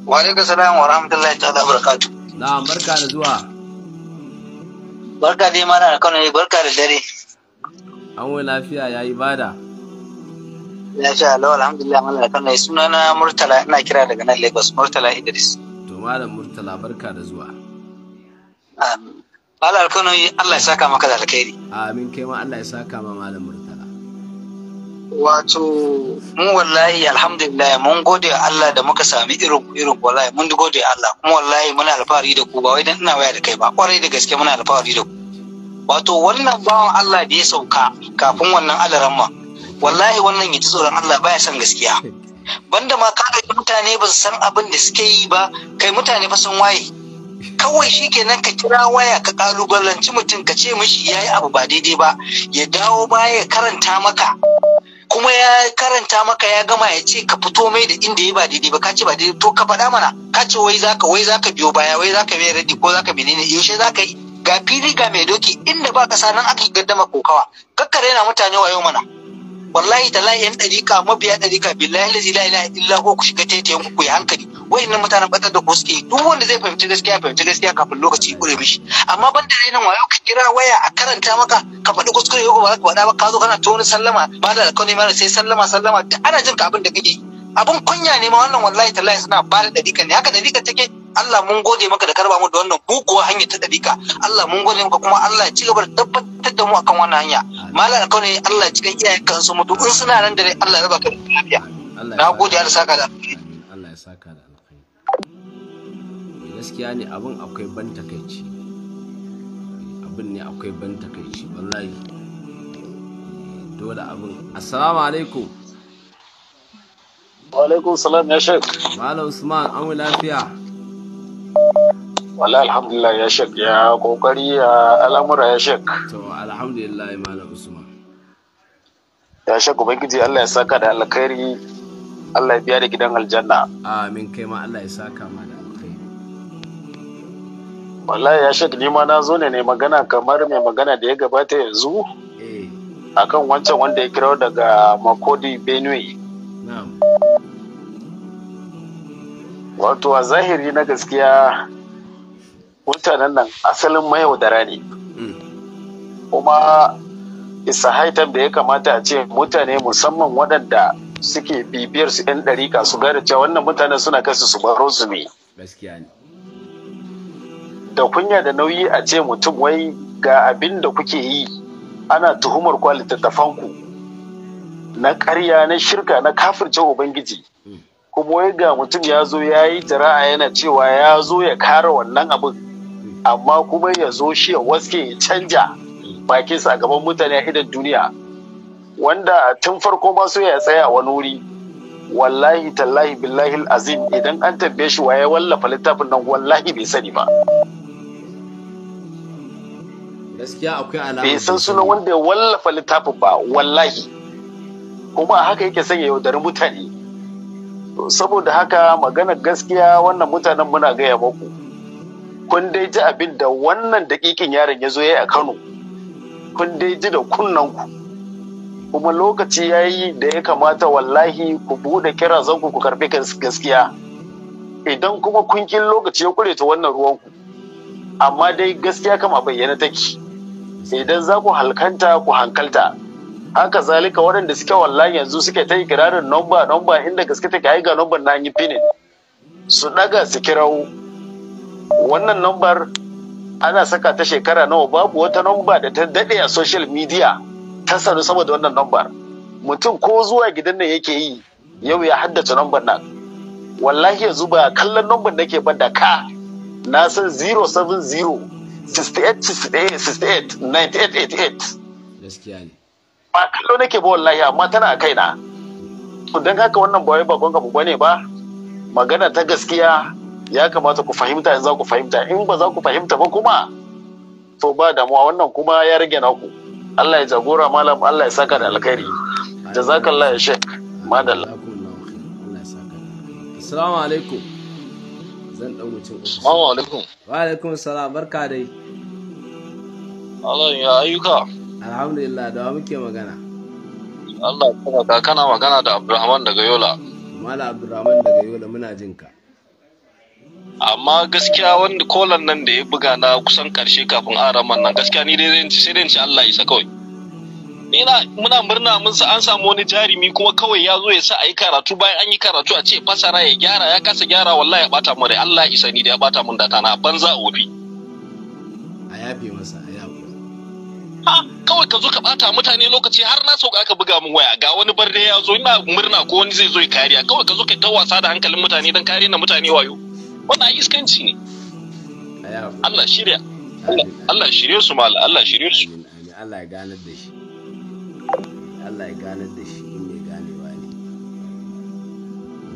Wa salam wa rahmatullahi ta'ala barakatu. Na'am barka da zuwa. Barka dai mana kan yi barka da dare. An wai lafiya ya yi bada. Ya sha lau alhamdulillah mana yi suna sunana Murtala ina kira daga nan Lagos Murtala Idris. To malam Murtala barka da zuwa. Amin. Allah alkano Allah ya saka maka da alkhairi. Amin kai ma Allah ya saka ma malam Murtala. wato mu wallahi alhamdulillah mun gode Allah da muka sami irin irin wallahi mun gode Allah kuma wallahi muna alfahari da ku ba wai dan ina waya da kai ba kwarai da gaske muna alfahari da ku wato wannan bawan Allah da ya sauka kafin wannan alaramma wallahi wannan yi tsoron Allah baya son gaskiya banda ma ka ga mutane ba su san abin da suke yi ba kai mutane ba sun waye kawai shi nan ka kira waya ka kalubalanci mutum ka ce mishi ya yi abu ba daidai ba ya dawo baya ya karanta maka kuma ya karanta maka ya gama ya ce ka fito mai da inda ya ba daidai ba ka ce ba daidai to ka faɗa mana ka ce wai zaka wai zaka biyo baya wai zaka mai radi ko zaka menene yaushe zaka yi ga fili ga mai doki inda ba ka sa nan ake gaddama kokawa kakkare na mutane wayo mana wallahi ta yan ɗariƙa mabiya ɗariƙa billahi la ilaha illa ko ku shiga taitayen ku yi hankali wayannan mutanen batar da ku suke duk wanda zai fahimci gaskiya fahimci gaskiya kafin lokaci kure mishi amma ban da rainan wayo ka kira waya a karanta maka ka faɗi kuskure ko ba za ka faɗa ba ka zo kana tona sallama ba da alƙawari ma sai sallama sallama duk ana jin ka abin da kake yi abin kunya ne ma wannan wallahi tallahi suna ba da dariƙa ne haka dariƙa take Allah mun gode maka da karba mu da wannan buguwa hanya ta dariƙa Allah mun gode maka kuma Allah ya ci gaba da tabbatar da mu akan wannan hanya malam alƙawari Allah ya cikin iyayen kan mutu in suna nan da Allah ya raba ka da lafiya na gode Allah saka da Allah ya saka da gaskiya ne abin akwai ban takaici abin ne akwai ban takaici wallahi dole abin assalamu alaikum alaikum salam ya shek malam usman an lafiya wala alhamdulillah ya shek ya kokari ya al'amura ya shek to alhamdulillah malam usman ya shek ubangiji Allah ya saka da alkhairi Allah ya biya da gidan aljanna amin kai ma Allah ya saka ma da wallahi ya shek nima na zo ne ne magana kamar mai magana da ya gabata yanzu eh. akan wancan wanda ya kira daga makodi benue wato a zahiri na gaskiya mutanen nan asalin mayaudara ne mm. kuma isa haitar da ya kamata a ce mutane musamman waɗanda suke bibiyar su 'yan ɗarika su gada cewa wannan mutane suna kasu su baro su da kunya da nauyi a ce mutum wai ga abin da kuke yi ana tuhumar ku littattafanku na ƙarya na shirka na kafirce ubangiji kuma wai ga mutum ya zo ya yi jira'a yana cewa ya zo ya kare wannan abin amma kuma ya zo shi ya waske ya canja bakinsa a gaban mutane a idan duniya wanda tun farko ma so ya tsaya wani wuri wallahi tallahi billahi azim idan an tambaye shi waye wallafa littafin nan wallahi bai sani ba gaskiya akwai alama bai san suna wanda ya wallafa littafin ba wallahi kuma a haka yake sanya yaudarin mutane saboda haka magana gaskiya wannan mutanen muna gaya maku. kun dai ji abin da wannan dakikin yaron ya zo ya yi a kano kun dai ji da kunnen ku kuma lokaci ya yi da ya kamata wallahi ku buɗe kira zanku ku karɓi gaskiya idan kuma kun lokaci ya kure ta wannan ruwanku amma dai gaskiya kama bayyana take idan za ku halkanta ku hankalta haka zalika waɗanda suke wallahi yanzu suke ta ikirarin nomba nomba inda gaske ta ka ga nombar na yi finin su ɗaga su kirau. wannan nombar ana saka ta shekara nawa babu wata nomba da ta daɗe a social media ta sanu sama da wannan nombar mutum ko zuwa gidan nan yake yi yau ya haddace nombar nan wallahi yanzu ba kallon nombar ke ba da ka na san 070 gaskiya ne ba kallo nake ba wallahi amma tana kai na don haka wannan ba wai bakon ka bane ba magana ta gaskiya ya kamata ku fahimta in za ku fahimta in ba za ku fahimta ba kuma to ba damuwa wannan kuma ya rage naku Allah ya jagora malam Allah ya saka da alkhairi jazakallah ya shek madalla assalamu alaikum zan ɗau mutum uku. Salamu alaikum. Wa alaikum salam barka dai. Allah ya ayyuka. Alhamdulillah da wa muke magana. Allah ka kana magana da Abdulrahman daga Yola. Mala Abdulrahman daga Yola muna jin ka. amma gaskiya wanda kolan nan da ya buga na kusan karshe kafin araman nan gaskiya ni dai sai dai in ci Allah ya isa kawai ina muna murna mun sa an samu wani jarumi kuma kawai ya zo ya sa a yi karatu bayan an yi karatu a ce fasara ya gyara ya kasa gyara wallahi ya bata mu rai Allah ya isa ni da ya bata mun data na banza obi a yafe masa a yafe ha kawai ka zo ka bata mutane lokaci har na sauka ka buga mun waya ga wani barde ya zo ina murna ko wani zai zo ya kariya kawai ka zo ka ta wasa da hankalin mutane dan kare na mutane wayo wannan iskanci ne Allah shirya Allah shirye su mal Allah shirye su Allah ya ganar da shi Allah ya gane da shi in mai ganewa ne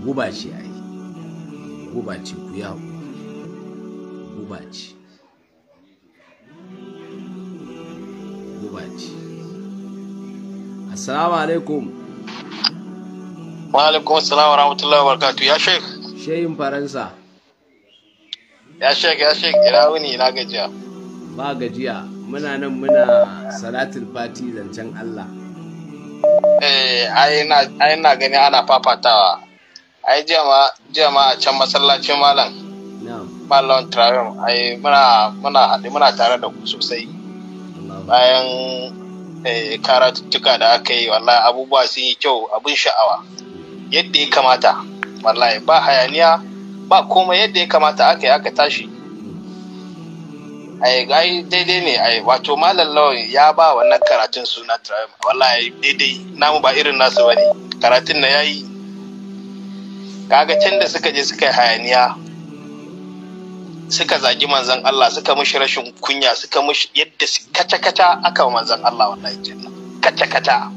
guba ce ai guba ce ku ya guba ce guba ce assalamu alaikum wa alaikum assalam wa rahmatullahi wa barakatuh ya sheikh shehin faransa ya shek ya shek? ina wuni ina gajiya ba gajiya muna nan muna salatul fati zancen Allah a eh, ai na gani ana fafatawa ai jiya ma a can masallacin malam malam travel ai muna muna haɗe muna tare da ku sosai bayan eh, karatuttuka da aka yi wallahi abubuwa sun yi kyau abin sha'awa yadda ya kamata wallahi ba hayaniya ba komai yadda ya kamata aka yi aka tashi ai ai daidai ne ai wato malam lawan ya ba wannan karatun suna triumph wallahi daidai namu ba irin nasu bane karatun na yayi kaga can da suka je suka yi hayaniya suka zagi manzon Allah suka mishi rashin kunya suka mishi yadda kata-kata aka manzon Allah wallahi janna kata-kata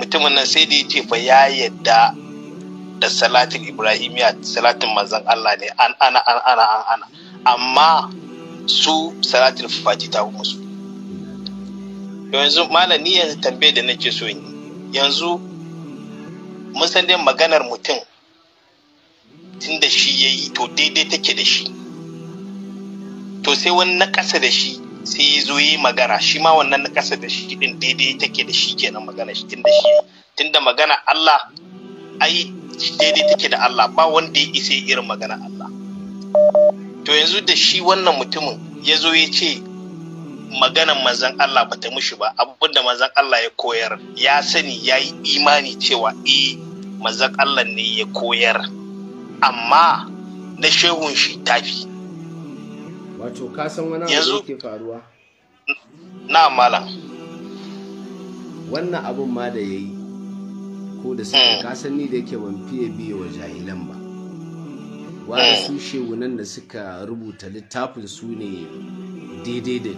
mutumin nan sai da yace fa ya yadda da salatin ibrahimiya salatin manzon Allah ne an ana an ana an ana amma su salatul fati ta musu yanzu ni yanzu tambaye da nake so yi yanzu mun san dai maganar mutum tun da shi ya yi to daidai take da shi to sai wani na ƙasa da shi sai ya zo yi magana shi ma wannan na ƙasa da shi din daidai take da shi kenan magana shi tun da shi tun da magana Allah ai daidai take da Allah ba wanda ya isa irin magana Allah to yanzu da shi wannan mutumin ya zo ya ce maganan manzan Allah ba ta mushi ba abin da manzan Allah ya koyar ya sani ya yi imani cewa e eh, manzan Allah ne ya koyar amma na shehun shi tafi wato ka san wani abu ke faruwa na amala. wannan abun ma da yayi ko da sai hmm. ka san ni da yake ban fiye biye wa jahilan wani eh. su shewunan da suka rubuta littafin su ne daidai da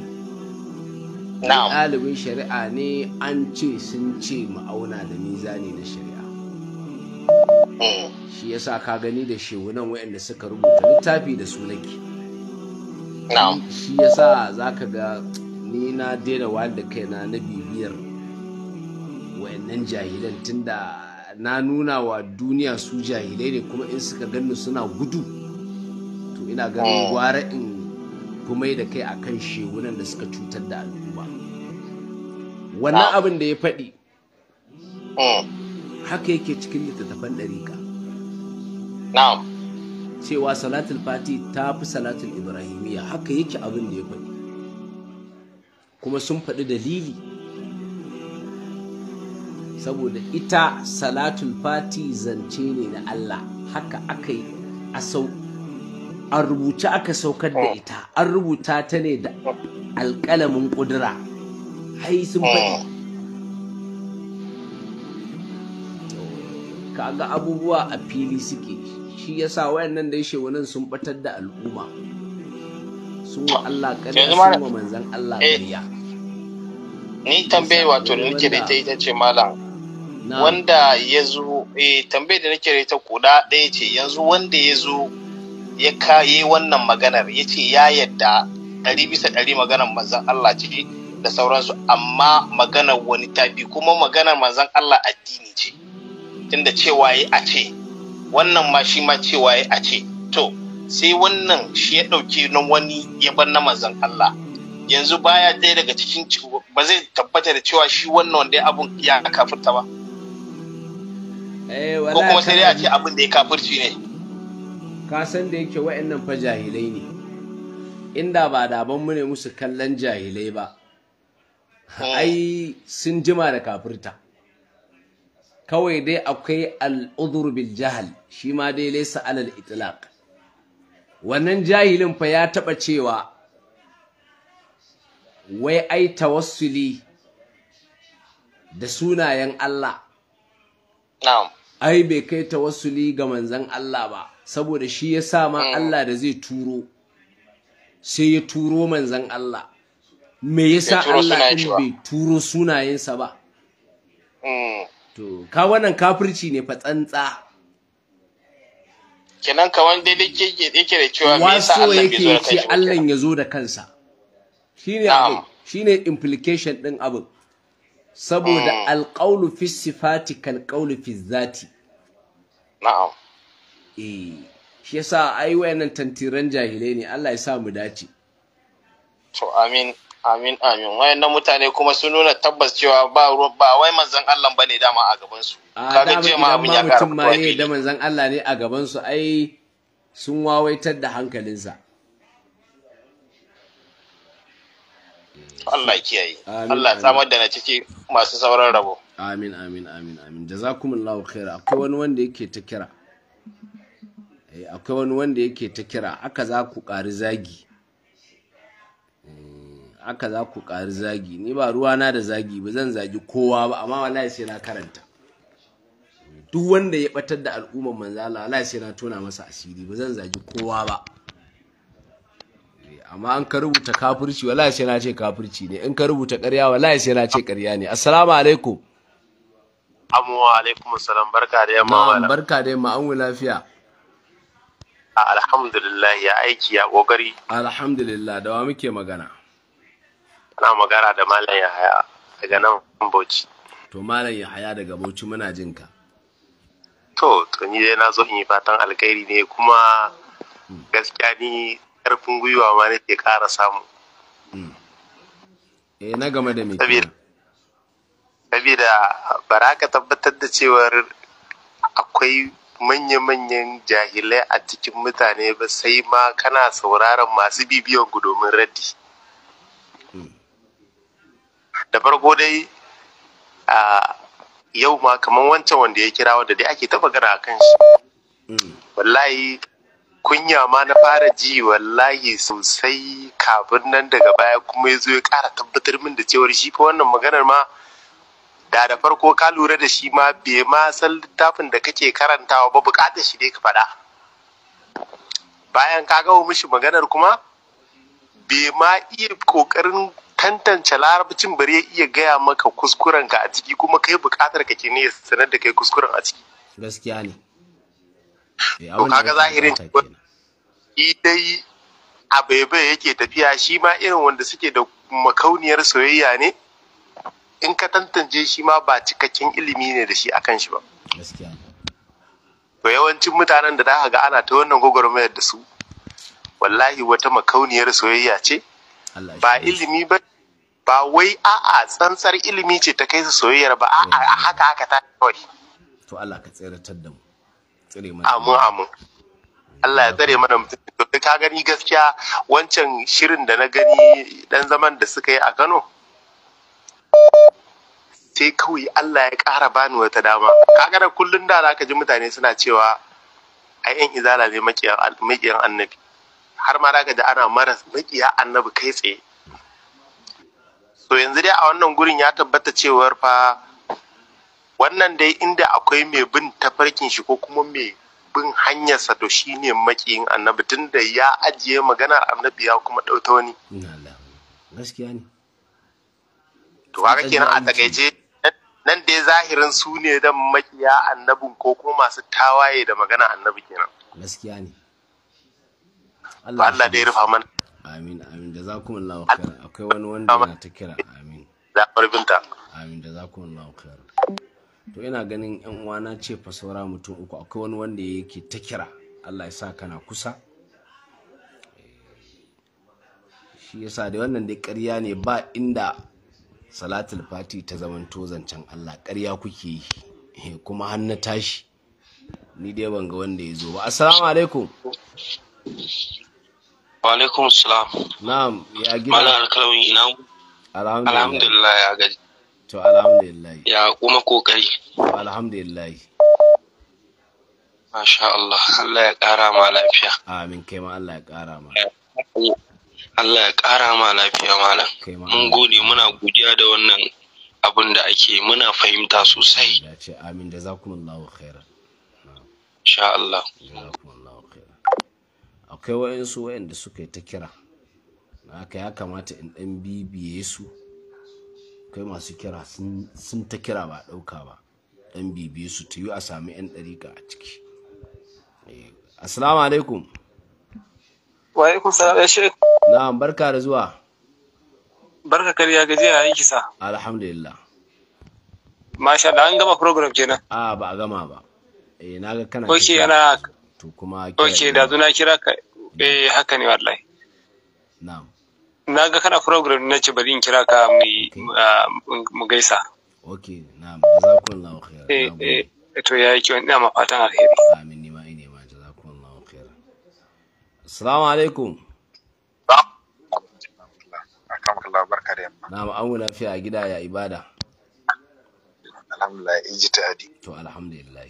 ɗalibin shari'a ne an ce sun ce ma'auna da mizani na shari'a eh. shi yasa ka gani da shewunan waɗanda suka rubuta littafi da su nake shi yasa za ka ga ni na daina wani da kaina na bibiyar waɗannan jahilan tunda na nuna wa duniya su jahilai ne kuma in suka ganni suna gudu to ina ganin eh. gwara in kuma da kai a kan shewunan da suka cutar da al'umma wannan ah. abin da ya faɗi eh. haka yake cikin littattafan ɗarika cewa salatul fati ta fi salatul ibrahimiyya haka yake abin da ya faɗi kuma sun faɗi dalili saboda ita salatul fati zance ne na Allah haka aka yi a sau an rubuta aka saukar da ita an rubuta ta ne da alƙalamin ƙudura hai sun faɗi hmm. kaga abubuwa a fili suke shi yasa wayannan da shewanin sun batar da al'umma sun wa Allah ƙarya sun wa manzan Allah eh. ƙarya ni tambaye wato da nake da ita ita ce malam wanda ya zo eh tambayar da nake ta koda ɗaya ce yanzu wanda ya zo ya kayi wannan maganar ya ce ya yadda ɗari bisa ɗari maganar manzan Allah ce da sauransu amma maganar wani tafi kuma maganar manzan Allah addini ce tunda cewa ya a ce wannan ma shi ma cewa ya a ce to sai wannan shi ya ɗauki na wani ya bar na manzan Allah yanzu baya ɗaya daga cikin ba zai tabbata da cewa shi wannan wanda abun ya kafirta ba. Eh, ko kuma sai dai ce abin da ya kafirci ne ka san da yake wa'annan fa jahilai ne inda ba daban mu ne musu kallon jahilai ba hmm. ai sun jima da kafirta kawai dai akwai al'udur bil jahal shi ma dai laysa alal itlaq wannan jahilin fa ya taba cewa wai ai tawassuli da sunayen Allah na'am ai bai kai tawassuli ga manzan Allah ba saboda shi ya sa ma mm. Allah da zai turo sai ya turo manzan Allah me yasa Allah din bai turo sunayensa ba mm. to ka wannan kafirci ne fa tsantsa kenan ka wanda yake da cewa me yasa Allah bai zo da kansa Allah ya zo da kansa shine shine implication din abin saboda mm. alƙaulu fi sifati kalƙaulu fi zati na'am eh shi yasa ai wayannan tantiran jahilai ne Allah ya sa mu dace to amin amin amin wayannan mutane kuma sun nuna tabbas cewa ba ba wai manzon Allah bane dama a gaban su ah, kaga ce ma abin ya karɓa da manzon Allah ne a gaban su ai sun wawaitar da hankalinsa Allah kiyaye Allah samar da na ciki masu sauran rabo amin amin amin amin jazakumullahu khaira akwai wani wanda yake ta kira eh, akwai wani wanda yake ta kira aka za ku ƙari zagi eh, aka za ku ƙari zagi ni ba ruwa na da zagi ba zan zagi kowa ba amma wallahi sai na karanta duk wanda ya batar da al'ummar manzala wallahi sai na tona masa asiri ba zan zagi kowa ba amma an ka rubuta kafirci wallahi sai na ce kafirci ne in ka rubuta ƙarya wallahi sai na ce ƙarya ne assalamu alaikum amu wa alaikum assalam barka da yamma wala barka da yamma an lafiya alhamdulillah ya aiki ya kokari alhamdulillah da wa muke magana ana magana da malam yahaya daga nan bauchi to malam yahaya daga bauchi muna jin ka to to ni dai na zo in yi fatan alkhairi ne kuma hmm. gaskiya ni karfin gwiwa ma nake ƙara samu hmm. eh na game da Sabida saboda bara ka tabbatar da cewar akwai manya-manyan jahilai a cikin mutane ba sai ma kana sauraron masu bibiyan ku domin raddi hmm. da farko dai a yau ma kamar wancan wanda ya kira wanda dai ake ta magana a kan shi hmm. wallahi kunya ma na fara ji wallahi sosai kafin nan daga baya kuma ya zo ya ƙara tabbatar min da cewar shi fa wannan maganar ma da da farko ka lura da shi ma bai ma san littafin da kake karantawa ba bukatar shi dai ka faɗa bayan ka gawo mishi maganar kuma bai ma iya ƙoƙarin tantance larabcin bari ya iya gaya maka kuskuren ka a ciki kuma kai bukatar ka ke ne ya sanar da kai kuskuren a ciki gaskiya ne Eh, to kaga zahirin shi dai a baibai yake tafiya shi ma irin wanda suke da makauniyar soyayya ne in ka tantance shi ma ba cikakken ilimi ne da shi kan shi ba to yawancin mutanen da zaka ga ana ta wannan gwagwarmayar da su wallahi wata makauniyar soyayya ce ba ilimi ba ba wai a'a tsantsar ilimi ce ta kai su soyayyar ba a'a eh. haka haka ta kawai to Allah ka da mu amin amin Allah ya tsare mana mutum ka gani gaskiya wancan shirin da na gani dan zaman da suka yi a Kano sai kawai Allah ya ƙara bani wata dama kaga da kullun da zaka ji mutane suna cewa a yan izala ne makiyan annabi har ma zaka ji ana maras makiya annabi kai tsaye to yanzu dai a wannan gurin ya tabbata cewar fa wannan dai inda akwai mai bin tafarkin shi ko kuma mai bin hanyarsa to shine makiyin annabi tunda ya ajiye maganar annabi ya kuma ɗauta wani gaskiya ne to haka kenan a takaice nan dai zahirin su ne da makiya annabin ko kuma masu tawaye da magana annabi kenan gaskiya ne Allah ya rufa mana amin amin da zakumullahu khair akwai wani wanda na ta kira amin da binta amin da zakumullahu khair to ina ganin yan uwana ce fa saura mutum uku akwai wani wanda yake ta kira Allah ya sa kana kusa eh, shi yasa da wannan dai ƙarya ne ba inda salatul fati ta zaman zancen Allah ƙarya kuke yi eh, kuma hannu tashi ni dai ban ga wanda ya zo ba assalamu alaikum wa alaikum salam na'am ya gida malam ina alhamdulillah ya gaji To alhamdulillah. Ya kuma kokari. Alhamdulillah. Masha Allah, Allah ya ƙara ma lafiya. Amin, kai ma Allah ya ƙara ma. Allah ya ƙara ma lafiya malam. Mun gode muna godiya da wannan abin da ake muna fahimta sosai. Ya ce amin da zakumullahu khairan. Insha Allah. Jazakumullahu khairan. Akwai wa'insu wa'inda suka yi ta kira. haka ya kamata in ɗan bibiye su. akwai masu kira sun ta kira ba ɗauka ba ɗan bibi su ta yi a sami 'yan ɗarika a ciki eh, assalamu alaikum wa alaikum salam ya eh, shek na'am barka da zuwa barka kariya gajiya yanki sa alhamdulillah masha da an gama program kenan a ba a gama ba eh na ga kana ok yana to kuma Ok, da zuna kira ka eh haka ne wallahi na'am na ga kana program na ce bari in kira ka ah, mu gaisa ok na jazakallahu khair eh eh to ya yi kiwon ina ma fatan alheri amin ni ma ina ma jazakallahu khair assalamu alaikum alhamdulillah barka da yamma na ma'amu lafiya a gida ya ibada alhamdulillah iji ta adi to alhamdulillah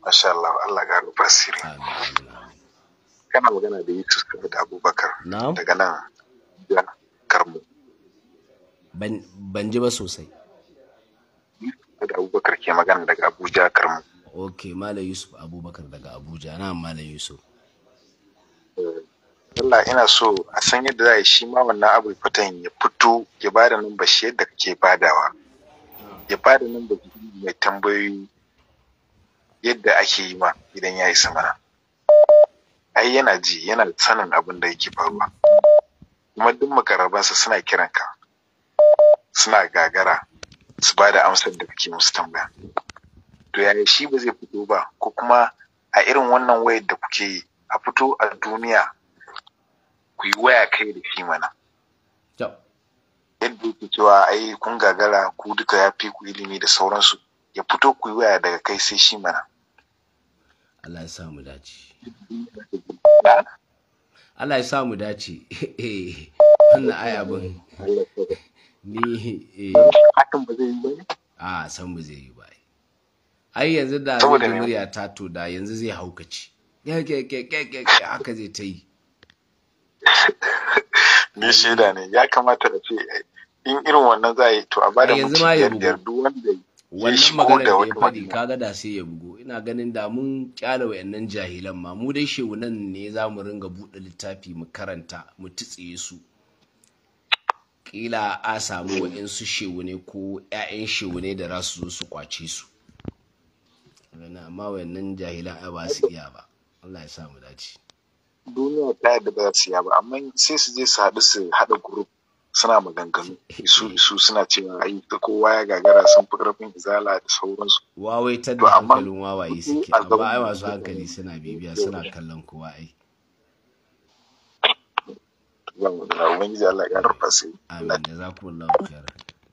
masha Allah Allah ga rufa sirri amin kana magana da Yusuf da Abubakar daga nan ya karmu ban ji ba sosai da Abubakar ke magana daga Abuja karmu ok Malam Yusuf Abubakar daga Abuja na Malam Yusuf eh, Allah ina so a san yadda za a yi shi ma wannan abu fatan ya fito ya ba da nan bashi yadda kake badawa ya ba da nan mai tambayoyi yadda ake yi ma idan ya yi samana. ai yana ji yana sanin abin da yake faruwa kuma duk makarabansa suna kiran ka suna gagara su ba da amsar da kake musu tambaya to yaya shi ba zai fito ba ko kuma a irin wannan wayar da kuke yi a fito a duniya ku yi waya kai da shi mana yadda yake cewa ai kun gagara ku duka ya fi ku ilimi da sauransu ya fito ku yi waya daga kai sai shi mana Allah ya samu dace Allah ya samu dace [LAUGHS] eh, wannan ai abin ni eh hakan ba zai yi ba a san ba zai yi ba ai yanzu da zai murya ta to da yanzu zai haukaci haka zai ta yi [LAUGHS] ni shaida ne ya kamata da ce in irin wannan za a yi to a bada mutum biyar duk wanda yi wannan maganar da ya faɗi kaga da sai ya bugo ina ganin da mun kyale wayannan jahilan ma mu dai shehu nan ne za mu ringa buɗe littafi mu karanta mu tutsiye su kila a samu shehu ne ko 'ya'yan ne da za su zo su kwace su amma wayannan jahilan ai ba su iya ba Allah ya sa mu dace duniya ta yadda ba su iya ba amma sai su je su haɗu su haɗa group suna maganganu isu isu suna cewa ai ta kowa ya gagara sun fi karfin izala da sauransu wawai ta da hankalin wawaye suke amma ai masu hankali suna bibiya suna kallon kowa ai amin da Allah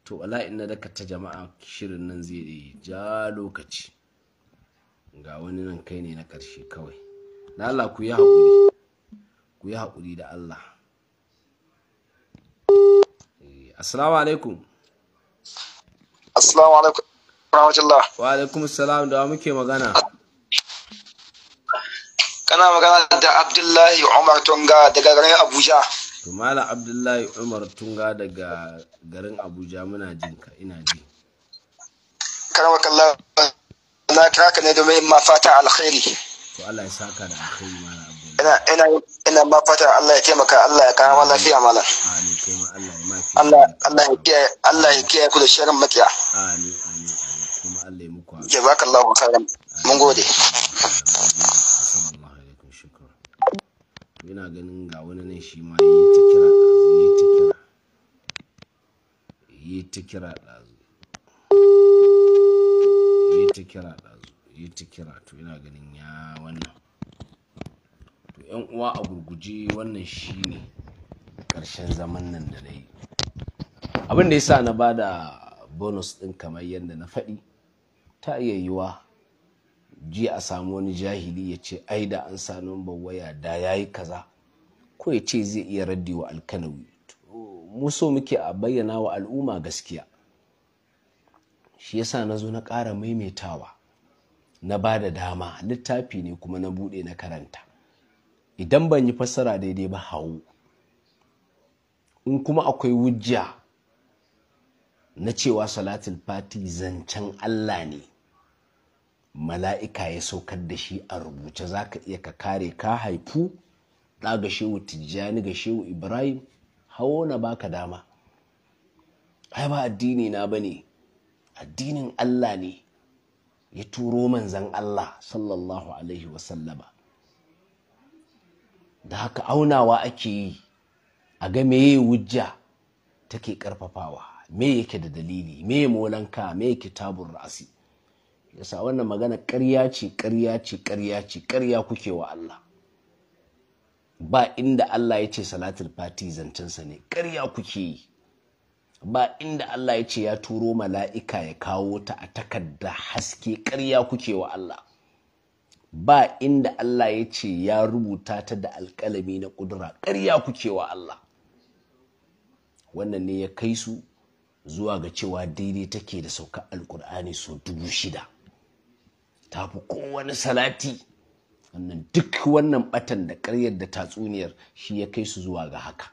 to wala inna da ta jama'a shirin nan zai ja lokaci ga wani nan kai ne na karshe kawai na Allah ku yi haƙuri ku yi haƙuri da Allah Eh, assalamu alaikum. Assalamu alaikum. Rahmatullah. Wa alaikum salam da muke magana. Kana magana da Abdullahi Umar Tunga daga garin Abuja. To Malam Abdullahi Umar Tunga daga garin Abuja muna jin ka ina ji. Karama kallah na kaka ne domin ma alkhairi. To Allah ya saka da alkhairi mana. ina ina ba fata Allah ya taimaka Allah ya kawo lafiya malam Allah ya kiyaye ku da shirin makiya mun gode ina ganin ga wani ne shi ma yi ta kira yi ta kira yi ta kira ɗazu yi ta kira ɗazu yi ta kira to ina ganin ya wannan yan uwa a gurguje wannan shine ƙarshen zaman nan da na yi abin da ya sa na ba da bonus ɗin kamar yadda na faɗi ta iya yiwa ji a samu wani jahili ya ce ai da an sa numbar waya da ya yi kaza ko ya ce zai iya raddi wa alkanawi mu so muke a bayyana wa al'umma gaskiya shi sa na zo na ƙara maimaitawa na ba da dama littafi ne kuma na buɗe na karanta idan ban yi fassara daidai ba hawo in kuma akwai wujja na cewa salatul fati zancen Allah ne mala'ika ya saukar da shi a rubuce za ka iya ka kare ka haifu ɗa ga shehu tijjani ga shehu ibrahim hawo na baka dama ai ba addini na ba ne addinin Allah ne ya turo manzan Allah sallallahu alaihi wasallama da haka aunawa ake yi a ga meye wujja take karfafawa me yake da dalili me molanka me tabur ra'asi yasa wannan magana ƙarya ce ƙarya ce ƙarya ce ƙarya kuke wa Allah ba inda Allah ya ce salatul fati zancensa ne ƙarya kuke yi ba inda Allah ya ce ya turo mala'ika ya kawo ta a takarda haske ƙarya kuke wa Allah ba inda Allah ya ce ya rubuta ta da alƙalami na ƙudura ƙarya kuke wa Allah wannan ne ya kai su zuwa ga cewa daidai take da sauka alƙur'ani so dubu shida ta fi kowane salati wannan duk wannan batan da ƙaryar da tatsuniyar shi ya kai su zuwa ga haka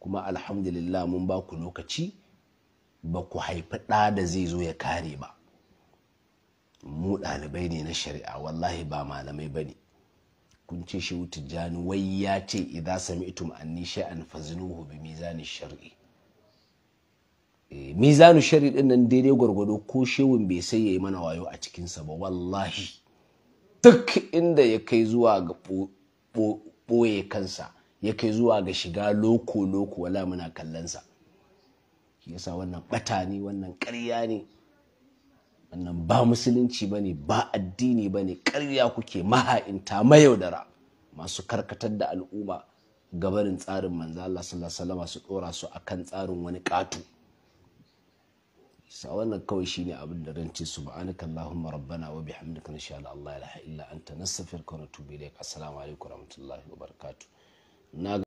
kuma alhamdulillah mun ba ku lokaci ba ku haifi ɗa da zai zo ya kare ba mu ɗalibai ne na shari'a wallahi ba malamai ba ne kun ce shehu tijjani wai ya ce idan sami ma'anni anni sha'an fazinuhu hobi mizanin shari'i eh, mizanin shari'i din nan daidai gwargwado ko shehun bai sai ya yi mana wayo a cikinsa ba wallahi duk inda ya kai zuwa ga ɓoye kansa ya kai zuwa ga shiga loko-loko wala muna kallonsa yasa wannan ɓata wannan ƙarya ne wannan ba musulunci ba ne ba addini ba ne ƙarya kuke maha'inta mayaudara masu karkatar da al'umma gabarin tsarin manzo Allah sallallahu su dora su akan tsarin wani ƙato sa wannan kawai shine abin da rance subhanaka allahumma rabbana wa bihamdika insha Allah la ilaha illa anta nastaghfiruka wa natubu ilayk assalamu alaikum wa rahmatullahi wa